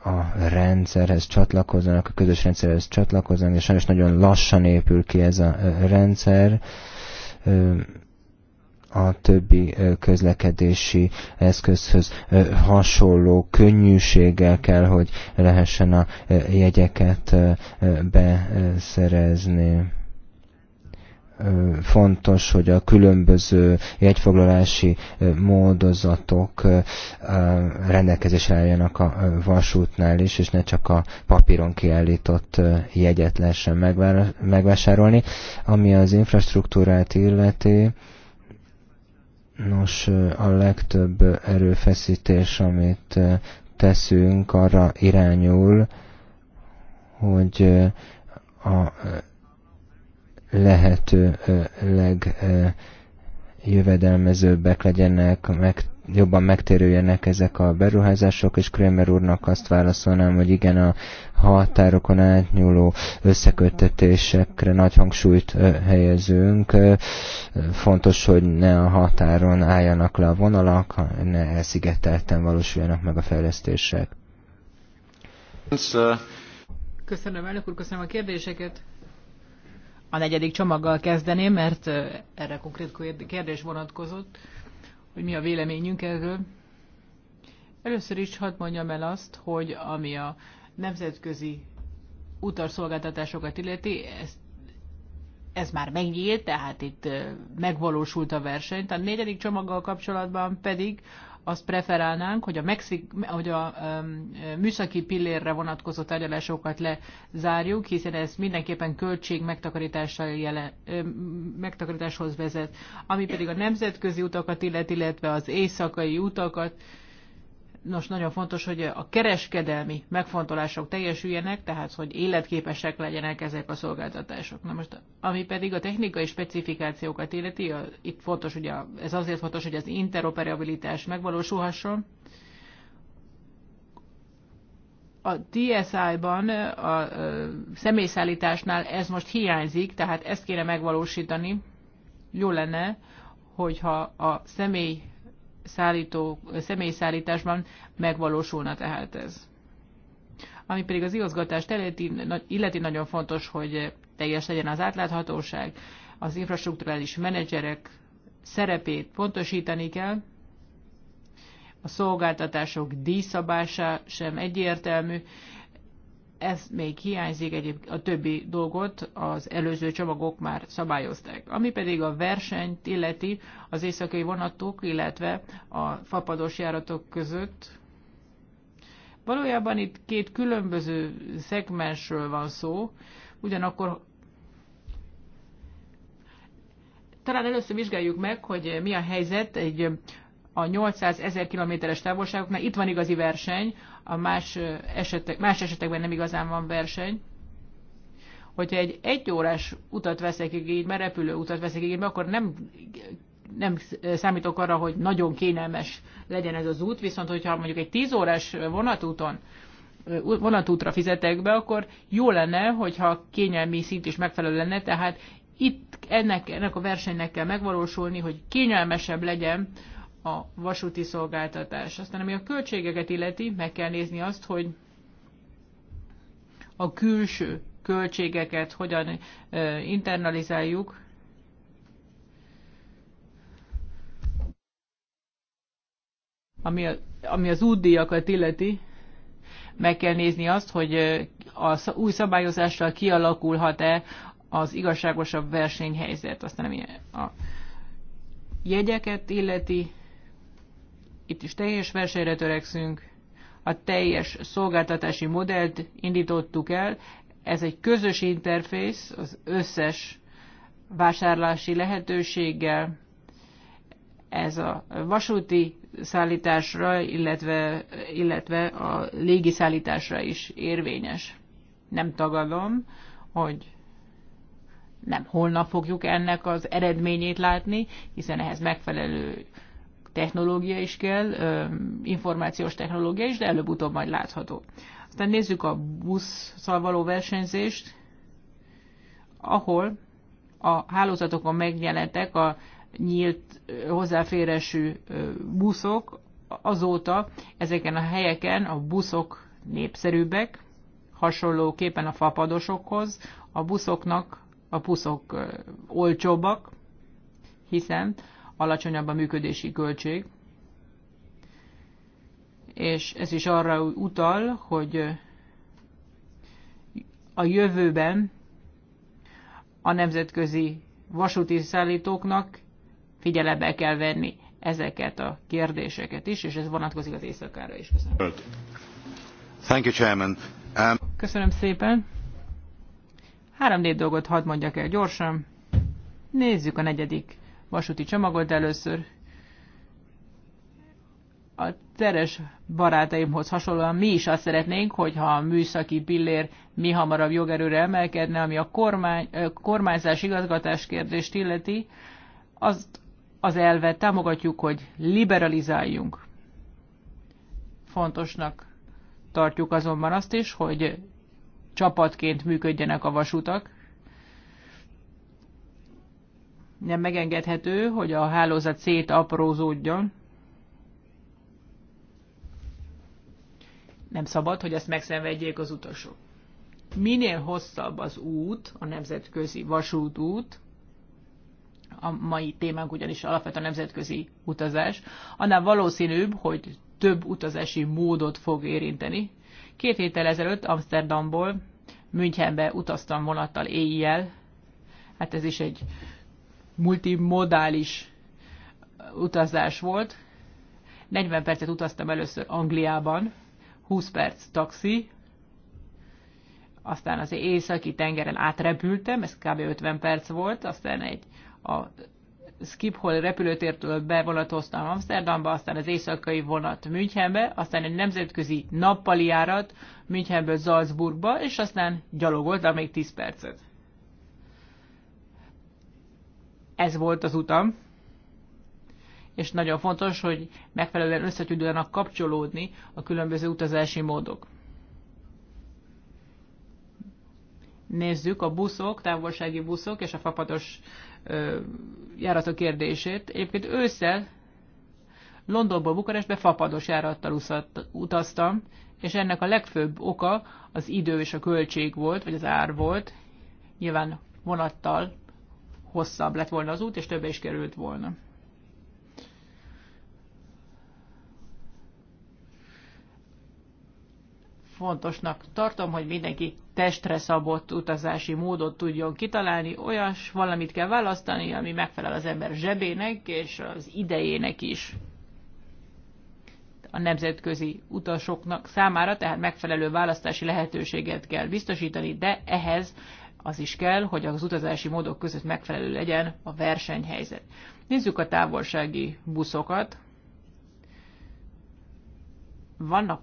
a rendszerhez csatlakozzanak, a közös rendszerhez csatlakozzanak, és sajnos nagyon lassan épül ki ez a rendszer a többi közlekedési eszközhöz hasonló könnyűséggel kell, hogy lehessen a jegyeket beszerezni fontos, hogy a különböző jegyfoglalási módozatok rendelkezésre álljanak a vasútnál is, és ne csak a papíron kiállított jegyet lehessen megvásárolni. Ami az infrastruktúrát illeti, Nos, a legtöbb erőfeszítés, amit teszünk, arra irányul, hogy a lehető legjövedelmezőbbek legyenek, meg jobban megtérüljenek ezek a beruházások, és Krémer úrnak azt válaszolnám, hogy igen, a határokon átnyúló összeköttetésekre nagy hangsúlyt helyezünk. Fontos, hogy ne a határon álljanak le a vonalak, ne elszigetelten valósuljanak meg a fejlesztések. Köszönöm, elnök úr, köszönöm a kérdéseket. A negyedik csomaggal kezdeném, mert erre konkrét kérdés vonatkozott hogy mi a véleményünk erről. Először is hadd mondjam el azt, hogy ami a nemzetközi utasszolgáltatásokat illeti, ez, ez már megnyílt, tehát itt megvalósult a verseny. A negyedik csomaggal kapcsolatban pedig azt preferálnánk, hogy a, Mexik, hogy a um, műszaki pillérre vonatkozó tárgyalásokat lezárjuk, hiszen ez mindenképpen költség jele, megtakarításhoz vezet. Ami pedig a nemzetközi utakat illet, illetve az éjszakai utakat, Nos, nagyon fontos, hogy a kereskedelmi megfontolások teljesüljenek, tehát hogy életképesek legyenek ezek a szolgáltatások. Na most, ami pedig a technikai specifikációkat illeti, a, itt fontos, ugye, ez azért fontos, hogy az interoperabilitás megvalósulhasson. A TSI-ban a, a személyszállításnál ez most hiányzik, tehát ezt kéne megvalósítani. Jó lenne, hogyha a személy szállító, személyszállításban megvalósulna tehát ez. Ami pedig az igazgatást illeti, nagyon fontos, hogy teljes legyen az átláthatóság, az infrastruktúrális menedzserek szerepét pontosítani kell, a szolgáltatások díszabása sem egyértelmű, ez még hiányzik, egyéb a többi dolgot az előző csomagok már szabályozták. Ami pedig a versenyt illeti az éjszakai vonatok, illetve a fapados járatok között, Valójában itt két különböző szegmensről van szó, ugyanakkor talán először vizsgáljuk meg, hogy mi a helyzet egy a 800 ezer kilométeres távolságoknál. Itt van igazi verseny, a más, esetek, más esetekben nem igazán van verseny. Hogyha egy egyórás utat veszek igénybe, repülő utat veszek igénybe, akkor nem nem számítok arra, hogy nagyon kényelmes legyen ez az út, viszont hogyha mondjuk egy 10 órás vonatúton vonatútra fizetek be, akkor jó lenne, hogyha kényelmi szint is megfelelő lenne, tehát itt ennek, ennek a versenynek kell megvalósulni, hogy kényelmesebb legyen a vasúti szolgáltatás. Aztán ami a költségeket illeti, meg kell nézni azt, hogy a külső költségeket hogyan internalizáljuk, ami, a, ami az útdíjakat illeti, meg kell nézni azt, hogy a új szabályozással kialakulhat-e az igazságosabb versenyhelyzet. Aztán ami a jegyeket illeti, itt is teljes versenyre törekszünk. A teljes szolgáltatási modellt indítottuk el. Ez egy közös interfész az összes vásárlási lehetőséggel. Ez a vasúti szállításra, illetve, illetve a légi szállításra is érvényes. Nem tagadom, hogy nem holnap fogjuk ennek az eredményét látni, hiszen ehhez megfelelő technológia is kell, információs technológia is, de előbb-utóbb majd látható. Aztán nézzük a buszszal való versenyzést, ahol a hálózatokon megjelentek a nyílt hozzáférésű buszok, azóta ezeken a helyeken a buszok népszerűbbek, hasonlóképpen a fapadosokhoz, a buszoknak a buszok olcsóbbak, hiszen alacsonyabb a működési költség, és ez is arra utal, hogy a jövőben a nemzetközi vasúti szállítóknak figyelembe kell venni ezeket a kérdéseket is, és ez vonatkozik az éjszakára is. Köszönöm. Thank you, Chairman. Um... Köszönöm szépen. Három-négy dolgot hadd mondjak el gyorsan. Nézzük a negyedik vasúti csomagot először. A teres barátaimhoz hasonlóan mi is azt szeretnénk, hogyha a műszaki pillér mi hamarabb jogerőre emelkedne, ami a kormány, kormányzás igazgatás kérdést illeti, azt az elvet támogatjuk, hogy liberalizáljunk. Fontosnak tartjuk azonban azt is, hogy csapatként működjenek a vasutak, nem megengedhető, hogy a hálózat szétaprózódjon. Nem szabad, hogy ezt megszenvedjék az utasok. Minél hosszabb az út, a nemzetközi vasútút, a mai témánk ugyanis alapvetően nemzetközi utazás, annál valószínűbb, hogy több utazási módot fog érinteni. Két héttel ezelőtt Amsterdamból Münchenbe utaztam vonattal éjjel, hát ez is egy multimodális uh, utazás volt. 40 percet utaztam először Angliában, 20 perc taxi, aztán az északi tengeren átrepültem, ez kb. 50 perc volt, aztán egy a Skiphol repülőtértől bevonatoztam Amsterdamba, aztán az éjszakai vonat Münchenbe, aztán egy nemzetközi nappali járat Münchenből Salzburgba, és aztán gyalogoltam még 10 percet. ez volt az utam, és nagyon fontos, hogy megfelelően össze kapcsolódni a különböző utazási módok. Nézzük a buszok, távolsági buszok és a fapados ö, járatok kérdését. Egyébként ősszel Londonból Bukarestbe fapados járattal utaztam, és ennek a legfőbb oka az idő és a költség volt, vagy az ár volt. Nyilván vonattal hosszabb lett volna az út, és többe is került volna. fontosnak tartom, hogy mindenki testre szabott utazási módot tudjon kitalálni, olyas valamit kell választani, ami megfelel az ember zsebének és az idejének is. A nemzetközi utasoknak számára tehát megfelelő választási lehetőséget kell biztosítani, de ehhez az is kell, hogy az utazási módok között megfelelő legyen a versenyhelyzet. Nézzük a távolsági buszokat. Vannak,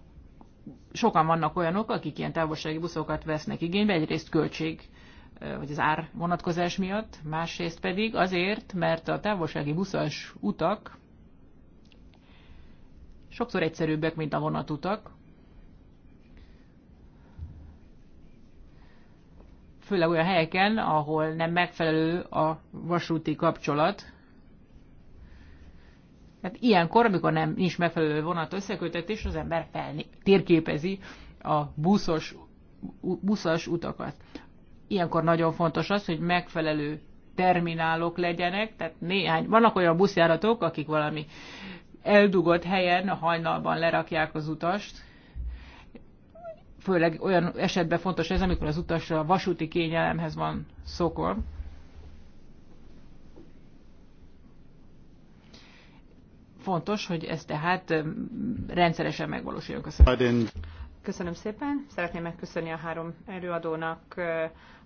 sokan vannak olyanok, akik ilyen távolsági buszokat vesznek igénybe, egyrészt költség vagy az ár vonatkozás miatt, másrészt pedig azért, mert a távolsági buszos utak sokszor egyszerűbbek, mint a vonatutak, főleg olyan helyeken, ahol nem megfelelő a vasúti kapcsolat. Tehát ilyenkor, amikor nem, nincs megfelelő vonat összekötetés, az ember fel térképezi a buszos, buszos utakat. Ilyenkor nagyon fontos az, hogy megfelelő terminálok legyenek, tehát néhány, vannak olyan buszjáratok, akik valami eldugott helyen a hajnalban lerakják az utast, főleg olyan esetben fontos ez, amikor az utas a vasúti kényelemhez van szokor. Fontos, hogy ez tehát rendszeresen megvalósuljon. Köszönöm. Köszönöm szépen. Szeretném megköszönni a három előadónak,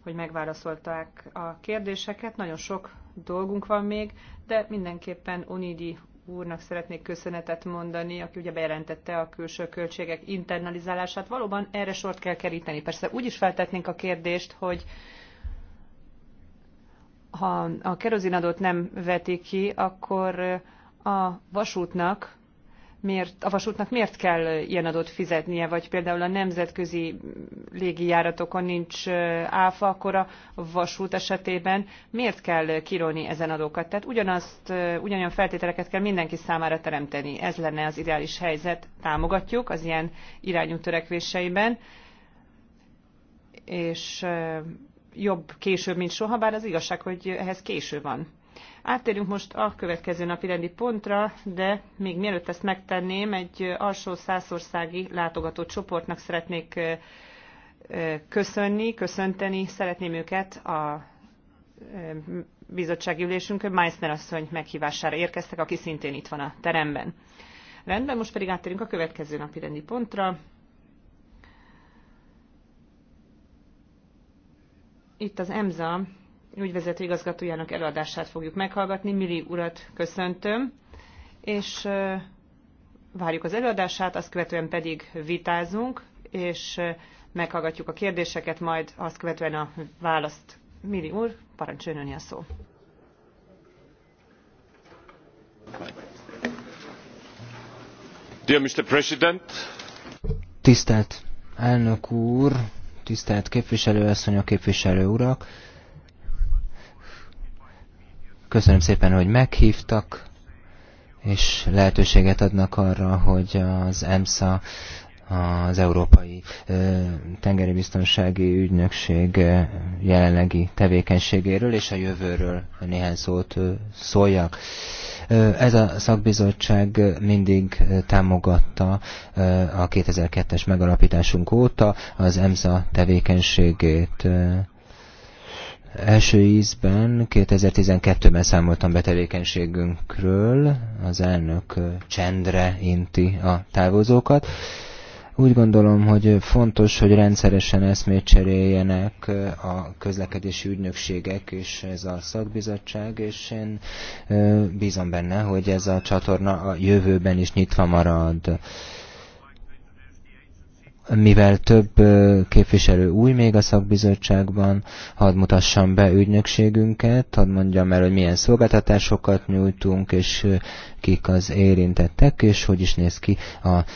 hogy megválaszolták a kérdéseket. Nagyon sok dolgunk van még, de mindenképpen Onidi úrnak szeretnék köszönetet mondani, aki ugye bejelentette a külső költségek internalizálását. Valóban erre sort kell keríteni. Persze úgy is feltetnénk a kérdést, hogy ha a kerozinadót nem vetik ki, akkor a vasútnak miért, a vasútnak miért kell ilyen adót fizetnie, vagy például a nemzetközi légijáratokon nincs áfa, akkor a vasút esetében miért kell kirolni ezen adókat? Tehát ugyanazt, ugyanolyan feltételeket kell mindenki számára teremteni. Ez lenne az ideális helyzet. Támogatjuk az ilyen irányú törekvéseiben, és jobb később, mint soha, bár az igazság, hogy ehhez késő van. Áttérünk most a következő napi rendi pontra, de még mielőtt ezt megtenném, egy alsó százországi látogató csoportnak szeretnék köszönni, köszönteni, szeretném őket a bizottsági ülésünkön Meissner asszony meghívására érkeztek, aki szintén itt van a teremben. Rendben, most pedig áttérünk a következő napi rendi pontra. Itt az EMSA ügyvezető igazgatójának előadását fogjuk meghallgatni. Miri urat köszöntöm, és várjuk az előadását, azt követően pedig vitázunk, és meghallgatjuk a kérdéseket, majd azt követően a választ. Miri úr, parancsoljon a szó. Dear Mr. President. Tisztelt elnök úr, tisztelt képviselőasszonyok, képviselő urak! Köszönöm szépen, hogy meghívtak, és lehetőséget adnak arra, hogy az EMSA az Európai Tengeri Biztonsági Ügynökség jelenlegi tevékenységéről és a jövőről néhány szót szóljak. Ez a szakbizottság mindig támogatta a 2002-es megalapításunk óta az EMSA tevékenységét Első ízben 2012-ben számoltam betevékenységünkről, az elnök csendre inti a távozókat. Úgy gondolom, hogy fontos, hogy rendszeresen eszmét cseréljenek a közlekedési ügynökségek és ez a szakbizottság, és én bízom benne, hogy ez a csatorna a jövőben is nyitva marad mivel több képviselő új még a szakbizottságban, hadd mutassam be ügynökségünket, hadd mondjam el, hogy milyen szolgáltatásokat nyújtunk, és kik az érintettek, és hogy is néz ki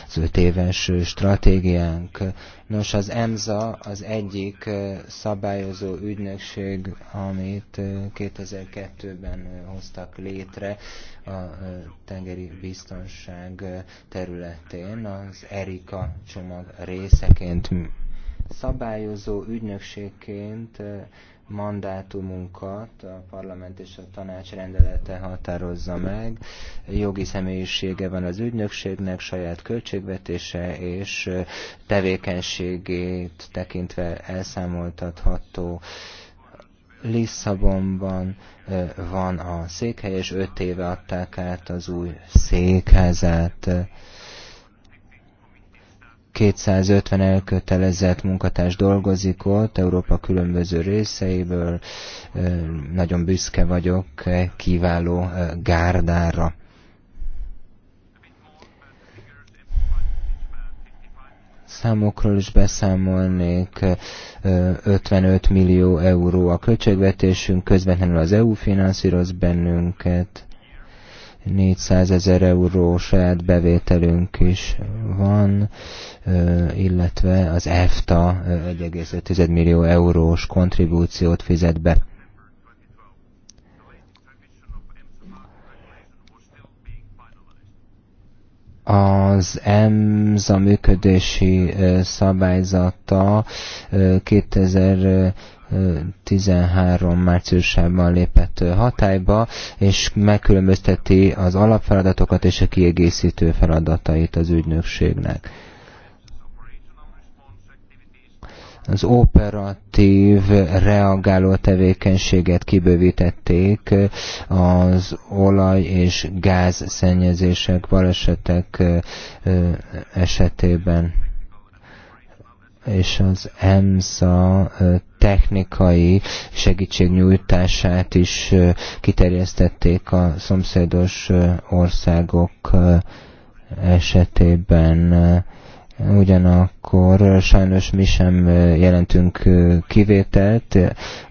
az öt éves stratégiánk. Nos, az EMSA az egyik szabályozó ügynökség, amit 2002-ben hoztak létre a tengeri biztonság területén, az ERIKA csomag részeként szabályozó ügynökségként mandátumunkat a parlament és a tanács rendelete határozza meg. Jogi személyisége van az ügynökségnek, saját költségvetése és tevékenységét tekintve elszámoltatható. Lisszabonban van a székhely, és öt éve adták át az új székházát. 250 elkötelezett munkatárs dolgozik ott, Európa különböző részeiből. Nagyon büszke vagyok kiváló gárdára. számokról is beszámolnék, 55 millió euró a költségvetésünk, közvetlenül az EU finanszíroz bennünket, 400 ezer euró saját bevételünk is van, illetve az EFTA 1,5 millió eurós kontribúciót fizet be. az EMSZ a működési szabályzata 2000 13. márciusában lépett hatályba, és megkülönbözteti az alapfeladatokat és a kiegészítő feladatait az ügynökségnek. az operatív reagáló tevékenységet kibővítették az olaj és gáz szennyezések, balesetek esetében és az EMSA technikai segítségnyújtását is kiterjesztették a szomszédos országok esetében. Ugyanakkor sajnos mi sem jelentünk kivételt,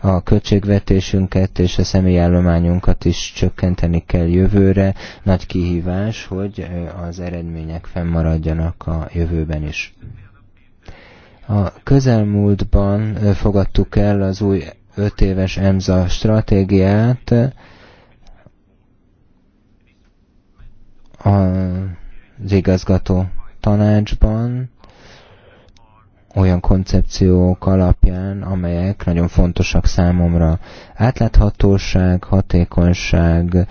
a költségvetésünket és a személyállományunkat is csökkenteni kell jövőre. Nagy kihívás, hogy az eredmények fennmaradjanak a jövőben is. A közelmúltban fogadtuk el az új öt éves EMSA stratégiát. Az igazgató tanácsban olyan koncepciók alapján, amelyek nagyon fontosak számomra. Átláthatóság, hatékonyság,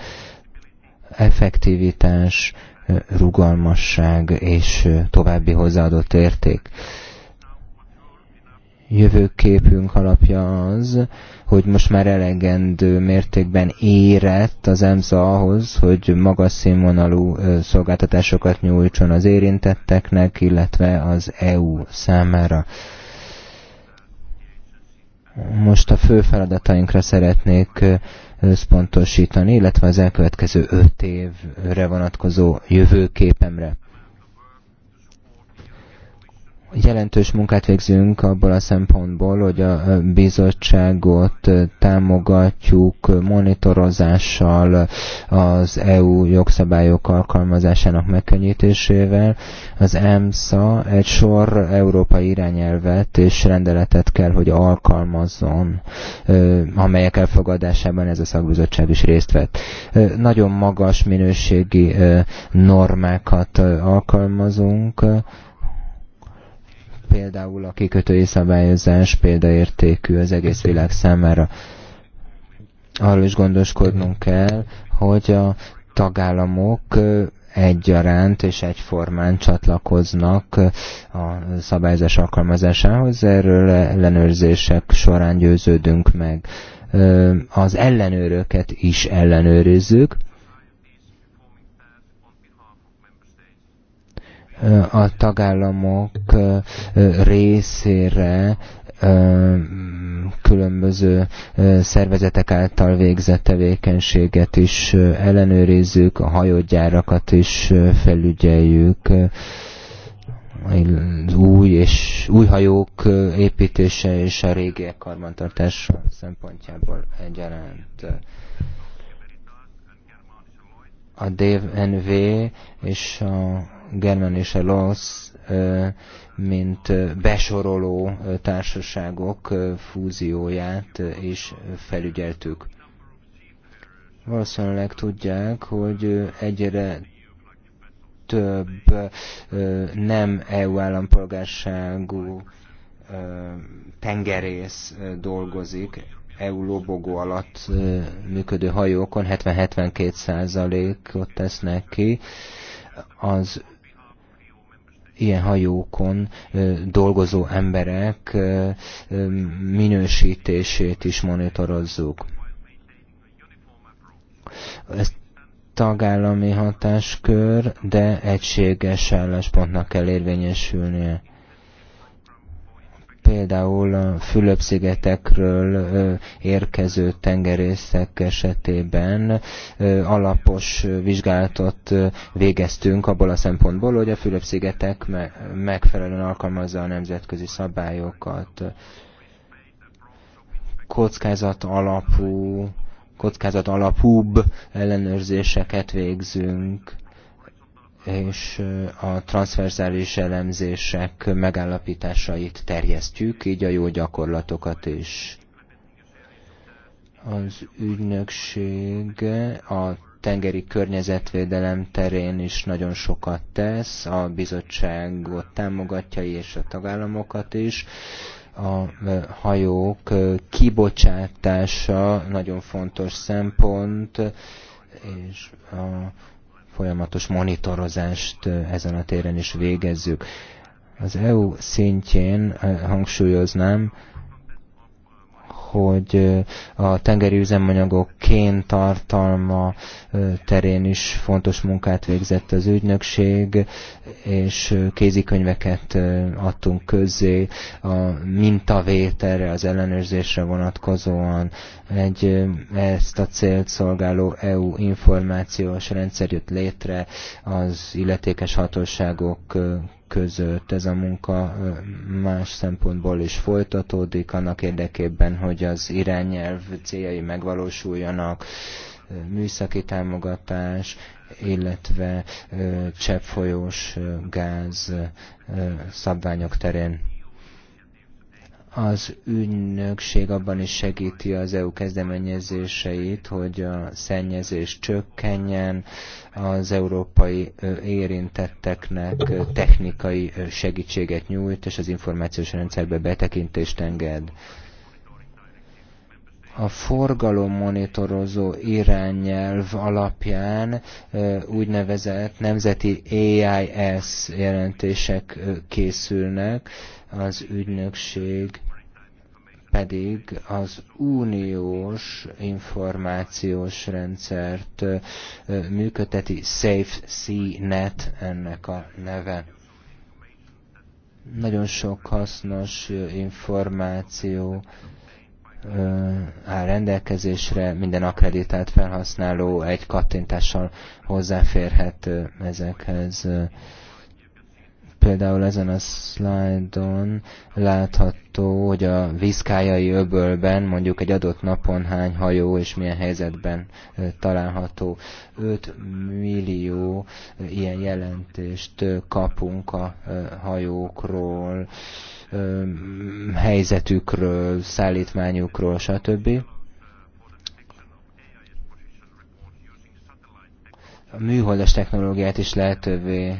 effektivitás, rugalmasság és további hozzáadott érték jövőképünk alapja az, hogy most már elegendő mértékben érett az EMSZA ahhoz, hogy magas színvonalú szolgáltatásokat nyújtson az érintetteknek, illetve az EU számára. Most a fő feladatainkra szeretnék összpontosítani, illetve az elkövetkező öt évre vonatkozó jövőképemre jelentős munkát végzünk abból a szempontból, hogy a bizottságot támogatjuk monitorozással, az EU jogszabályok alkalmazásának megkönnyítésével. Az EMSA egy sor európai irányelvet és rendeletet kell, hogy alkalmazzon, amelyek elfogadásában ez a szakbizottság is részt vett. Nagyon magas minőségi normákat alkalmazunk, Például a kikötői szabályozás példaértékű az egész világ számára. Arról is gondoskodnunk kell, hogy a tagállamok egyaránt és egyformán csatlakoznak a szabályozás alkalmazásához, erről ellenőrzések során győződünk meg. Az ellenőröket is ellenőrizzük, a tagállamok részére különböző szervezetek által végzett tevékenységet is ellenőrizzük, a hajógyárakat is felügyeljük, az új és új hajók építése és a régiek karbantartás szempontjából egyaránt a DNV és a German és a Loss, mint besoroló társaságok fúzióját és felügyeltük. Valószínűleg tudják, hogy egyre több nem EU állampolgárságú tengerész dolgozik EU lobogó alatt működő hajókon 70-72 százalékot tesznek ki. Az ilyen hajókon dolgozó emberek minősítését is monitorozzuk. Ez tagállami hatáskör, de egységes álláspontnak kell érvényesülnie Például a Fülöp-szigetekről érkező tengerészek esetében alapos vizsgálatot végeztünk abból a szempontból, hogy a Fülöp-szigetek megfelelően alkalmazza a nemzetközi szabályokat. Kockázat alapú kockázat alapúbb ellenőrzéseket végzünk és a transzverzális elemzések megállapításait terjesztjük, így a jó gyakorlatokat is. Az ügynökség a tengeri környezetvédelem terén is nagyon sokat tesz, a bizottságot támogatja és a tagállamokat is. A hajók kibocsátása nagyon fontos szempont, és a folyamatos monitorozást ezen a téren is végezzük. Az EU szintjén hangsúlyoznám, hogy a tengeri üzemanyagok kén tartalma terén is fontos munkát végzett az ügynökség, és kézikönyveket adtunk közzé a mintavételre, az ellenőrzésre vonatkozóan egy ezt a célt szolgáló EU információs rendszer jött létre az illetékes hatóságok között. Ez a munka más szempontból is folytatódik, annak érdekében, hogy az irányelv céljai megvalósuljanak, műszaki támogatás, illetve cseppfolyós gáz szabványok terén. Az ügynökség abban is segíti az EU kezdeményezéseit, hogy a szennyezés csökkenjen, az európai érintetteknek technikai segítséget nyújt, és az információs rendszerbe betekintést enged a monitorozó irányelv alapján úgynevezett nemzeti AIS jelentések készülnek, az ügynökség pedig az uniós információs rendszert működteti Safe Sea Net ennek a neve. Nagyon sok hasznos információ áll rendelkezésre, minden akreditált felhasználó egy kattintással hozzáférhet ezekhez. Például ezen a szlájdon látható, hogy a viszkájai öbölben mondjuk egy adott napon hány hajó és milyen helyzetben található. 5 millió ilyen jelentést kapunk a hajókról, helyzetükről, szállítmányukról, stb. A műholdas technológiát is lehetővé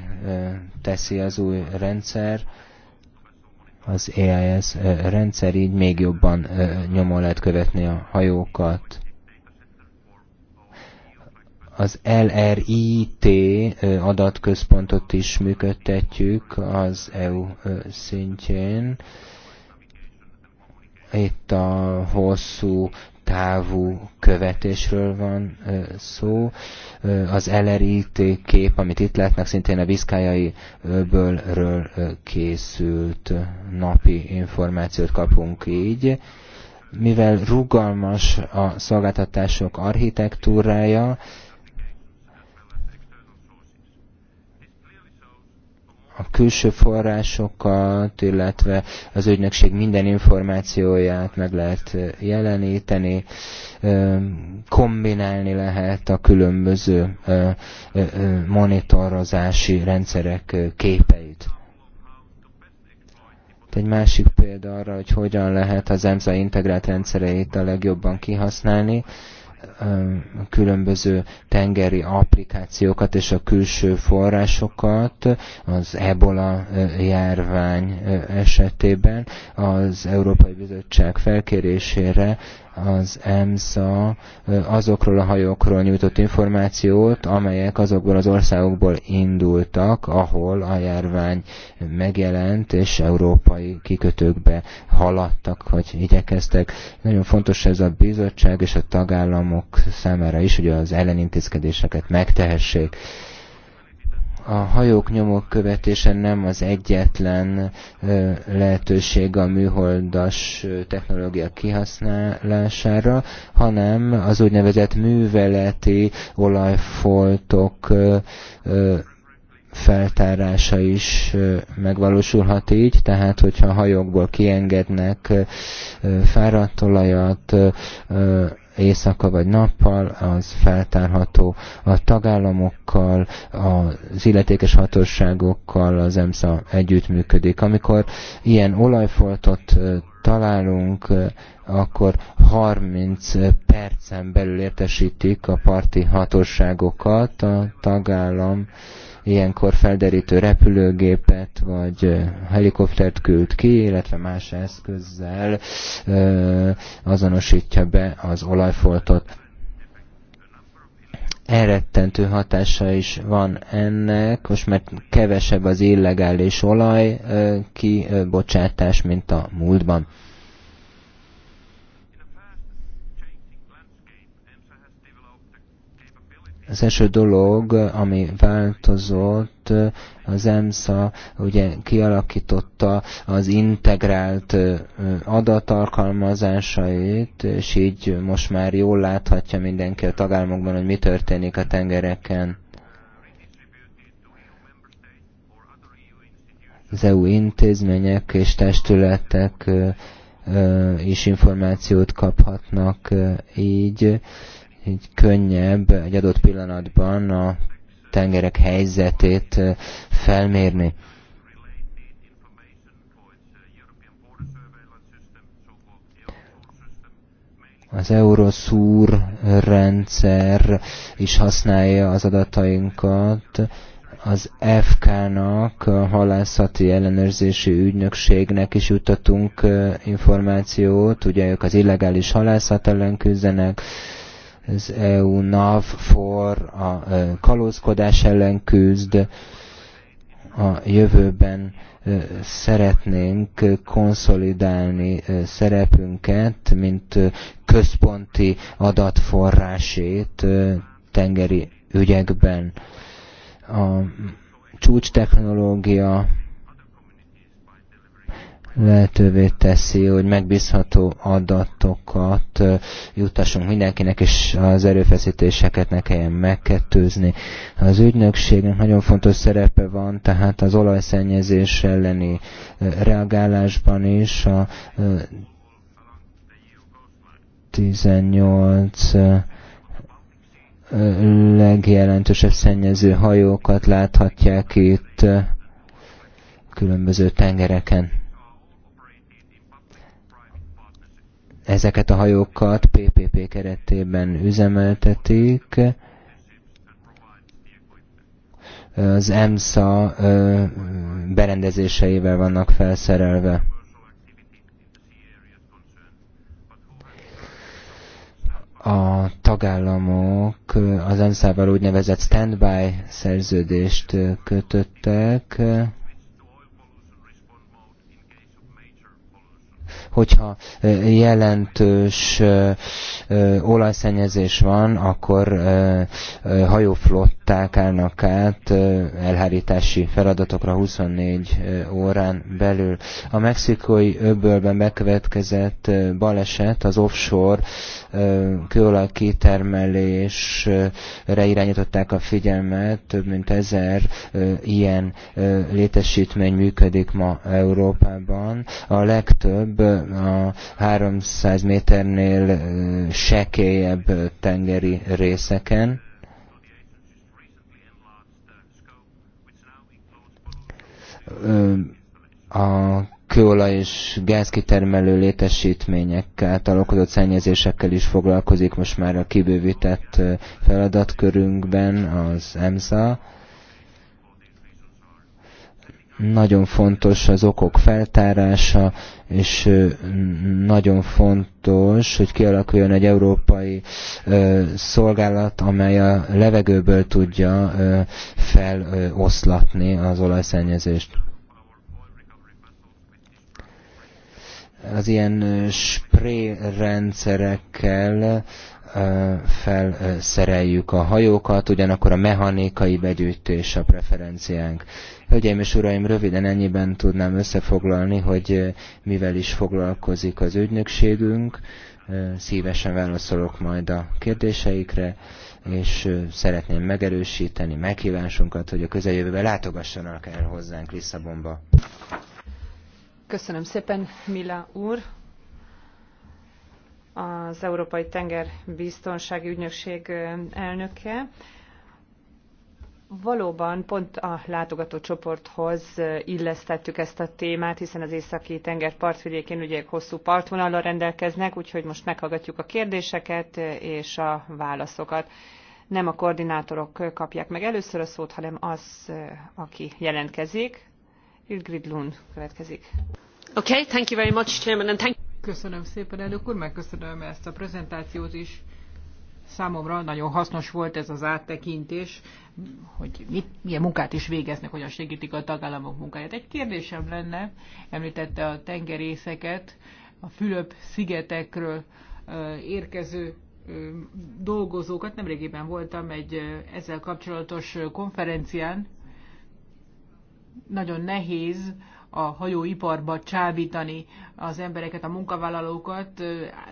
teszi az új rendszer, az EIS rendszer, így még jobban nyomon lehet követni a hajókat az LRIT adatközpontot is működtetjük az EU szintjén. Itt a hosszú távú követésről van szó. Az LRIT kép, amit itt látnak, szintén a viszkájai öbölről készült napi információt kapunk így. Mivel rugalmas a szolgáltatások architektúrája, külső forrásokat, illetve az ügynökség minden információját meg lehet jeleníteni, kombinálni lehet a különböző monitorozási rendszerek képeit. Egy másik példa arra, hogy hogyan lehet az EMSA integrált rendszereit a legjobban kihasználni, különböző tengeri applikációkat és a külső forrásokat az ebola járvány esetében az Európai Bizottság felkérésére az EMSA azokról a hajókról nyújtott információt, amelyek azokból az országokból indultak, ahol a járvány megjelent, és európai kikötőkbe haladtak, vagy igyekeztek. Nagyon fontos ez a bizottság és a tagállamok számára is, hogy az ellenintézkedéseket megtehessék a hajók nyomok követése nem az egyetlen lehetőség a műholdas technológia kihasználására, hanem az úgynevezett műveleti olajfoltok feltárása is megvalósulhat így, tehát hogyha hajókból kiengednek fáradt olajat, éjszaka vagy nappal, az feltárható a tagállamokkal, az illetékes hatóságokkal az EMSZA együttműködik. Amikor ilyen olajfoltot találunk, akkor 30 percen belül értesítik a parti hatóságokat, a tagállam ilyenkor felderítő repülőgépet vagy helikoptert küld ki, illetve más eszközzel azonosítja be az olajfoltot elrettentő hatása is van ennek, most mert kevesebb az illegális olaj kibocsátás, mint a múltban. az első dolog, ami változott, az EMSA ugye kialakította az integrált adatalkalmazásait, és így most már jól láthatja mindenki a tagállamokban, hogy mi történik a tengereken. Az EU intézmények és testületek is információt kaphatnak így így könnyebb egy adott pillanatban a tengerek helyzetét felmérni. az Euroszúr rendszer is használja az adatainkat, az FK-nak, a halászati ellenőrzési ügynökségnek is jutatunk információt, ugye ők az illegális halászat ellen küzdenek, az EU NAV for a kalózkodás ellen küzd, a jövőben szeretnénk konszolidálni szerepünket, mint központi adatforrásét tengeri ügyekben. A csúcstechnológia technológia lehetővé teszi, hogy megbízható adatokat jutassunk mindenkinek, és az erőfeszítéseket ne kelljen megkettőzni. Az ügynökségnek nagyon fontos szerepe van, tehát az olajszennyezés elleni reagálásban is a 18 legjelentősebb szennyező hajókat láthatják itt különböző tengereken. ezeket a hajókat PPP keretében üzemeltetik. Az EMSA berendezéseivel vannak felszerelve. a tagállamok az ENSZ-val úgynevezett standby szerződést kötöttek, Hogyha jelentős olajszennyezés van, akkor hajóflották állnak át elhárítási feladatokra 24 órán belül. A mexikói öbölben bekövetkezett baleset az offshore kőolajkitermelésre irányították a figyelmet, több mint ezer ilyen létesítmény működik ma Európában. A legtöbb a 300 méternél sekélyebb tengeri részeken. A kőolaj és gázkitermelő létesítményekkel által szennyezésekkel is foglalkozik most már a kibővített feladatkörünkben az EMSA. Nagyon fontos az okok feltárása, és nagyon fontos, hogy kialakuljon egy európai szolgálat, amely a levegőből tudja feloszlatni az olajszennyezést. az ilyen spré rendszerekkel felszereljük a hajókat, ugyanakkor a mechanikai begyűjtés a preferenciánk. Hölgyeim és uraim, röviden ennyiben tudnám összefoglalni, hogy mivel is foglalkozik az ügynökségünk. Szívesen válaszolok majd a kérdéseikre, és szeretném megerősíteni meghívásunkat, hogy a közeljövőben látogassanak el hozzánk Lisszabonba. Köszönöm szépen, Mila úr. Az Európai Tenger Biztonsági Ügynökség elnöke valóban pont a látogatócsoporthoz illesztettük ezt a témát, hiszen az északi tenger partvidékén ugye hosszú partvonallal rendelkeznek, úgyhogy most meghallgatjuk a kérdéseket és a válaszokat. Nem a koordinátorok kapják meg először a szót, hanem az, aki jelentkezik. Ilgrid Lund következik. Köszönöm szépen, elnök úr, megköszönöm ezt a prezentációt is. Számomra nagyon hasznos volt ez az áttekintés, hogy mit, milyen munkát is végeznek, hogyan segítik a tagállamok munkáját. Egy kérdésem lenne, említette a tengerészeket, a Fülöp-szigetekről érkező dolgozókat. Nemrégében voltam egy ezzel kapcsolatos konferencián. Nagyon nehéz a hajóiparba csábítani az embereket, a munkavállalókat,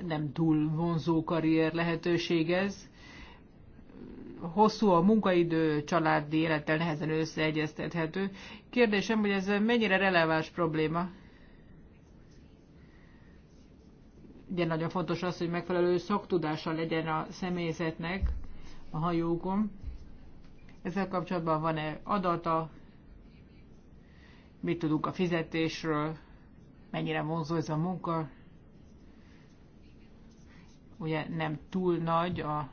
nem túl vonzó karrier lehetőség ez. Hosszú a munkaidő, családi élettel nehezen összeegyeztethető. Kérdésem, hogy ez mennyire releváns probléma? Ugye nagyon fontos az, hogy megfelelő szaktudása legyen a személyzetnek a hajókon. Ezzel kapcsolatban van-e adata, mit tudunk a fizetésről, mennyire vonzó ez a munka. Ugye nem túl nagy a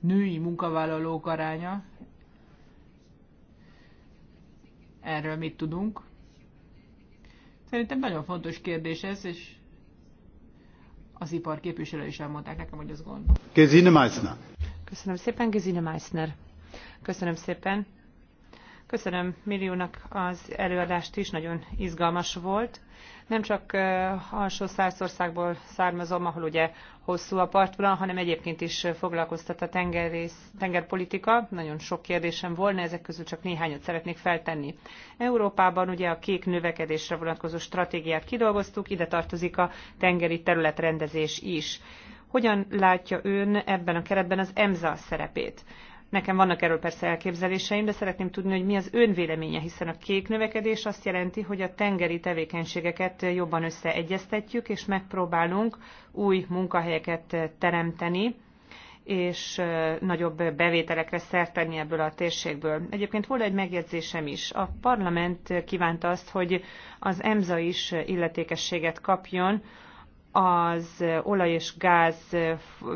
női munkavállalók aránya. Erről mit tudunk? Szerintem nagyon fontos kérdés ez, és az ipar képviselő is elmondták nekem, hogy ez gond. Gesine Meissner. Köszönöm szépen, Gesine Meissner. Köszönöm szépen. Köszönöm Milliónak az előadást is, nagyon izgalmas volt. Nem csak alsó szárszországból származom, ahol ugye hosszú a partvonal, hanem egyébként is foglalkoztat a tengerész, tengerpolitika. Nagyon sok kérdésem volna, ezek közül csak néhányat szeretnék feltenni. Európában ugye a kék növekedésre vonatkozó stratégiát kidolgoztuk, ide tartozik a tengeri területrendezés is. Hogyan látja ön ebben a keretben az EMSA szerepét? Nekem vannak erről persze elképzeléseim, de szeretném tudni, hogy mi az ön véleménye, hiszen a kék növekedés azt jelenti, hogy a tengeri tevékenységeket jobban összeegyeztetjük, és megpróbálunk új munkahelyeket teremteni, és nagyobb bevételekre szert tenni ebből a térségből. Egyébként volt egy megjegyzésem is. A parlament kívánta azt, hogy az EMSA is illetékességet kapjon az olaj és gáz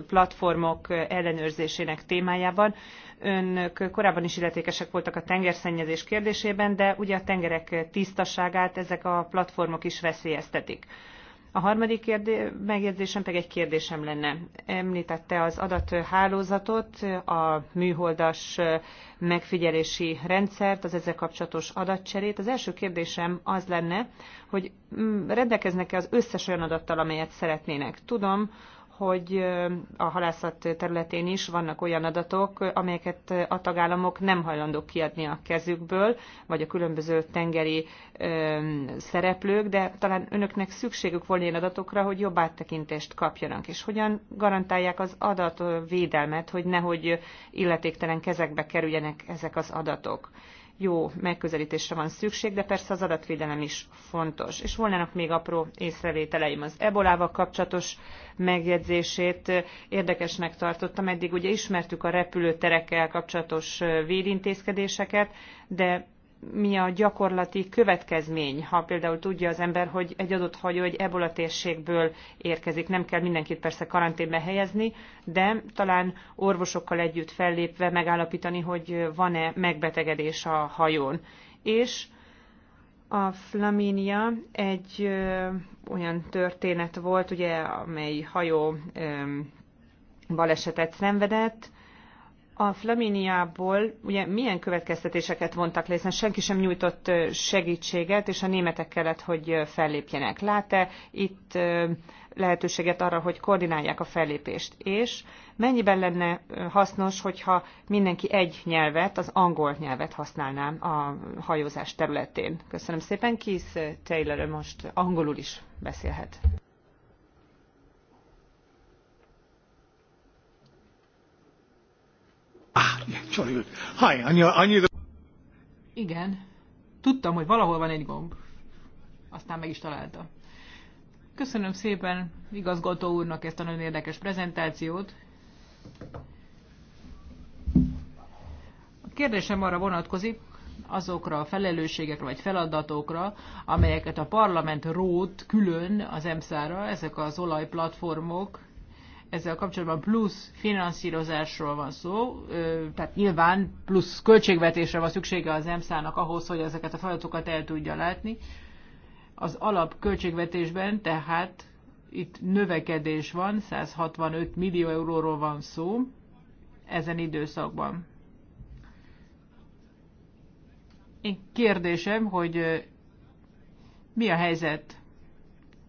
platformok ellenőrzésének témájában. Önök korábban is illetékesek voltak a tengerszennyezés kérdésében, de ugye a tengerek tisztaságát ezek a platformok is veszélyeztetik. A harmadik kérdé- megjegyzésem pedig egy kérdésem lenne. Említette az adathálózatot, a műholdas megfigyelési rendszert, az ezzel kapcsolatos adatcserét. Az első kérdésem az lenne, hogy mm, rendelkeznek-e az összes olyan adattal, amelyet szeretnének. Tudom, hogy a halászat területén is vannak olyan adatok, amelyeket a tagállamok nem hajlandók kiadni a kezükből, vagy a különböző tengeri szereplők, de talán önöknek szükségük volna ilyen adatokra, hogy jobb áttekintést kapjanak, és hogyan garantálják az adatvédelmet, hogy nehogy illetéktelen kezekbe kerüljenek ezek az adatok jó megközelítésre van szükség, de persze az adatvédelem is fontos. És volnának még apró észrevételeim az ebolával kapcsolatos megjegyzését. Érdekesnek tartottam, eddig ugye ismertük a repülőterekkel kapcsolatos védintézkedéseket, de mi a gyakorlati következmény, ha például tudja az ember, hogy egy adott hajó egy ebola térségből érkezik. Nem kell mindenkit persze karanténbe helyezni, de talán orvosokkal együtt fellépve megállapítani, hogy van-e megbetegedés a hajón. És a Flaminia egy ö, olyan történet volt, ugye, amely hajó ö, balesetet szenvedett, a Flaminiából ugye milyen következtetéseket vontak le, hiszen senki sem nyújtott segítséget, és a németek kellett, hogy fellépjenek. Lát-e itt lehetőséget arra, hogy koordinálják a fellépést? És mennyiben lenne hasznos, hogyha mindenki egy nyelvet, az angol nyelvet használná a hajózás területén? Köszönöm szépen, Kis Taylor most angolul is beszélhet. Igen. Tudtam, hogy valahol van egy gomb. Aztán meg is találtam. Köszönöm szépen igazgató úrnak ezt a nagyon érdekes prezentációt. A kérdésem arra vonatkozik, azokra a felelősségekre vagy feladatokra, amelyeket a parlament rót külön az emszára, ezek az olajplatformok, ezzel kapcsolatban plusz finanszírozásról van szó, tehát nyilván plusz költségvetésre van szüksége az EMSZ-nak ahhoz, hogy ezeket a feladatokat el tudja látni. Az alap költségvetésben tehát itt növekedés van, 165 millió euróról van szó ezen időszakban. Én kérdésem, hogy mi a helyzet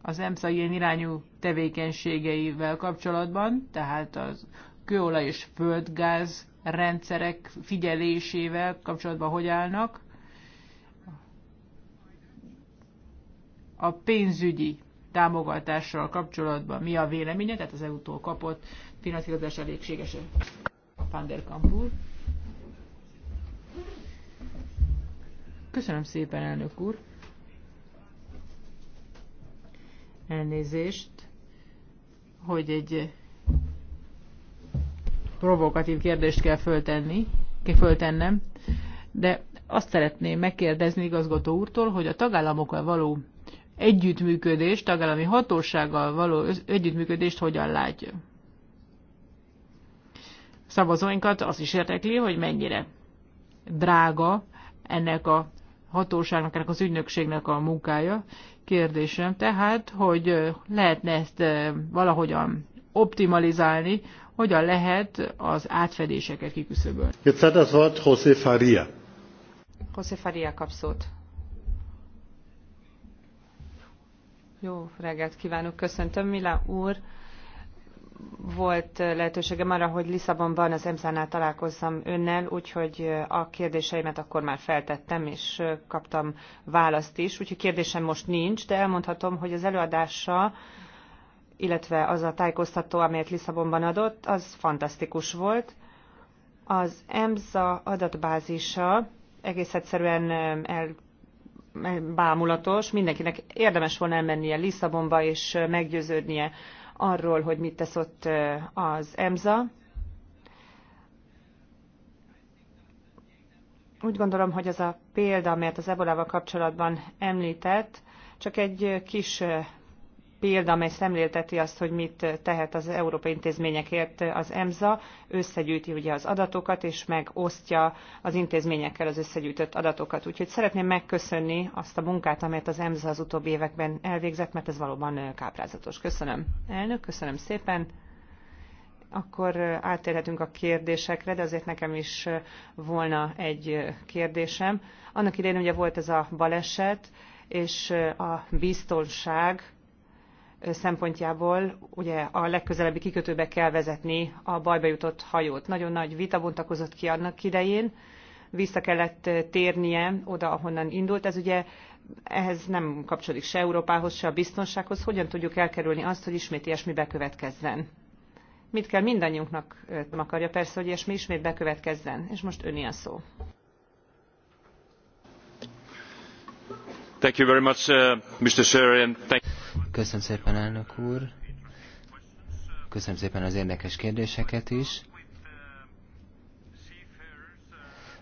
az EMSZA ilyen irányú tevékenységeivel kapcsolatban, tehát az kőolaj és földgáz rendszerek figyelésével kapcsolatban hogy állnak. A pénzügyi támogatással kapcsolatban mi a véleménye, tehát az EU-tól kapott finanszírozás elégséges Van der Kampur. Köszönöm szépen, elnök úr. Elnézést hogy egy provokatív kérdést kell föltenni, kell föltennem, de azt szeretném megkérdezni igazgató úrtól, hogy a tagállamokkal való együttműködést, tagállami hatósággal való együttműködést hogyan látja. Szavazóinkat az is érdekli, hogy mennyire drága ennek a hatóságnak, ennek az ügynökségnek a munkája, kérdésem tehát, hogy lehetne ezt valahogyan optimalizálni, hogyan lehet az átfedéseket kiküszöbölni. Jetzt hat das Wort José Faria. José Faria kap szót. Jó reggelt kívánok, köszöntöm, Mila úr volt lehetőségem arra, hogy Lisszabonban az EMSZ-nál találkozzam önnel, úgyhogy a kérdéseimet akkor már feltettem, és kaptam választ is. Úgyhogy kérdésem most nincs, de elmondhatom, hogy az előadása, illetve az a tájékoztató, amelyet Lisszabonban adott, az fantasztikus volt. Az EMSZA adatbázisa egész egyszerűen eh, el eh, bámulatos, mindenkinek érdemes volna elmennie Lisszabonba és meggyőződnie arról, hogy mit tesz ott az EMSA. Úgy gondolom, hogy az a példa, amelyet az ebolával kapcsolatban említett, csak egy kis példa, amely szemlélteti azt, hogy mit tehet az európai intézményekért az EMSA, összegyűjti ugye az adatokat, és megosztja az intézményekkel az összegyűjtött adatokat. Úgyhogy szeretném megköszönni azt a munkát, amelyet az EMSA az utóbbi években elvégzett, mert ez valóban káprázatos. Köszönöm. Elnök, köszönöm szépen akkor áttérhetünk a kérdésekre, de azért nekem is volna egy kérdésem. Annak idején ugye volt ez a baleset, és a biztonság szempontjából ugye a legközelebbi kikötőbe kell vezetni a bajba jutott hajót. Nagyon nagy vita bontakozott ki annak idején, vissza kellett eh, térnie oda, ahonnan indult. Ez ugye ehhez nem kapcsolódik se Európához, se a biztonsághoz. Hogyan tudjuk elkerülni azt, hogy ismét ilyesmi bekövetkezzen? Mit kell mindannyiunknak eh, akarja persze, hogy ilyesmi ismét bekövetkezzen. És most öni a szó. Thank you very much, uh, Mr. and Thank Köszönöm szépen, elnök úr. Köszönöm szépen az érdekes kérdéseket is.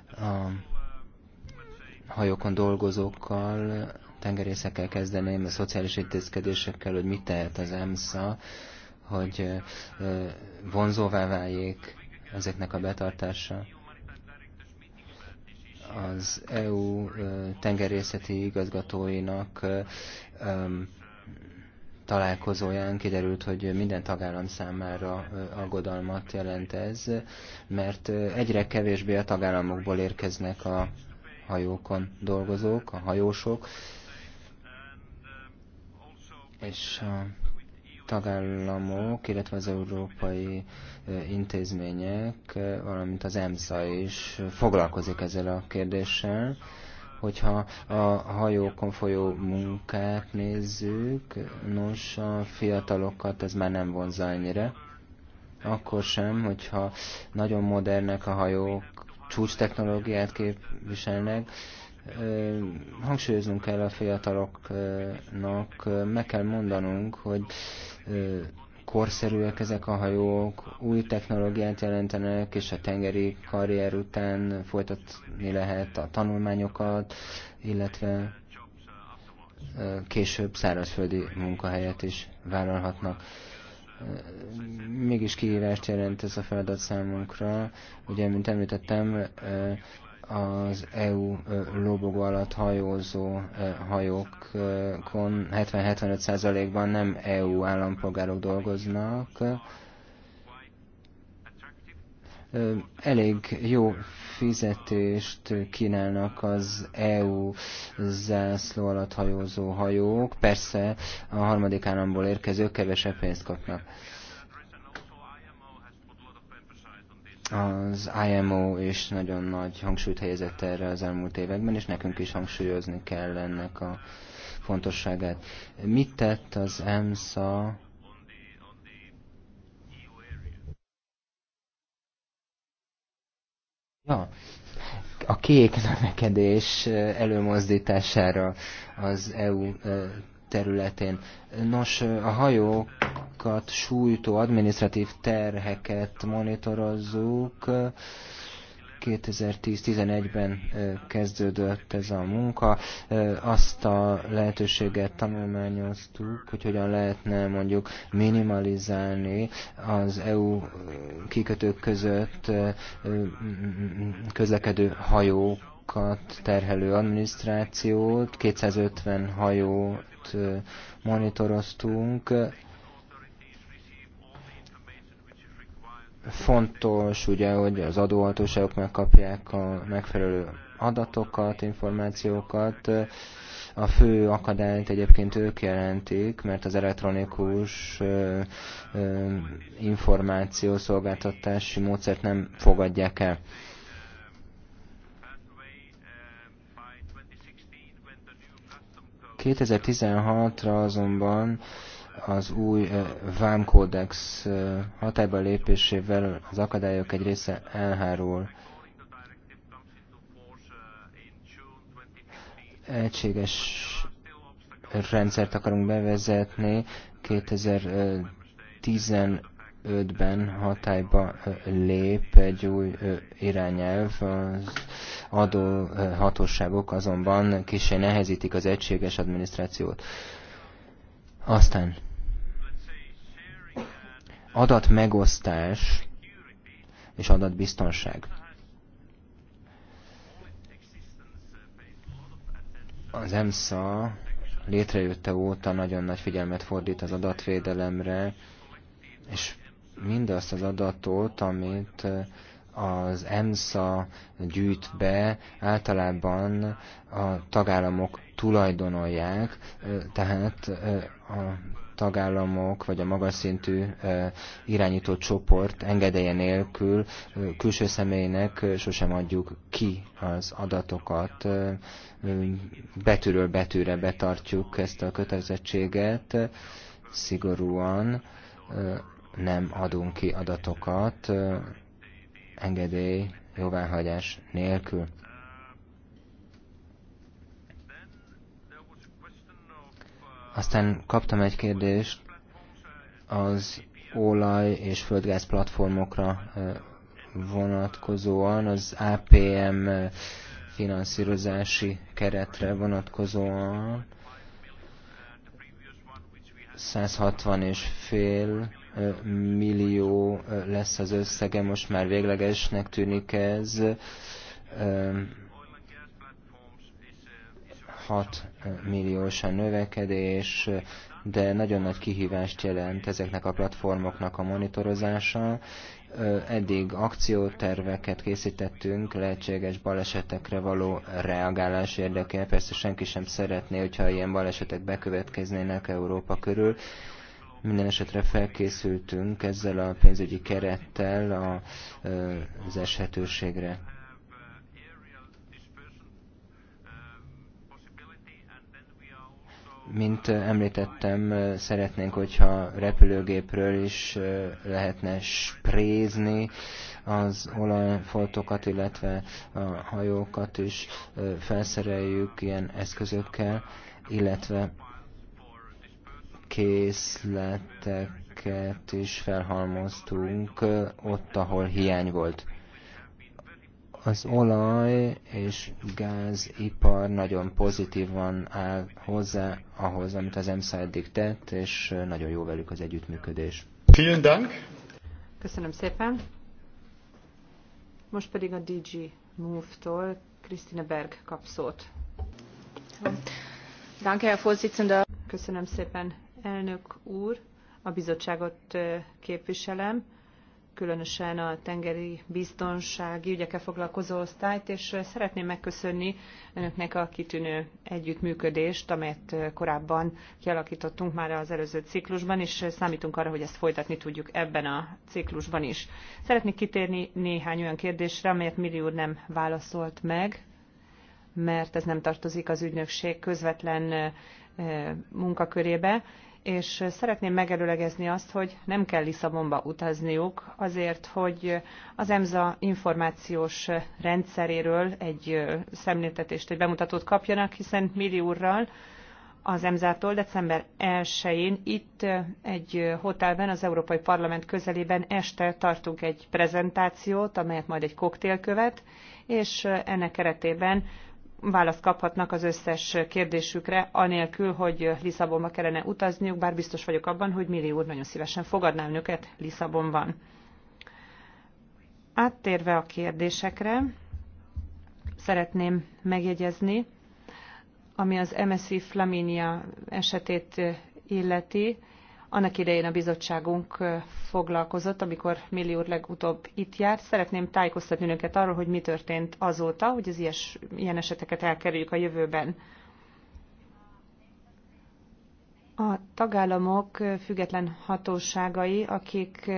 A hajókon dolgozókkal, tengerészekkel kezdeném, a szociális intézkedésekkel, hogy mit tehet az EMSZA, hogy vonzóvá váljék ezeknek a betartása az EU tengerészeti igazgatóinak találkozóján kiderült, hogy minden tagállam számára aggodalmat jelent ez, mert egyre kevésbé a tagállamokból érkeznek a hajókon dolgozók, a hajósok, és a tagállamok, illetve az európai intézmények, valamint az EMSZA is foglalkozik ezzel a kérdéssel Hogyha a hajókon folyó munkát nézzük, nos, a fiatalokat ez már nem vonza annyira. Akkor sem, hogyha nagyon modernek a hajók, csúcs technológiát képviselnek, hangsúlyoznunk kell a fiataloknak, meg kell mondanunk, hogy korszerűek ezek a hajók, új technológiát jelentenek, és a tengeri karrier után folytatni lehet a tanulmányokat, illetve később szárazföldi munkahelyet is vállalhatnak. Mégis kihívást jelent ez a feladat számunkra. Ugye, mint említettem, az EU lobogó alatt hajózó hajókon 70-75%-ban nem EU állampolgárok dolgoznak. Elég jó fizetést kínálnak az EU zászló alatt hajózó hajók. Persze a harmadik államból érkezők kevesebb pénzt kapnak. Az IMO is nagyon nagy hangsúlyt helyezett erre az elmúlt években, és nekünk is hangsúlyozni kell ennek a fontosságát. Mit tett az EMSA Ja, a kék növekedés előmozdítására az EU eh, területén. Nos, a hajókat sújtó administratív terheket monitorozzuk. 2010-11-ben kezdődött ez a munka. Azt a lehetőséget tanulmányoztuk, hogy hogyan lehetne mondjuk minimalizálni az EU kikötők között közlekedő hajókat terhelő adminisztrációt. 250 hajó monitoroztunk. Fontos ugye, hogy az adóhatóságok megkapják a megfelelő adatokat, információkat. A fő akadályt egyébként ők jelentik, mert az elektronikus információszolgáltatási módszert nem fogadják el. 2016-ra azonban az új eh, vámkódex eh, hatályba lépésével az akadályok egy része elhárul. Egységes rendszert akarunk bevezetni 2015-ben hatályba eh, lép egy új irányelv az adóhatóságok eh, azonban kisé nehezítik az egységes adminisztrációt. Aztán adatmegosztás és adatbiztonság. Az EMSA létrejötte óta nagyon nagy figyelmet fordít az adatvédelemre, és mindazt az adatot, amit eh, az EMSA gyűjt be, általában a tagállamok tulajdonolják, tehát a tagállamok vagy a magas szintű irányító csoport engedélye nélkül külső személynek sosem adjuk ki az adatokat, betűről betűre betartjuk ezt a kötelezettséget szigorúan, nem adunk ki adatokat, engedély jóváhagyás nélkül. Aztán kaptam egy kérdést az olaj és földgáz platformokra vonatkozóan, az APM finanszírozási keretre vonatkozóan 160 és fél millió lesz az összege, most már véglegesnek tűnik ez. 6 milliós a növekedés, de nagyon nagy kihívást jelent ezeknek a platformoknak a monitorozása. Eddig akcióterveket készítettünk lehetséges balesetekre való reagálás érdeke. Persze senki sem szeretné, hogyha ilyen balesetek bekövetkeznének Európa körül, minden esetre felkészültünk ezzel a pénzügyi kerettel a, az eshetőségre. Mint említettem, szeretnénk, hogyha repülőgépről is lehetne sprézni az olajfoltokat, illetve a hajókat is felszereljük ilyen eszközökkel, illetve készleteket is felhalmoztunk ott, ahol hiány volt. Az olaj és gázipar nagyon pozitívan áll hozzá ahhoz, amit az EMSZA eddig tett, és nagyon jó velük az együttműködés. Vielen Dank! Köszönöm szépen! Most pedig a DG Move-tól Krisztina Berg kap szót. Köszönöm szépen, elnök úr, a bizottságot képviselem, különösen a tengeri biztonsági ügyekkel foglalkozó osztályt, és szeretném megköszönni önöknek a kitűnő együttműködést, amelyet korábban kialakítottunk már az előző ciklusban, és számítunk arra, hogy ezt folytatni tudjuk ebben a ciklusban is. Szeretnék kitérni néhány olyan kérdésre, amelyet Miri úr nem válaszolt meg, mert ez nem tartozik az ügynökség közvetlen munkakörébe, és szeretném megelőlegezni azt, hogy nem kell Lisszabonba utazniuk azért, hogy az EMSA információs rendszeréről egy szemléltetést, egy bemutatót kapjanak, hiszen Milli úrral az EMSA-tól december 1-én itt egy hotelben, az Európai Parlament közelében este tartunk egy prezentációt, amelyet majd egy koktél követ, és ennek keretében választ kaphatnak az összes kérdésükre, anélkül, hogy Lisszabonba kellene utazniuk, bár biztos vagyok abban, hogy Milli úr nagyon szívesen fogadná önöket Lisszabonban. Áttérve a kérdésekre, szeretném megjegyezni, ami az MSI Flaminia esetét illeti, annak idején a bizottságunk foglalkozott, amikor Milli úr legutóbb itt járt. Szeretném tájékoztatni önöket arról, hogy mi történt azóta, hogy az ilyes, ilyen eseteket elkerüljük a jövőben. A tagállamok független hatóságai, akik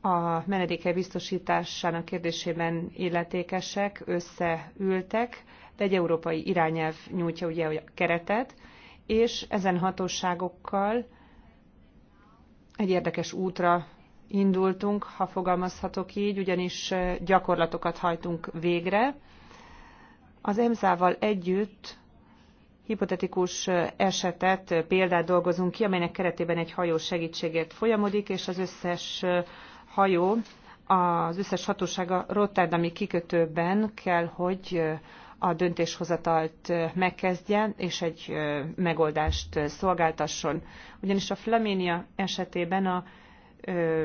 a menedéke biztosításának kérdésében illetékesek, összeültek, de egy európai irányelv nyújtja ugye a keretet, és ezen hatóságokkal egy érdekes útra indultunk, ha fogalmazhatok így, ugyanis gyakorlatokat hajtunk végre. Az EMSZ-val együtt hipotetikus esetet, példát dolgozunk ki, amelynek keretében egy hajó segítségért folyamodik, és az összes hajó, az összes hatósága Rotterdami kikötőben kell, hogy a döntéshozatalt megkezdje, és egy megoldást szolgáltasson. Ugyanis a Flaménia esetében a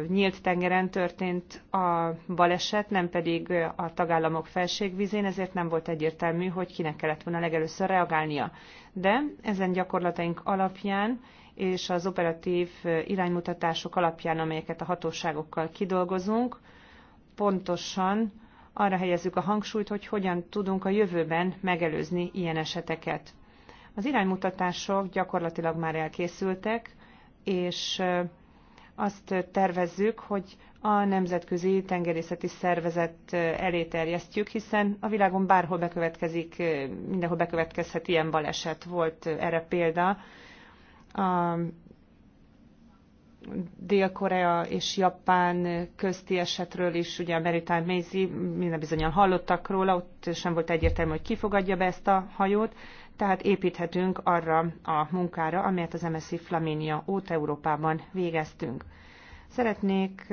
nyílt tengeren történt a baleset, nem pedig a tagállamok felségvizén, ezért nem volt egyértelmű, hogy kinek kellett volna legelőször reagálnia. De ezen gyakorlataink alapján és az operatív iránymutatások alapján, amelyeket a hatóságokkal kidolgozunk, pontosan arra helyezzük a hangsúlyt, hogy hogyan tudunk a jövőben megelőzni ilyen eseteket. Az iránymutatások gyakorlatilag már elkészültek, és azt tervezzük, hogy a Nemzetközi Tengerészeti Szervezet elé terjesztjük, hiszen a világon bárhol bekövetkezik, mindenhol bekövetkezhet ilyen baleset. Volt erre példa a Dél-Korea és Japán közti esetről is, ugye a Maritime Mézi, minden bizonyan hallottak róla, ott sem volt egyértelmű, hogy ki fogadja be ezt a hajót, tehát építhetünk arra a munkára, amelyet az MSZ Flaminia út Európában végeztünk. Szeretnék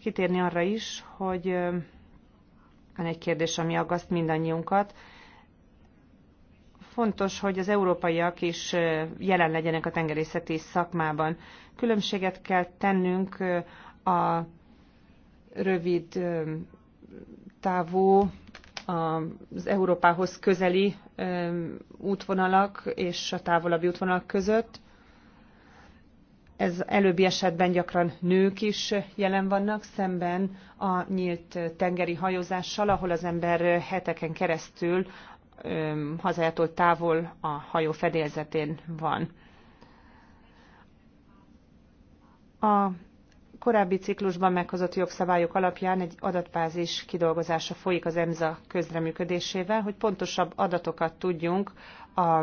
kitérni arra is, hogy van egy kérdés, ami aggaszt mindannyiunkat, fontos, hogy az európaiak is jelen legyenek a tengerészeti szakmában. Különbséget kell tennünk a rövid távú, az Európához közeli útvonalak és a távolabbi útvonalak között. Ez előbbi esetben gyakran nők is jelen vannak, szemben a nyílt tengeri hajózással, ahol az ember heteken keresztül hazájától távol a hajó fedélzetén van. A korábbi ciklusban meghozott jogszabályok alapján egy adatbázis kidolgozása folyik az EMSA közreműködésével, hogy pontosabb adatokat tudjunk a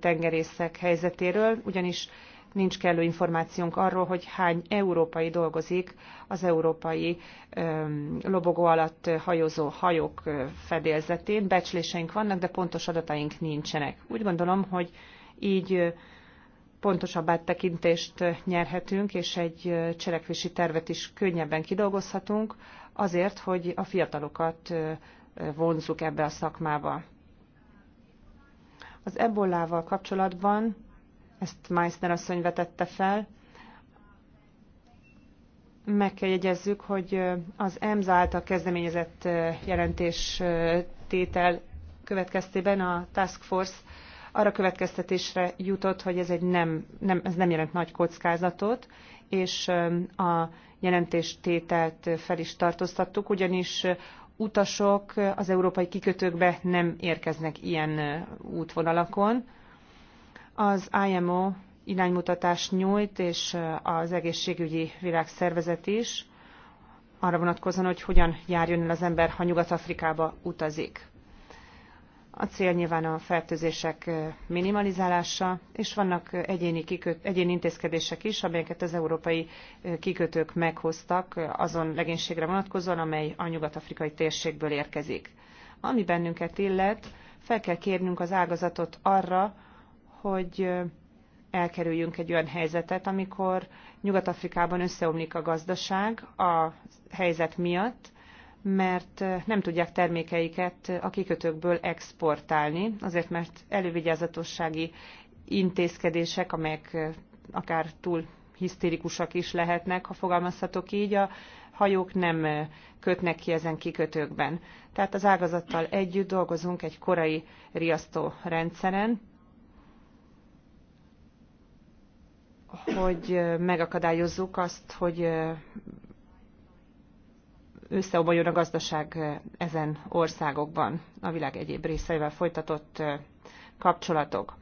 tengerészek helyzetéről, ugyanis nincs kellő információnk arról, hogy hány európai dolgozik az európai öm, lobogó alatt hajózó hajók fedélzetén. Becsléseink vannak, de pontos adataink nincsenek. Úgy gondolom, hogy így pontosabb áttekintést nyerhetünk, és egy cselekvési tervet is könnyebben kidolgozhatunk, azért, hogy a fiatalokat vonzuk ebbe a szakmába. Az ebolával kapcsolatban, ezt Meissner asszony vetette fel, meg kell jegyezzük, hogy az EMSZ által kezdeményezett jelentéstétel következtében a Task Force arra következtetésre jutott, hogy ez, egy nem, nem, ez nem jelent nagy kockázatot, és a jelentéstételt fel is tartóztattuk, ugyanis utasok az európai kikötőkbe nem érkeznek ilyen útvonalakon. Az IMO iránymutatást nyújt, és az egészségügyi világszervezet is arra vonatkozóan, hogy hogyan járjon el az ember, ha Nyugat-Afrikába utazik. A cél nyilván a fertőzések minimalizálása, és vannak egyéni, kiköt, egyéni intézkedések is, amelyeket az európai kikötők meghoztak azon legénységre vonatkozóan, amely a nyugat-afrikai térségből érkezik. Ami bennünket illet, fel kell kérnünk az ágazatot arra, hogy elkerüljünk egy olyan helyzetet, amikor Nyugat-Afrikában összeomlik a gazdaság a helyzet miatt, mert nem tudják termékeiket a kikötőkből exportálni, azért mert elővigyázatossági intézkedések, amelyek akár túl hisztérikusak is lehetnek, ha fogalmazhatok így, a hajók nem kötnek ki ezen kikötőkben. Tehát az ágazattal együtt dolgozunk egy korai riasztó rendszeren, hogy megakadályozzuk azt, hogy összeomoljon a gazdaság ezen országokban, a világ egyéb részeivel folytatott kapcsolatok.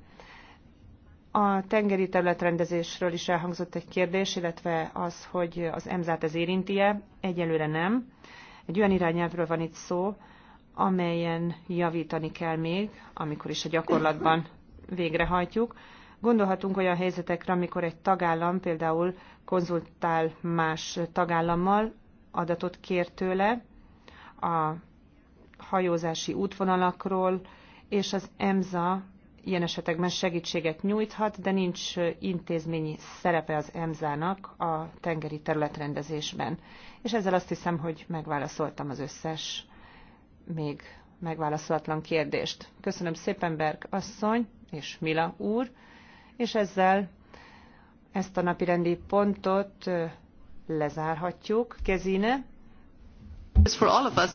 A tengeri területrendezésről is elhangzott egy kérdés, illetve az, hogy az emzát ez érinti-e. Egyelőre nem. Egy olyan irányelvről van itt szó, amelyen javítani kell még, amikor is a gyakorlatban végrehajtjuk. Gondolhatunk olyan helyzetekre, amikor egy tagállam például konzultál más tagállammal, adatot kér tőle a hajózási útvonalakról, és az EMSA ilyen esetekben segítséget nyújthat, de nincs intézményi szerepe az EMSA-nak a tengeri területrendezésben. És ezzel azt hiszem, hogy megválaszoltam az összes még megválaszolatlan kérdést. Köszönöm szépen, Berg asszony és Mila úr, és ezzel ezt a napirendi pontot lezárhatjuk. Kezine?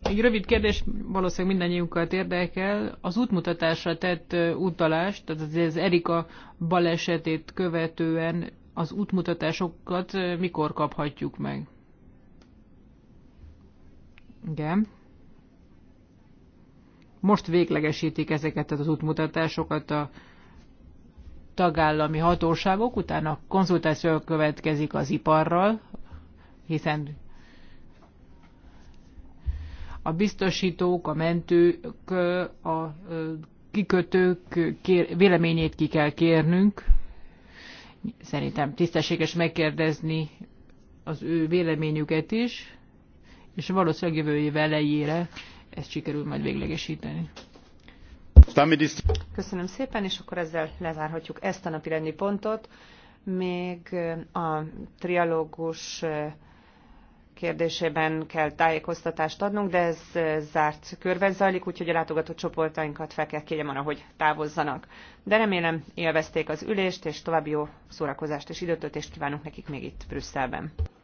Egy rövid kérdés valószínűleg mindannyiunkat érdekel. Az útmutatásra tett utalást, tehát az Erika balesetét követően az útmutatásokat mikor kaphatjuk meg? Igen. Most véglegesítik ezeket az útmutatásokat a tagállami hatóságok, utána konzultáció következik az iparral, hiszen a biztosítók, a mentők, a kikötők véleményét ki kell kérnünk. Szerintem tisztességes megkérdezni az ő véleményüket is, és valószínűleg jövő év elejére ezt sikerül majd véglegesíteni. Köszönöm szépen, és akkor ezzel lezárhatjuk ezt a napi rendi pontot. Még a trialógus kérdésében kell tájékoztatást adnunk, de ez zárt körben zajlik, úgyhogy a látogató csoportainkat fel kell kérjem arra, hogy távozzanak. De remélem élvezték az ülést, és további jó szórakozást és időtöltést kívánunk nekik még itt Brüsszelben.